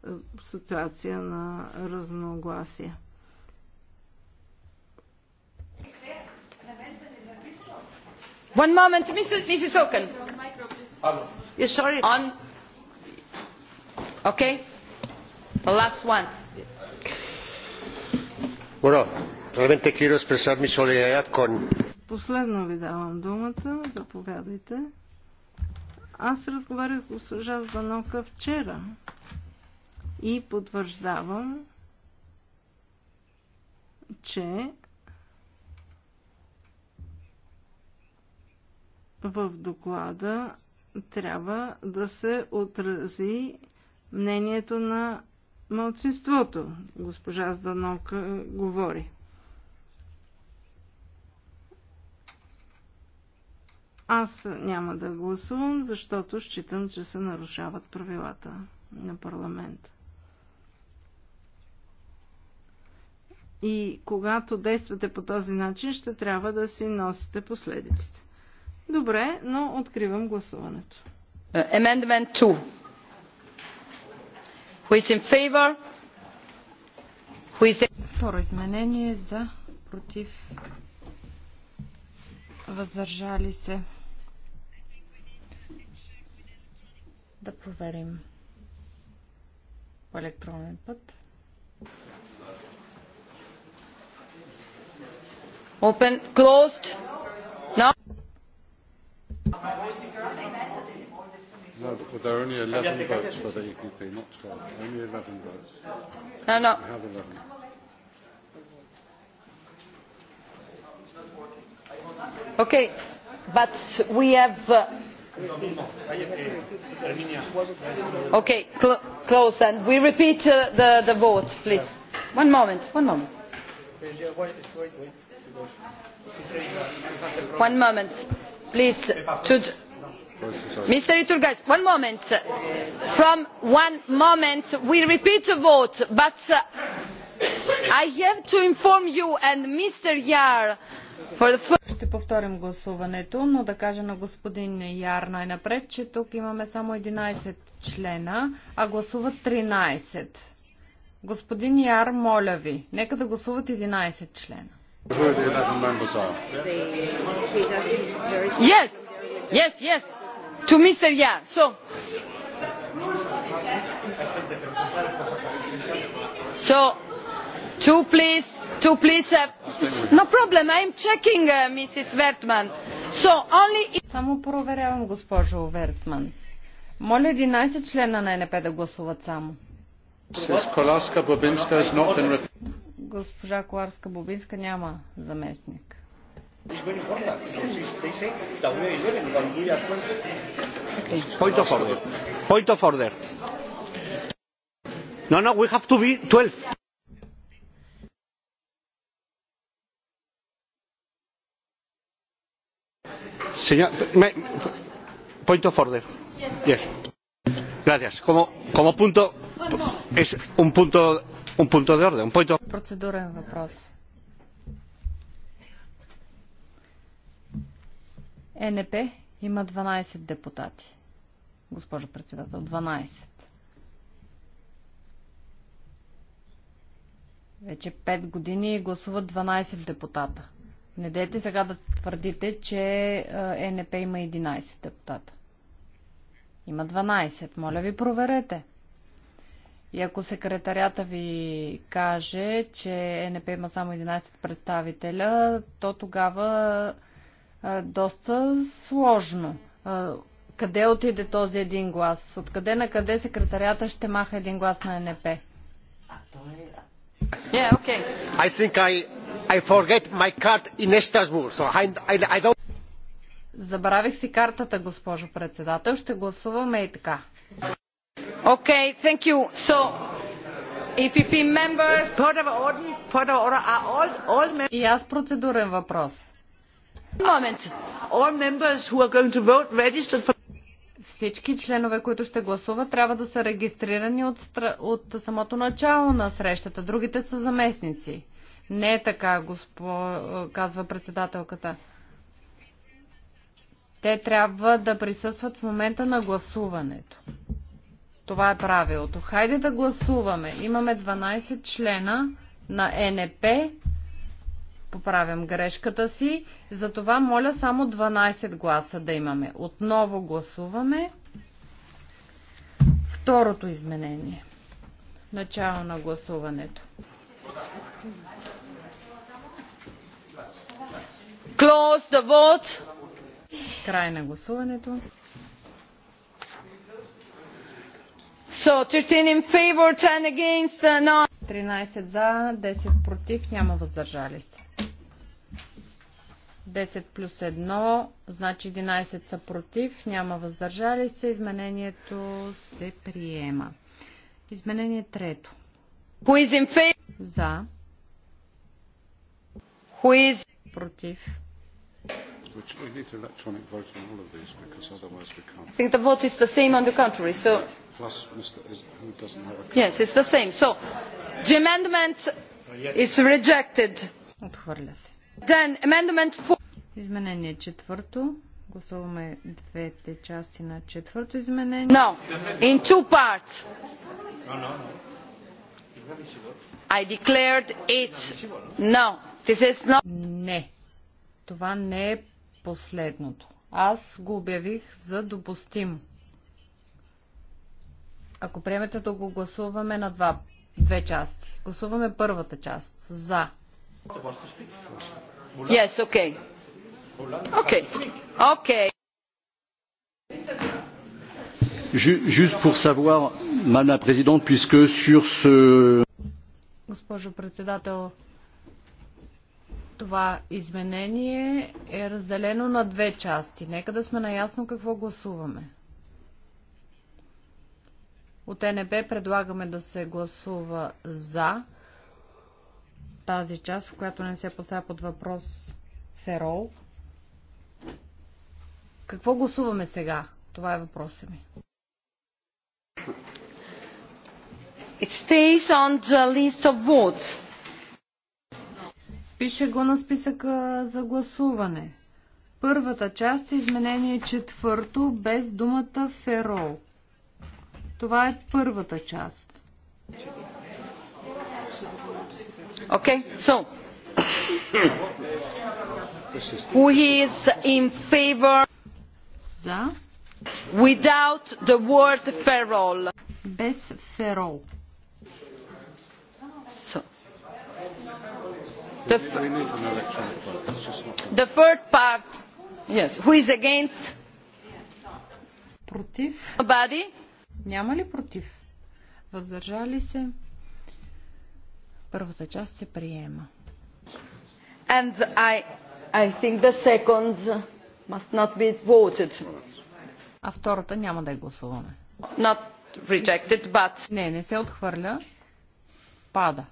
ситуация на разногласия. One moment, Mrs. Mrs. Oken. Yes, sorry. On. Okay. The last one. Bueno, realmente quiero expresar mi solidaridad con Последно ви давам думата. Заповядайте. Аз разговарях с госпожа Зданока вчера и потвърждавам, че в доклада трябва да се отрази мнението на мълцинството. Госпожа Зданока говори. Аз няма да гласувам, защото считам, че се нарушават правилата на парламента. И когато действате по този начин, ще трябва да си носите последиците. Добре, но откривам гласуването. Uh, amendment 2. Who is in favor? Who is Второ изменение за против въздържали се. да проверим по електронен път. Open, closed. No. No, but there are only 11 votes for the EPP, not 12. Only 11 votes. No, no. I have 11. Okay, but we have. Uh, Okay, cl close and we repeat uh, the, the vote, please. One moment, one moment. One moment, please. To Mr. Iturgais, one moment. From one moment, we repeat the vote, but uh, I have to inform you and Mr. Yar for the first ще повторим гласуването, но да кажа на господин Яр най-напред, че тук имаме само 11 члена, а гласуват 13. Господин Яр, моля ви, нека да гласуват 11 члена. Yes, yes, yes, to Mr. Yar. So, so Two, please. Two, please. Uh, no problem. I'm checking, uh, Mrs. So only... Само проверявам, госпожо Вертман. Моля 11 члена на НП да гласуват само. Госпожа Коларска-Бобинска няма заместник. Point of order. Point of order. No, no, we have to be 12. Señor, Процедурен въпрос. ЕНП има 12 депутати. Госпожо председател, 12. Вече пет години гласуват 12 депутата. Не дайте сега да твърдите, че ЕНП има 11 депутата. Има 12. Моля ви, проверете. И ако секретарята ви каже, че ЕНП има само 11 представителя, то тогава е доста сложно. Къде отиде този един глас? Откъде на къде секретарята ще маха един глас на е НП? Yeah, okay. I think I, Забравих си картата, госпожо председател. Ще гласуваме и така. thank you. So, EPP members... И аз процедурен въпрос. All members who are going to vote registered for всички членове, които ще гласуват, трябва да са регистрирани от, от самото начало на срещата. Другите са заместници. Не е така, госпо... казва председателката. Те трябва да присъстват в момента на гласуването. Това е правилото. Хайде да гласуваме. Имаме 12 члена на НП. Поправям грешката си. Затова моля само 12 гласа да имаме. Отново гласуваме. Второто изменение. Начало на гласуването. Close the vote. Край на гласуването. So, 13 in favor, 10 against, uh, 13 за, 10 против, няма въздържали се. 10 плюс 1, значи 11 са против, няма въздържали се. Изменението се приема. Изменение трето. Who is in favor? За. Who is... Против which we need electronic vote on all of these because otherwise we can't. I think the vote is the same on the contrary. So. Plus, Mr. Is, who doesn't have a. Yes, it's the same. So, the amendment is rejected. Then amendment four. Изменение четвърто. Гласуваме двете части на четвърто изменение. No, in two parts. No, no, no. I declared it. No, this is not. Не. Това не е последното. Аз го обявих за допустим. Ако приемете да го гласуваме на два, две части. Гласуваме първата част. За. Yes, okay. Okay. Okay. Juste pour savoir, Madame la Présidente, puisque sur ce... Госпожо председател, това изменение е разделено на две части. Нека да сме наясно какво гласуваме. От НБ предлагаме да се гласува за тази част, в която не се поставя под въпрос Ферол. Какво гласуваме сега? Това е въпросът ми. It stays on the list of votes. Пише го на списъка за гласуване. Първата част е изменение четвърто без думата ферол. Това е първата част. Окей, okay, so. Who is in favor? За. Without the word ferol. Без ферол. The, the third part. Yes. Who is against? Против. Nobody? Няма ли против? Въздържали се? Първата част се приема. And I, I think the second must not be voted. А втората няма да е гласуваме. Not rejected, but... Не, не се отхвърля. Пада.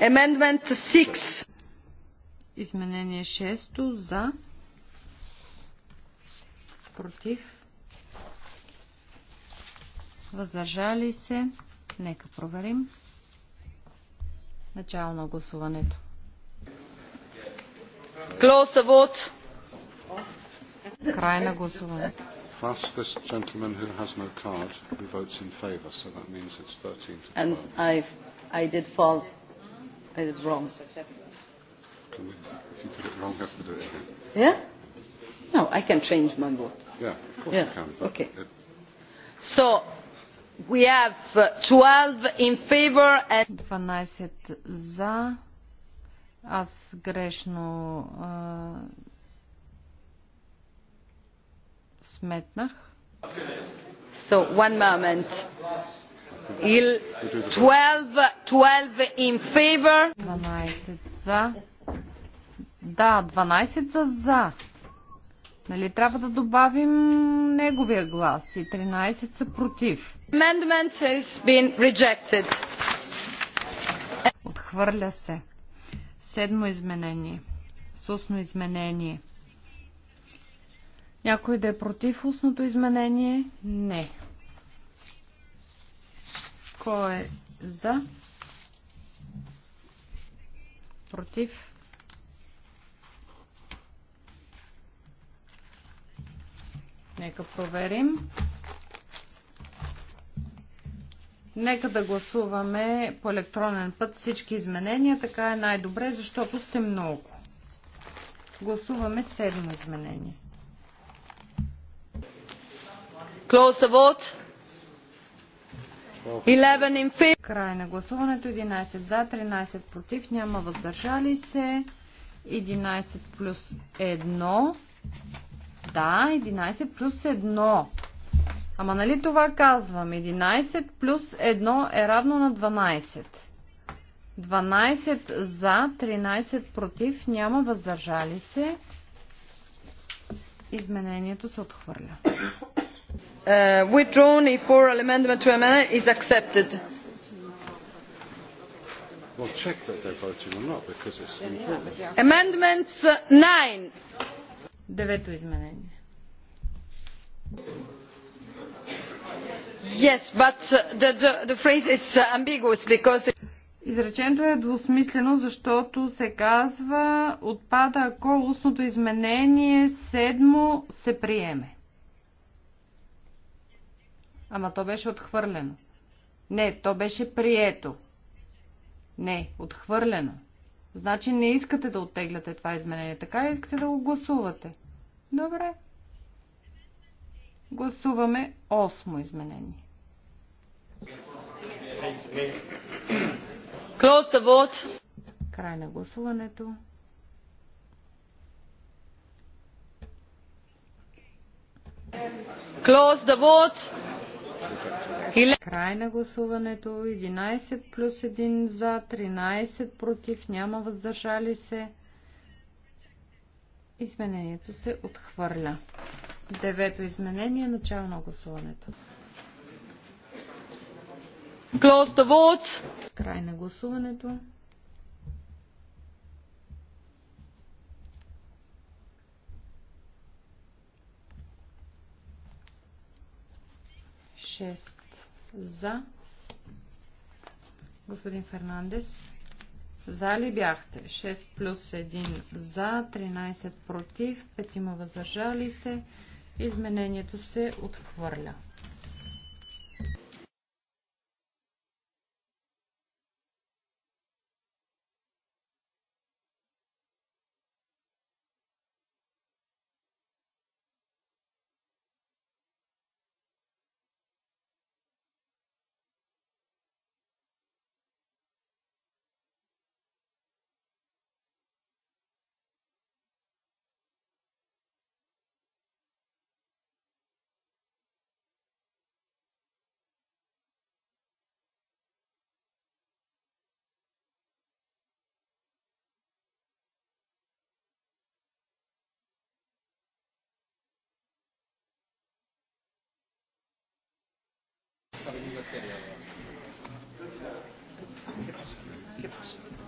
Amendment 6. Изменение 6 за против въздържали се. Нека проверим. Начало на гласуването. Close the vote. Край на гласуването. Plus this gentleman who has no card who votes in favour, so that means it's 13 to 12. And I, I did fall it wrong. If you put it wrong, have to do it again. Yeah? No, I can change my vote. Yeah, of course yeah. you can. But okay. So, we have 12 in favor and... 12 за. Аз грешно а, сметнах. So, one moment. Il 12, in favor. 12 за. Да, 12 за за. Нали трябва да добавим неговия глас и 13 са против. Amendment has been rejected. Отхвърля се. Седмо изменение. Сусно изменение. Някой да е против устното изменение? Не. Кой е за? Против? Нека проверим. Нека да гласуваме по електронен път всички изменения. Така е най-добре, защото сте много. Гласуваме седмо изменение. Close the vote. 11 Край на гласуването. 11 за, 13 против, няма въздържали се. 11 плюс 1. Да, 11 плюс 1. Ама нали това казвам? 11 плюс 1 е равно на 12. 12 за, 13 против, няма въздържали се. Изменението се отхвърля withdrawn if oral amendment to amendment is accepted. We'll check that they're voting or not because it's important. Amendments 9. Девето изменение. Yes, but the, the, the phrase is ambiguous because... Изречението е двусмислено, защото се казва отпада ако устното изменение седмо се приеме. Ама то беше отхвърлено. Не, то беше прието. Не, отхвърлено. Значи не искате да оттегляте това изменение, така ли искате да го гласувате? Добре. Гласуваме осмо изменение. Close the vote. Край на гласуването. Close the vote. Край на гласуването. 11 плюс 1 за, 13 против, няма въздържали се. Изменението се отхвърля. Девето изменение, начало на гласуването. Close the Край на гласуването. 6 за. Господин Фернандес. За ли бяхте? 6 плюс 1 за, 13 против, 5 има въздържали се. Изменението се отхвърля.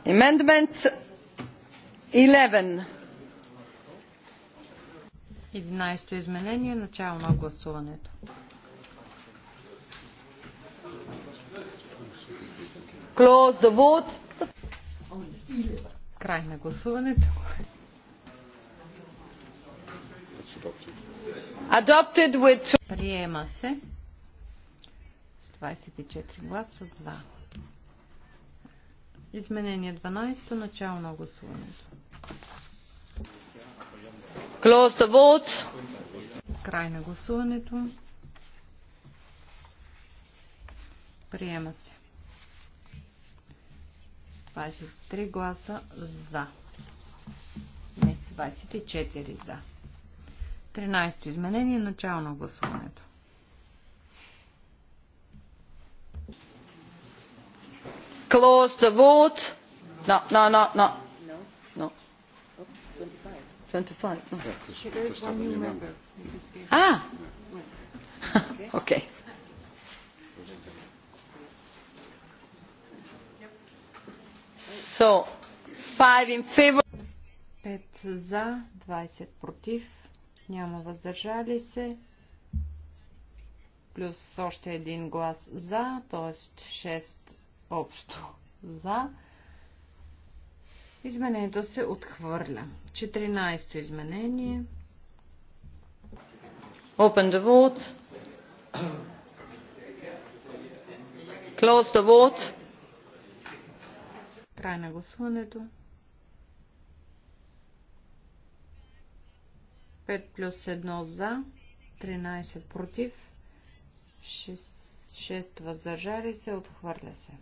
amendment eleven изменение, начало на гласуването. Close the vote. Край на гласуването. Adopted with... Приема се с 24 гласа за. Изменение 12. Начало на гласуването. Close the vote. Край на гласуването. Приема се. С 23 гласа за. Не, 24 за. 13 изменение. Начало на гласуването. Close the vote. No, no, no, no. No. 25. No. There is one Ah. okay. So, five in favor. 5 за, 20 против, няма въздържали се, плюс още един глас за, т.е общо. За. Изменението се отхвърля. 14-то изменение. Open the vote. Close the vote. Край на гласуването. 5 плюс 1 за, 13 против, 6 6 въздържали се, отхвърля се.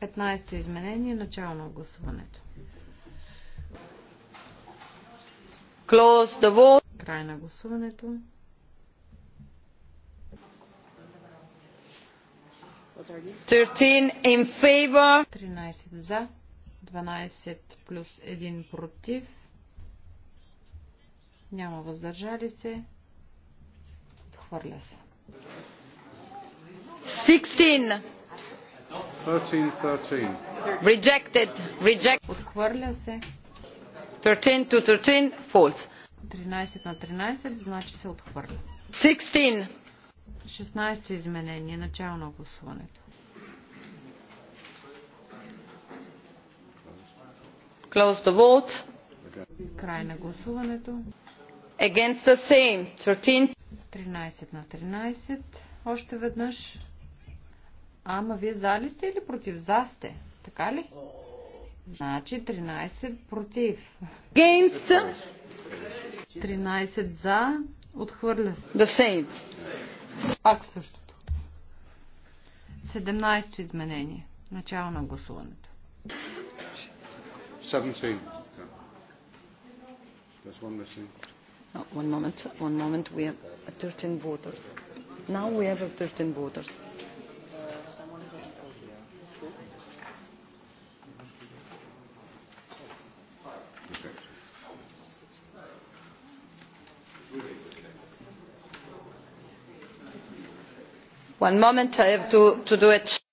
15 изменение, начало на гласуването. Close the Край на гласуването. In favor. 13 за, 12 плюс 1 против, няма въздържали се, отхвърля се. 16 13 rejected отхвърля се 13 to 13 false 13 на 13 значи се отхвърля 16 16 изменение начало на гласуването Close the vote. Край на гласуването. Against the same. 13. 13 на 13. Още веднъж. Ама вие за ли сте или против? За сте. Така ли? Значи 13 против. Against. 13 за. Отхвърля се. The same. Пак същото. 17 то изменение. Начало на гласуването. 17. one one moment, one moment. We have 13 voters. Now we have 13 voters. one moment i have to do it.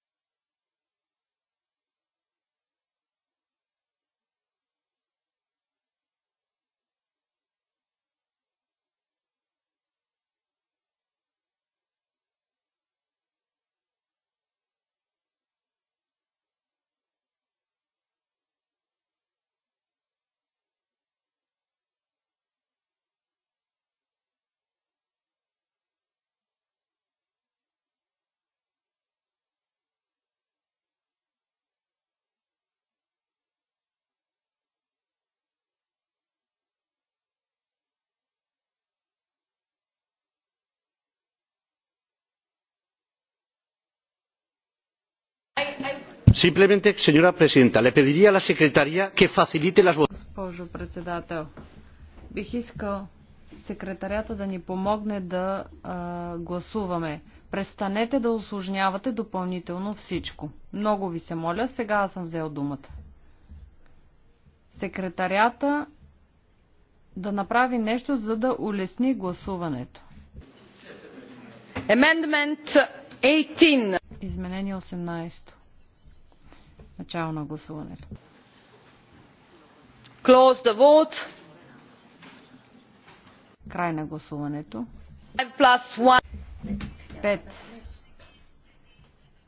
Simplemente, señora presidenta, le pediría a la secretaría que facilite las Госпожо председател, бих искал секретарята да ни помогне да а, гласуваме. Престанете да осложнявате допълнително всичко. Много ви се моля, сега аз съм взел думата. Секретарята да направи нещо, за да улесни гласуването. Amendment 18 изменение 18. Начало на гласуването. Close the vote. Край на гласуването. 5 plus 1. 5.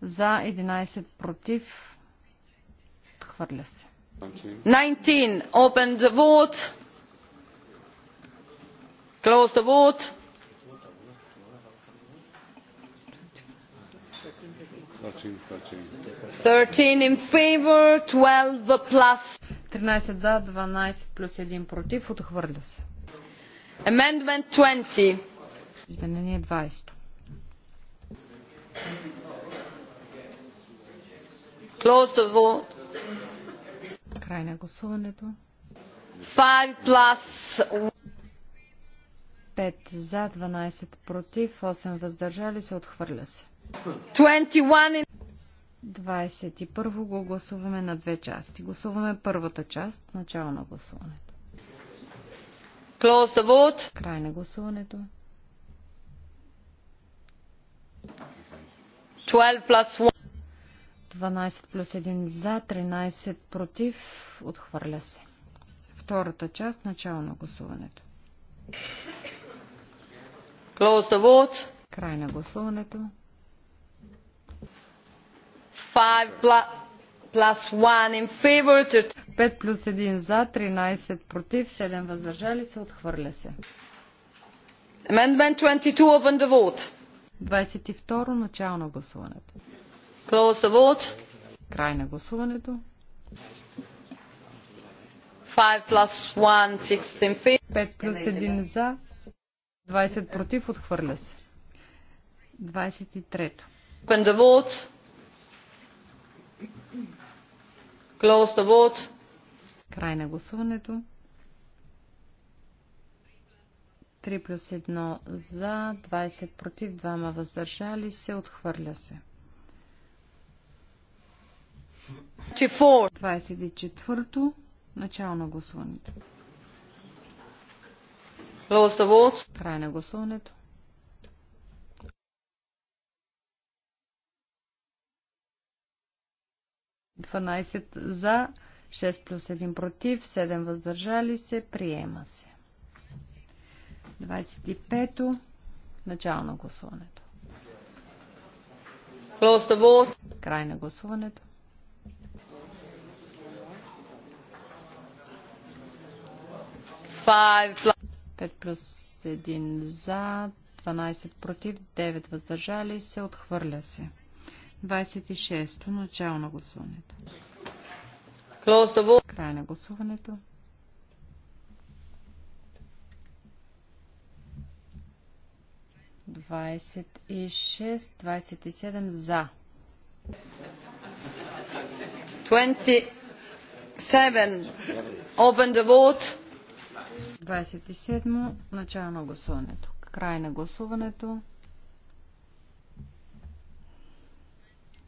За 11 против. Хвърля се. 19. Open the vote. Close the vote. 13 за, 12 плюс 1 против. Отхвърля се. Amendment 20. Изменение 20. Close the vote. Край на гласуването. 5 plus 5 за, 12 против, 8 въздържали се, отхвърля се. 21 го гласуваме на две части. Гласуваме първата част, начало на гласуването. Close the vote. Край на гласуването. 12 плюс 1. 12 плюс 1 за, 13 против. Отхвърля се. Втората част, начало на гласуването. Close the vote. Край на гласуването. 5 плюс 1 за, 13 против, 7 въздържали се, отхвърля се. 22 начало на гласуването. Край на гласуването. 5 плюс 1, 16 5 за, 20 против, отхвърля се. 23-то. Close the vote. Край на гласуването. 3 плюс 1 за, 20 против, 2 въздържали се, отхвърля се. 24-то, начало на гласуването. Край на гласуването. 12 за, 6 плюс 1 против, 7 въздържали се, приема се. 25-то, начало на гласуването. Край на гласуването. Пет плюс 1 за, 12 против, 9 въздържали се, отхвърля се. 26-то, начало на гласуването. Край на гласуването. Двадесет и шест, двадесет и седем за. 27. и седмо, 27. Начало на гласуването. Край на гласуването.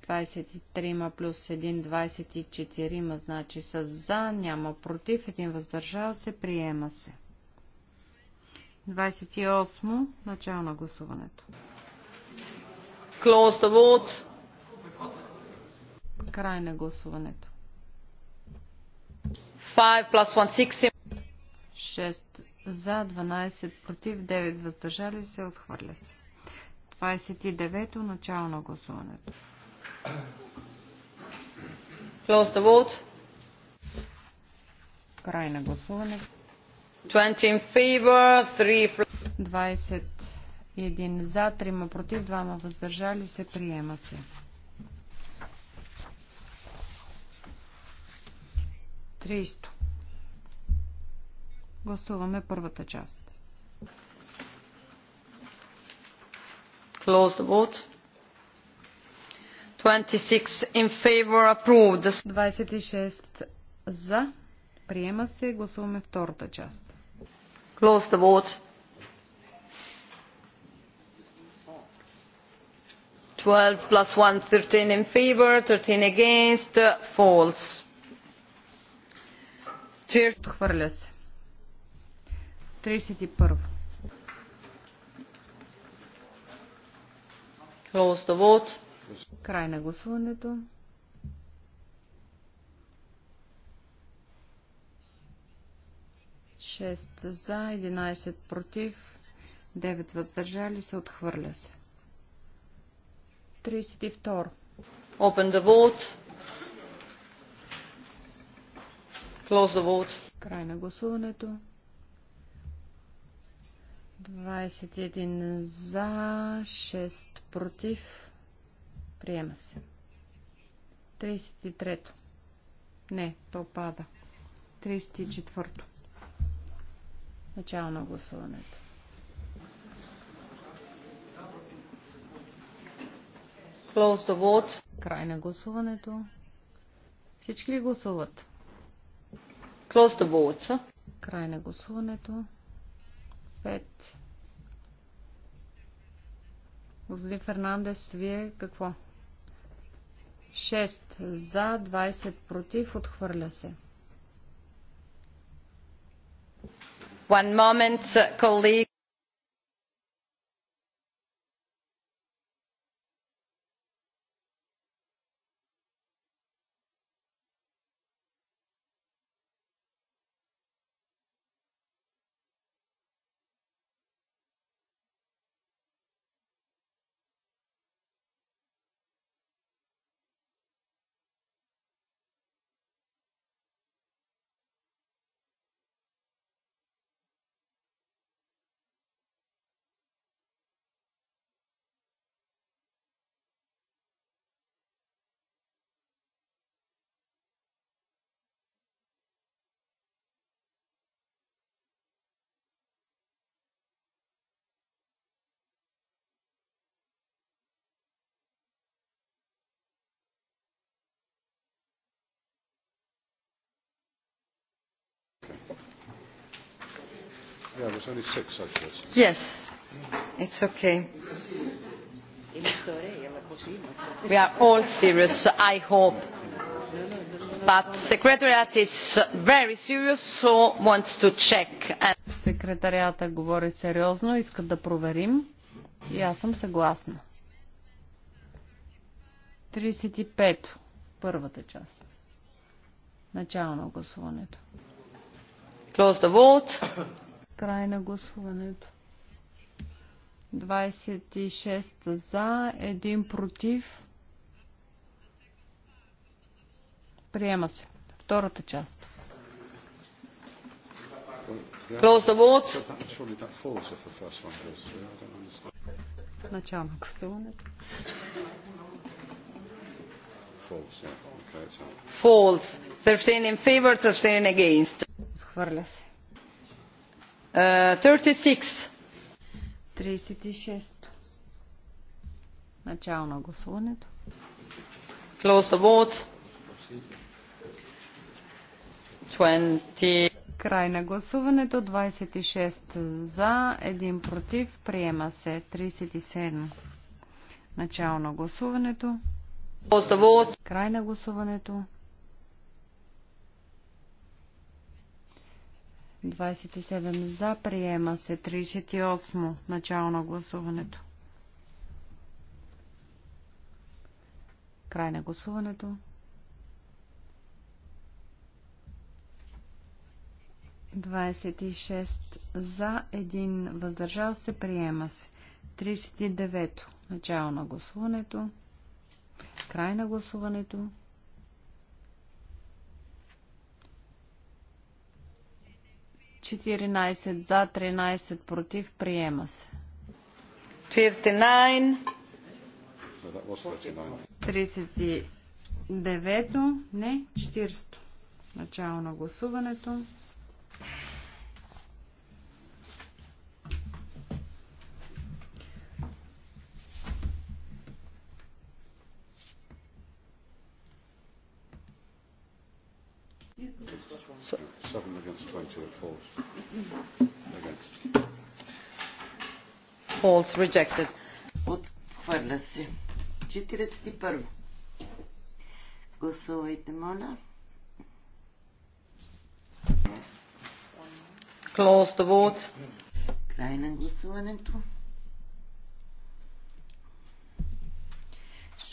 23 плюс 1, 24, значи са за, няма против, един въздържал се, приема се. 28. Начало на гласуването. Close the vote. Край на гласуването. 5 plus 1, 6. 6 за, 12 против, 9 въздържали се, отхвърля се. 29. то Начало на гласуването. Close the vote. Край на гласуване. 20 in favor, 3 21 за, 3 против, 2 въздържали се, приема се. Тристо. Гласуваме първата част. Close the vote. 26 за. Приема се. Гласуваме втората част. Close the vote. 12 plus 1, 13 in favor, 13 against, uh, false. Отхвърля се. 31. Close the vote. Край на гласуването. Шест за, 11 против, 9 въздържали се, отхвърля се. 32. Open the vote. Close the vote. Край на гласуването. 21 за, 6 против, Приема се. 33 Не, то пада. 34-то. Начало на гласуването. Close the vote. Край на гласуването. Всички ли гласуват? Close the vote. Край на гласуването. 5. Господин Фернандес, вие какво? 6 за, 20 против, отхвърля се. One moment, colleague. Yeah, there's only six, I guess. Yes, it's okay. We are all serious, I hope. But Secretariat is very serious, so wants to check. And... Секретарията говори сериозно, иска да проверим. И аз съм съгласна. 35. Първата част. Начало на гласуването. Close the vote. Край на гласуването. 26 за, 1 против. Приема се. Втората част. Close the vote. Начало на гласуването. False. 13 in favor, 13 against. Схвърля се. 36. Uh, Начало на гласуването. Close the vote. 20. Край на гласуването. 26 за, 1 против. Приема се. 37. Начало на гласуването. Край на гласуването. 27 за, приема се. 38 начало на гласуването. Край на гласуването. 26 за, 1 въздържал се, приема се. 39 начало на гласуването. Край на гласуването. 14 за, 13 против. Приема се. 49. 39. Не, 40. Начало на гласуването. So, Seven against 20, are false. Against. Falls, rejected. Отхвърля се. 41. Гласувайте, моля. Close the votes. Край на гласуването.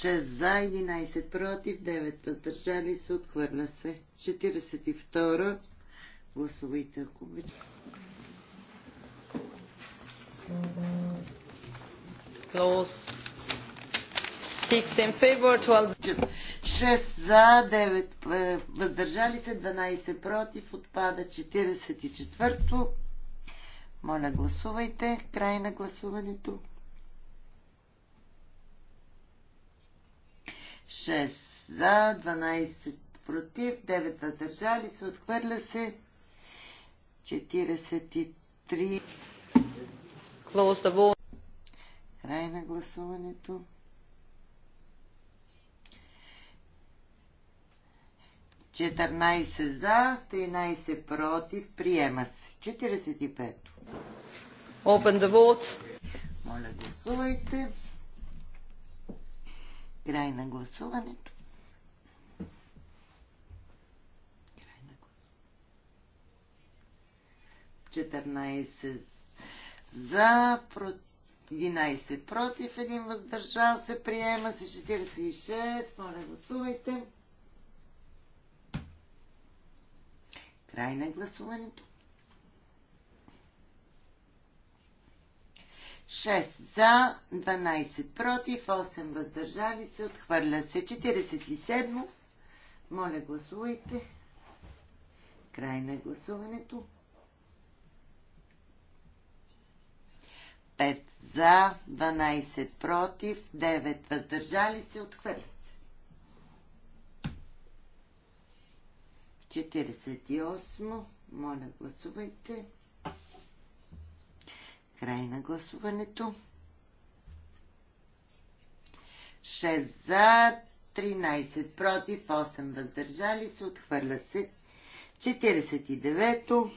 6 за, 11 против, 9 въздържали се, отхвърля се. 42. Гласувайте, ако обичате. Close. 6 in favor, 12... 6 за, 9 е, въздържали се, 12 против, отпада 44-то. Моля, гласувайте. Край на гласуването. 6 за, 12 против, 9 въздържали се, отхвърля се 43. Край на гласуването. Четирнайсет за, 13 против, приема се. 45. Open the vote. Моля, гласувайте. Край на гласуването. Край на гласуването. 14 за, 11 против, 1 въздържал се, приема се 46. Моля, гласувайте. Край на гласуването. 6 за, 12 против, 8 въздържали се, отхвърля се. 47. Моля, гласувайте. Край на гласуването. 5 за, 12 против, 9 въздържали се, отхвърля се. 48. Моля, гласувайте. Край на гласуването. 6 за, 13 против, 8 въздържали се, отхвърля се. 49-то.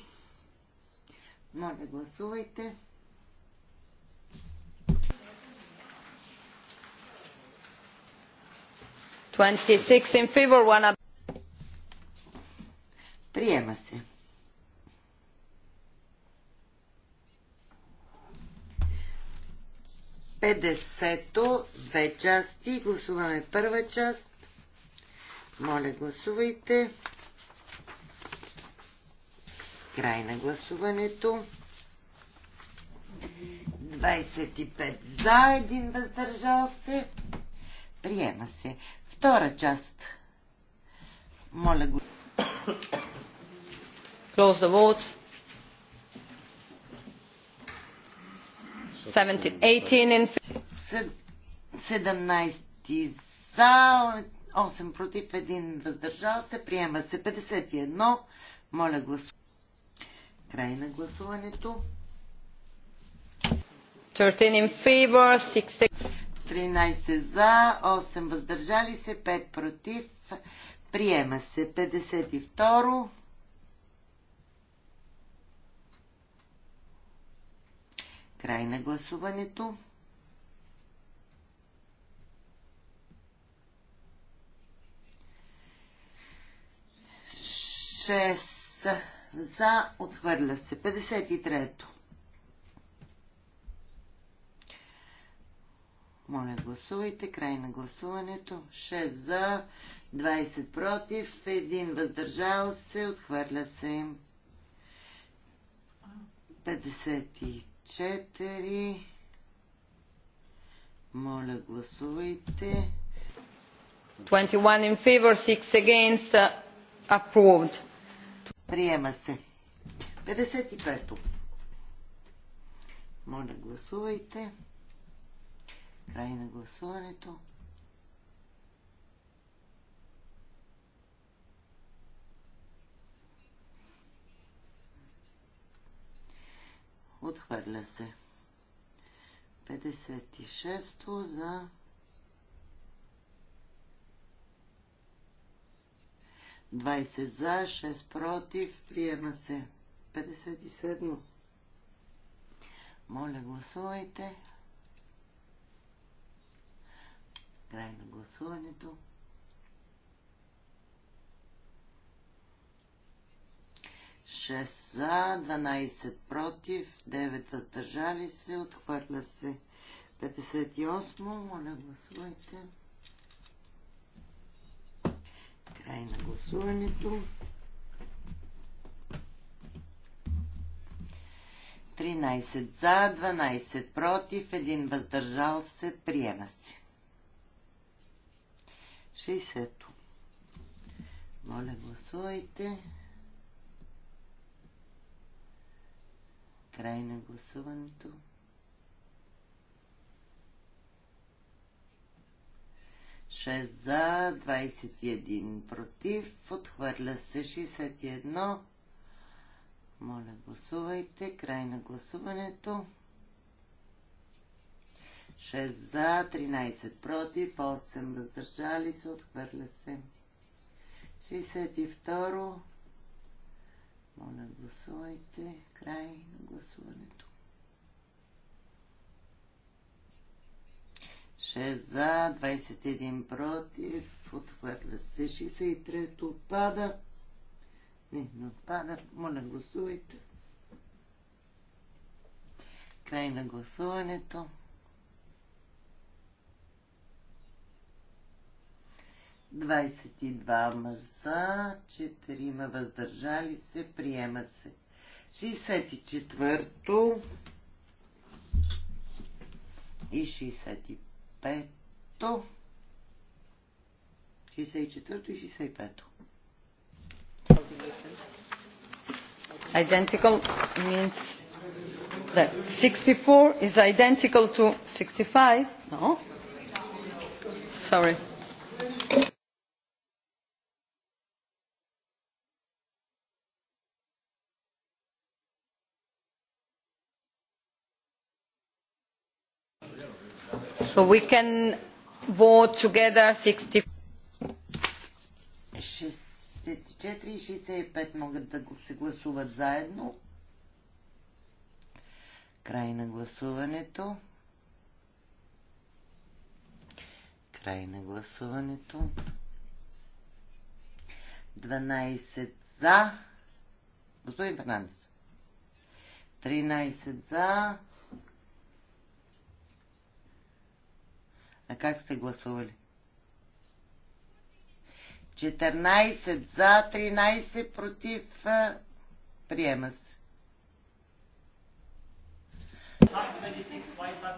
Моля, гласувайте. Twenty-six in favor, one Приема се. 50-то, две части. Гласуваме първа част. Моля, гласувайте. Край на гласуването. 25 за, един въздържал се. Приема се. Втора част. Моля го. Close the votes. 17, за, 8 против, 1 въздържал се. Приема се 51. Моля гласувайте. Край на гласуването. 13 in favor, 6... 13 за, 8 въздържали се, 5 против. Приема се 52. Край на гласуването. Шест за отхвърля се. 53-то. Моля, гласувайте. Край на гласуването. 6 за, 20 против, 1 въздържал се, отхвърля се. 4. Моля, гласувайте. 21 in favor, 6 against, uh, approved. Приема се. 55-то. Моля, гласувайте. Край на гласуването. Отхвърля се. 56 то за Двадесет за, 6 против, приема се. 57. Моля, гласувайте. Край на гласуването. 6 за, 12 против, 9 въздържали се, отхвърля се. 58, моля гласувайте. Край на гласуването. 13 за, 12 против, 1 въздържал се, приема се. 60. Моля гласувайте. Край на гласуването. Шест за, 21 против, отхвърля се 61. Моля, гласувайте. Край на гласуването. 6 за, 13 против, 8 въздържали се, отхвърля се. 62. Моля, гласувайте. Край на гласуването. 6 за, 21 против, отхвърля се 63 отпада. Не, не отпада. Моля, гласувайте. Край на гласуването. 22 за, 4 въздържали се, приема се. 64-то и 65-то. 64-то и 65-то. Identical means that 64 is identical to 65. No? Sorry. we can vote together 64 и 65 могат да се гласуват заедно. Край на гласуването. Край на гласуването. 12 за. Господин Фернандес. 13 за. А как сте гласували? 14 за, 13 против. Приема се.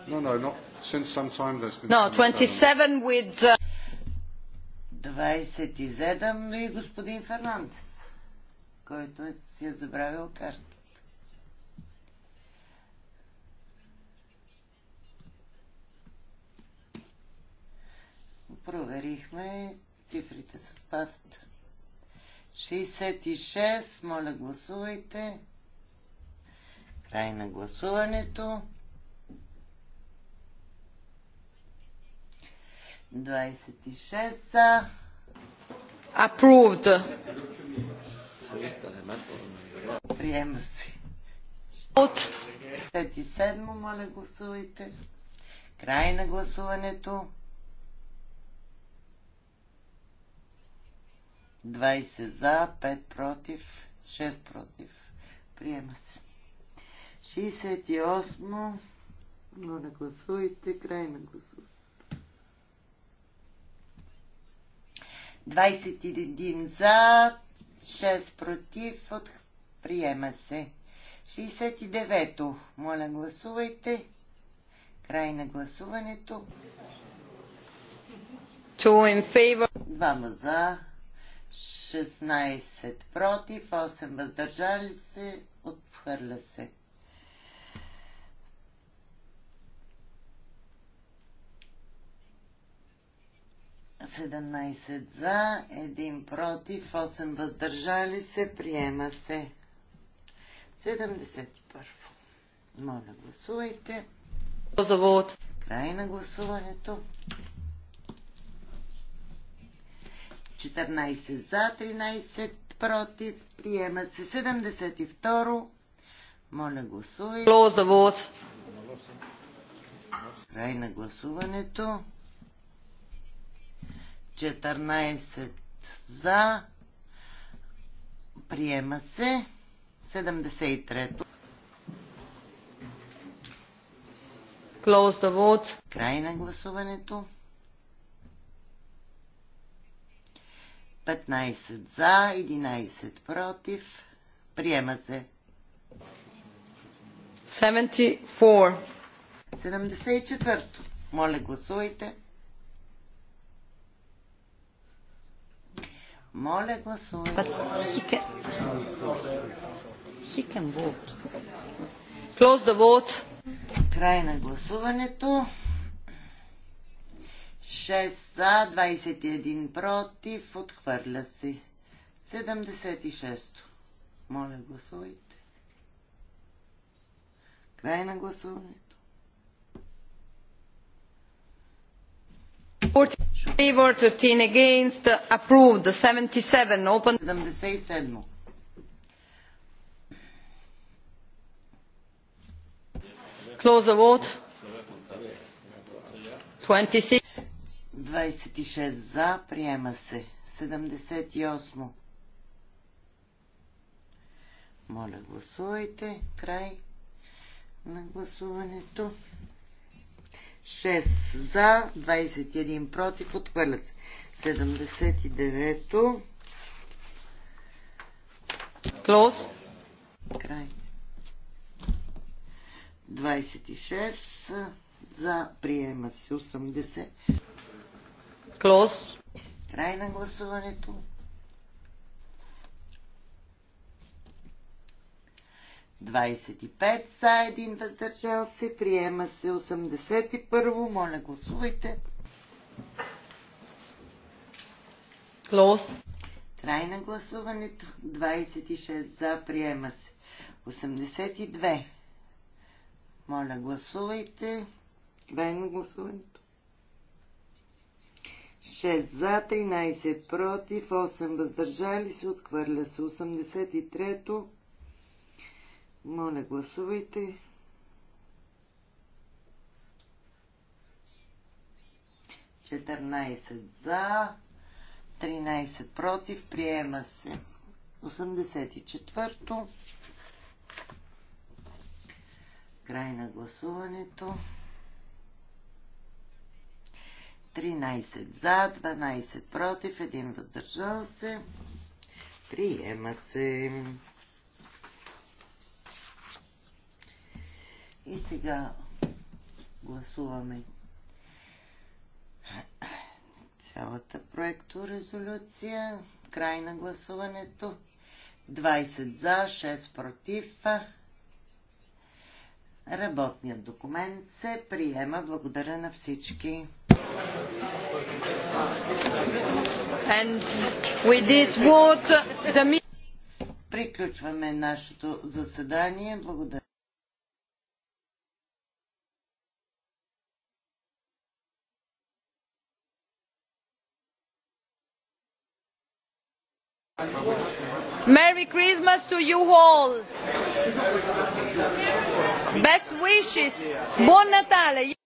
No, no, not since some time there's been... No, 27 with... Uh... 27 и господин Фернандес, който е, си е забравил карта. Проверихме. Цифрите съвпадат. 66. Моля, гласувайте. Край на гласуването. 26 за. Approved. Приема се. От. 57, моля гласувайте. Край на гласуването. 20 за, 5 против, 6 против. Приема се. 68. не гласувайте. Край на гласуване. 21 за, 6 против. От... Приема се. 69-то. Моля, гласувайте. Край на гласуването. 2. in favor. за, 16 против, 8 въздържали се, отхвърля се. Седемнайсет за, един против, 8 въздържали се, приема се. 71. Моля, гласувайте. Край на гласуването. 14 за, 13 против. Приема се 72. Моля гласувай. Край на гласуването. 14 за. Приема се 73-то. Close the vote. Край на гласуването. 15 за, 11 против. Приема се. 74. 74. Моля, гласуйте. Моля, гласувайте. But he can, he can vote. Close the vote. Край на гласуването. 6 за, 21 против, отхвърля си. 76. то Моля, гласувайте. Край на гласуването. Favor 13 against approved 77 open 77 Close the vote 26 26 за, приема се. 78. Моля, гласувайте. Край на гласуването. 6 за, 21 против, отхвърля се. 79-то. Край. 26 за, приема се 80. Клос. Край на гласуването. Двадесет и пет за един въздържал се. Приема се 81. Моля, гласувайте. Клос. Край на гласуването. 26 за. Приема се. 82. Моля, гласувайте. Край на гласуването. 6 за, 13 против, 8 въздържали се, отхвърля се 83-то. Моля, гласувайте. Четирнайсет за, 13 против, приема се. 84-то. Край на гласуването. 13 за, 12 против, 1 въздържал се. Приема се. И сега гласуваме цялата проекторезолюция. Край на гласуването. 20 за, 6 против. Работният документ се приема. Благодаря на всички. Приключваме нашето заседание. Благодаря. Merry Christmas to you all. Best wishes. Buon Natale.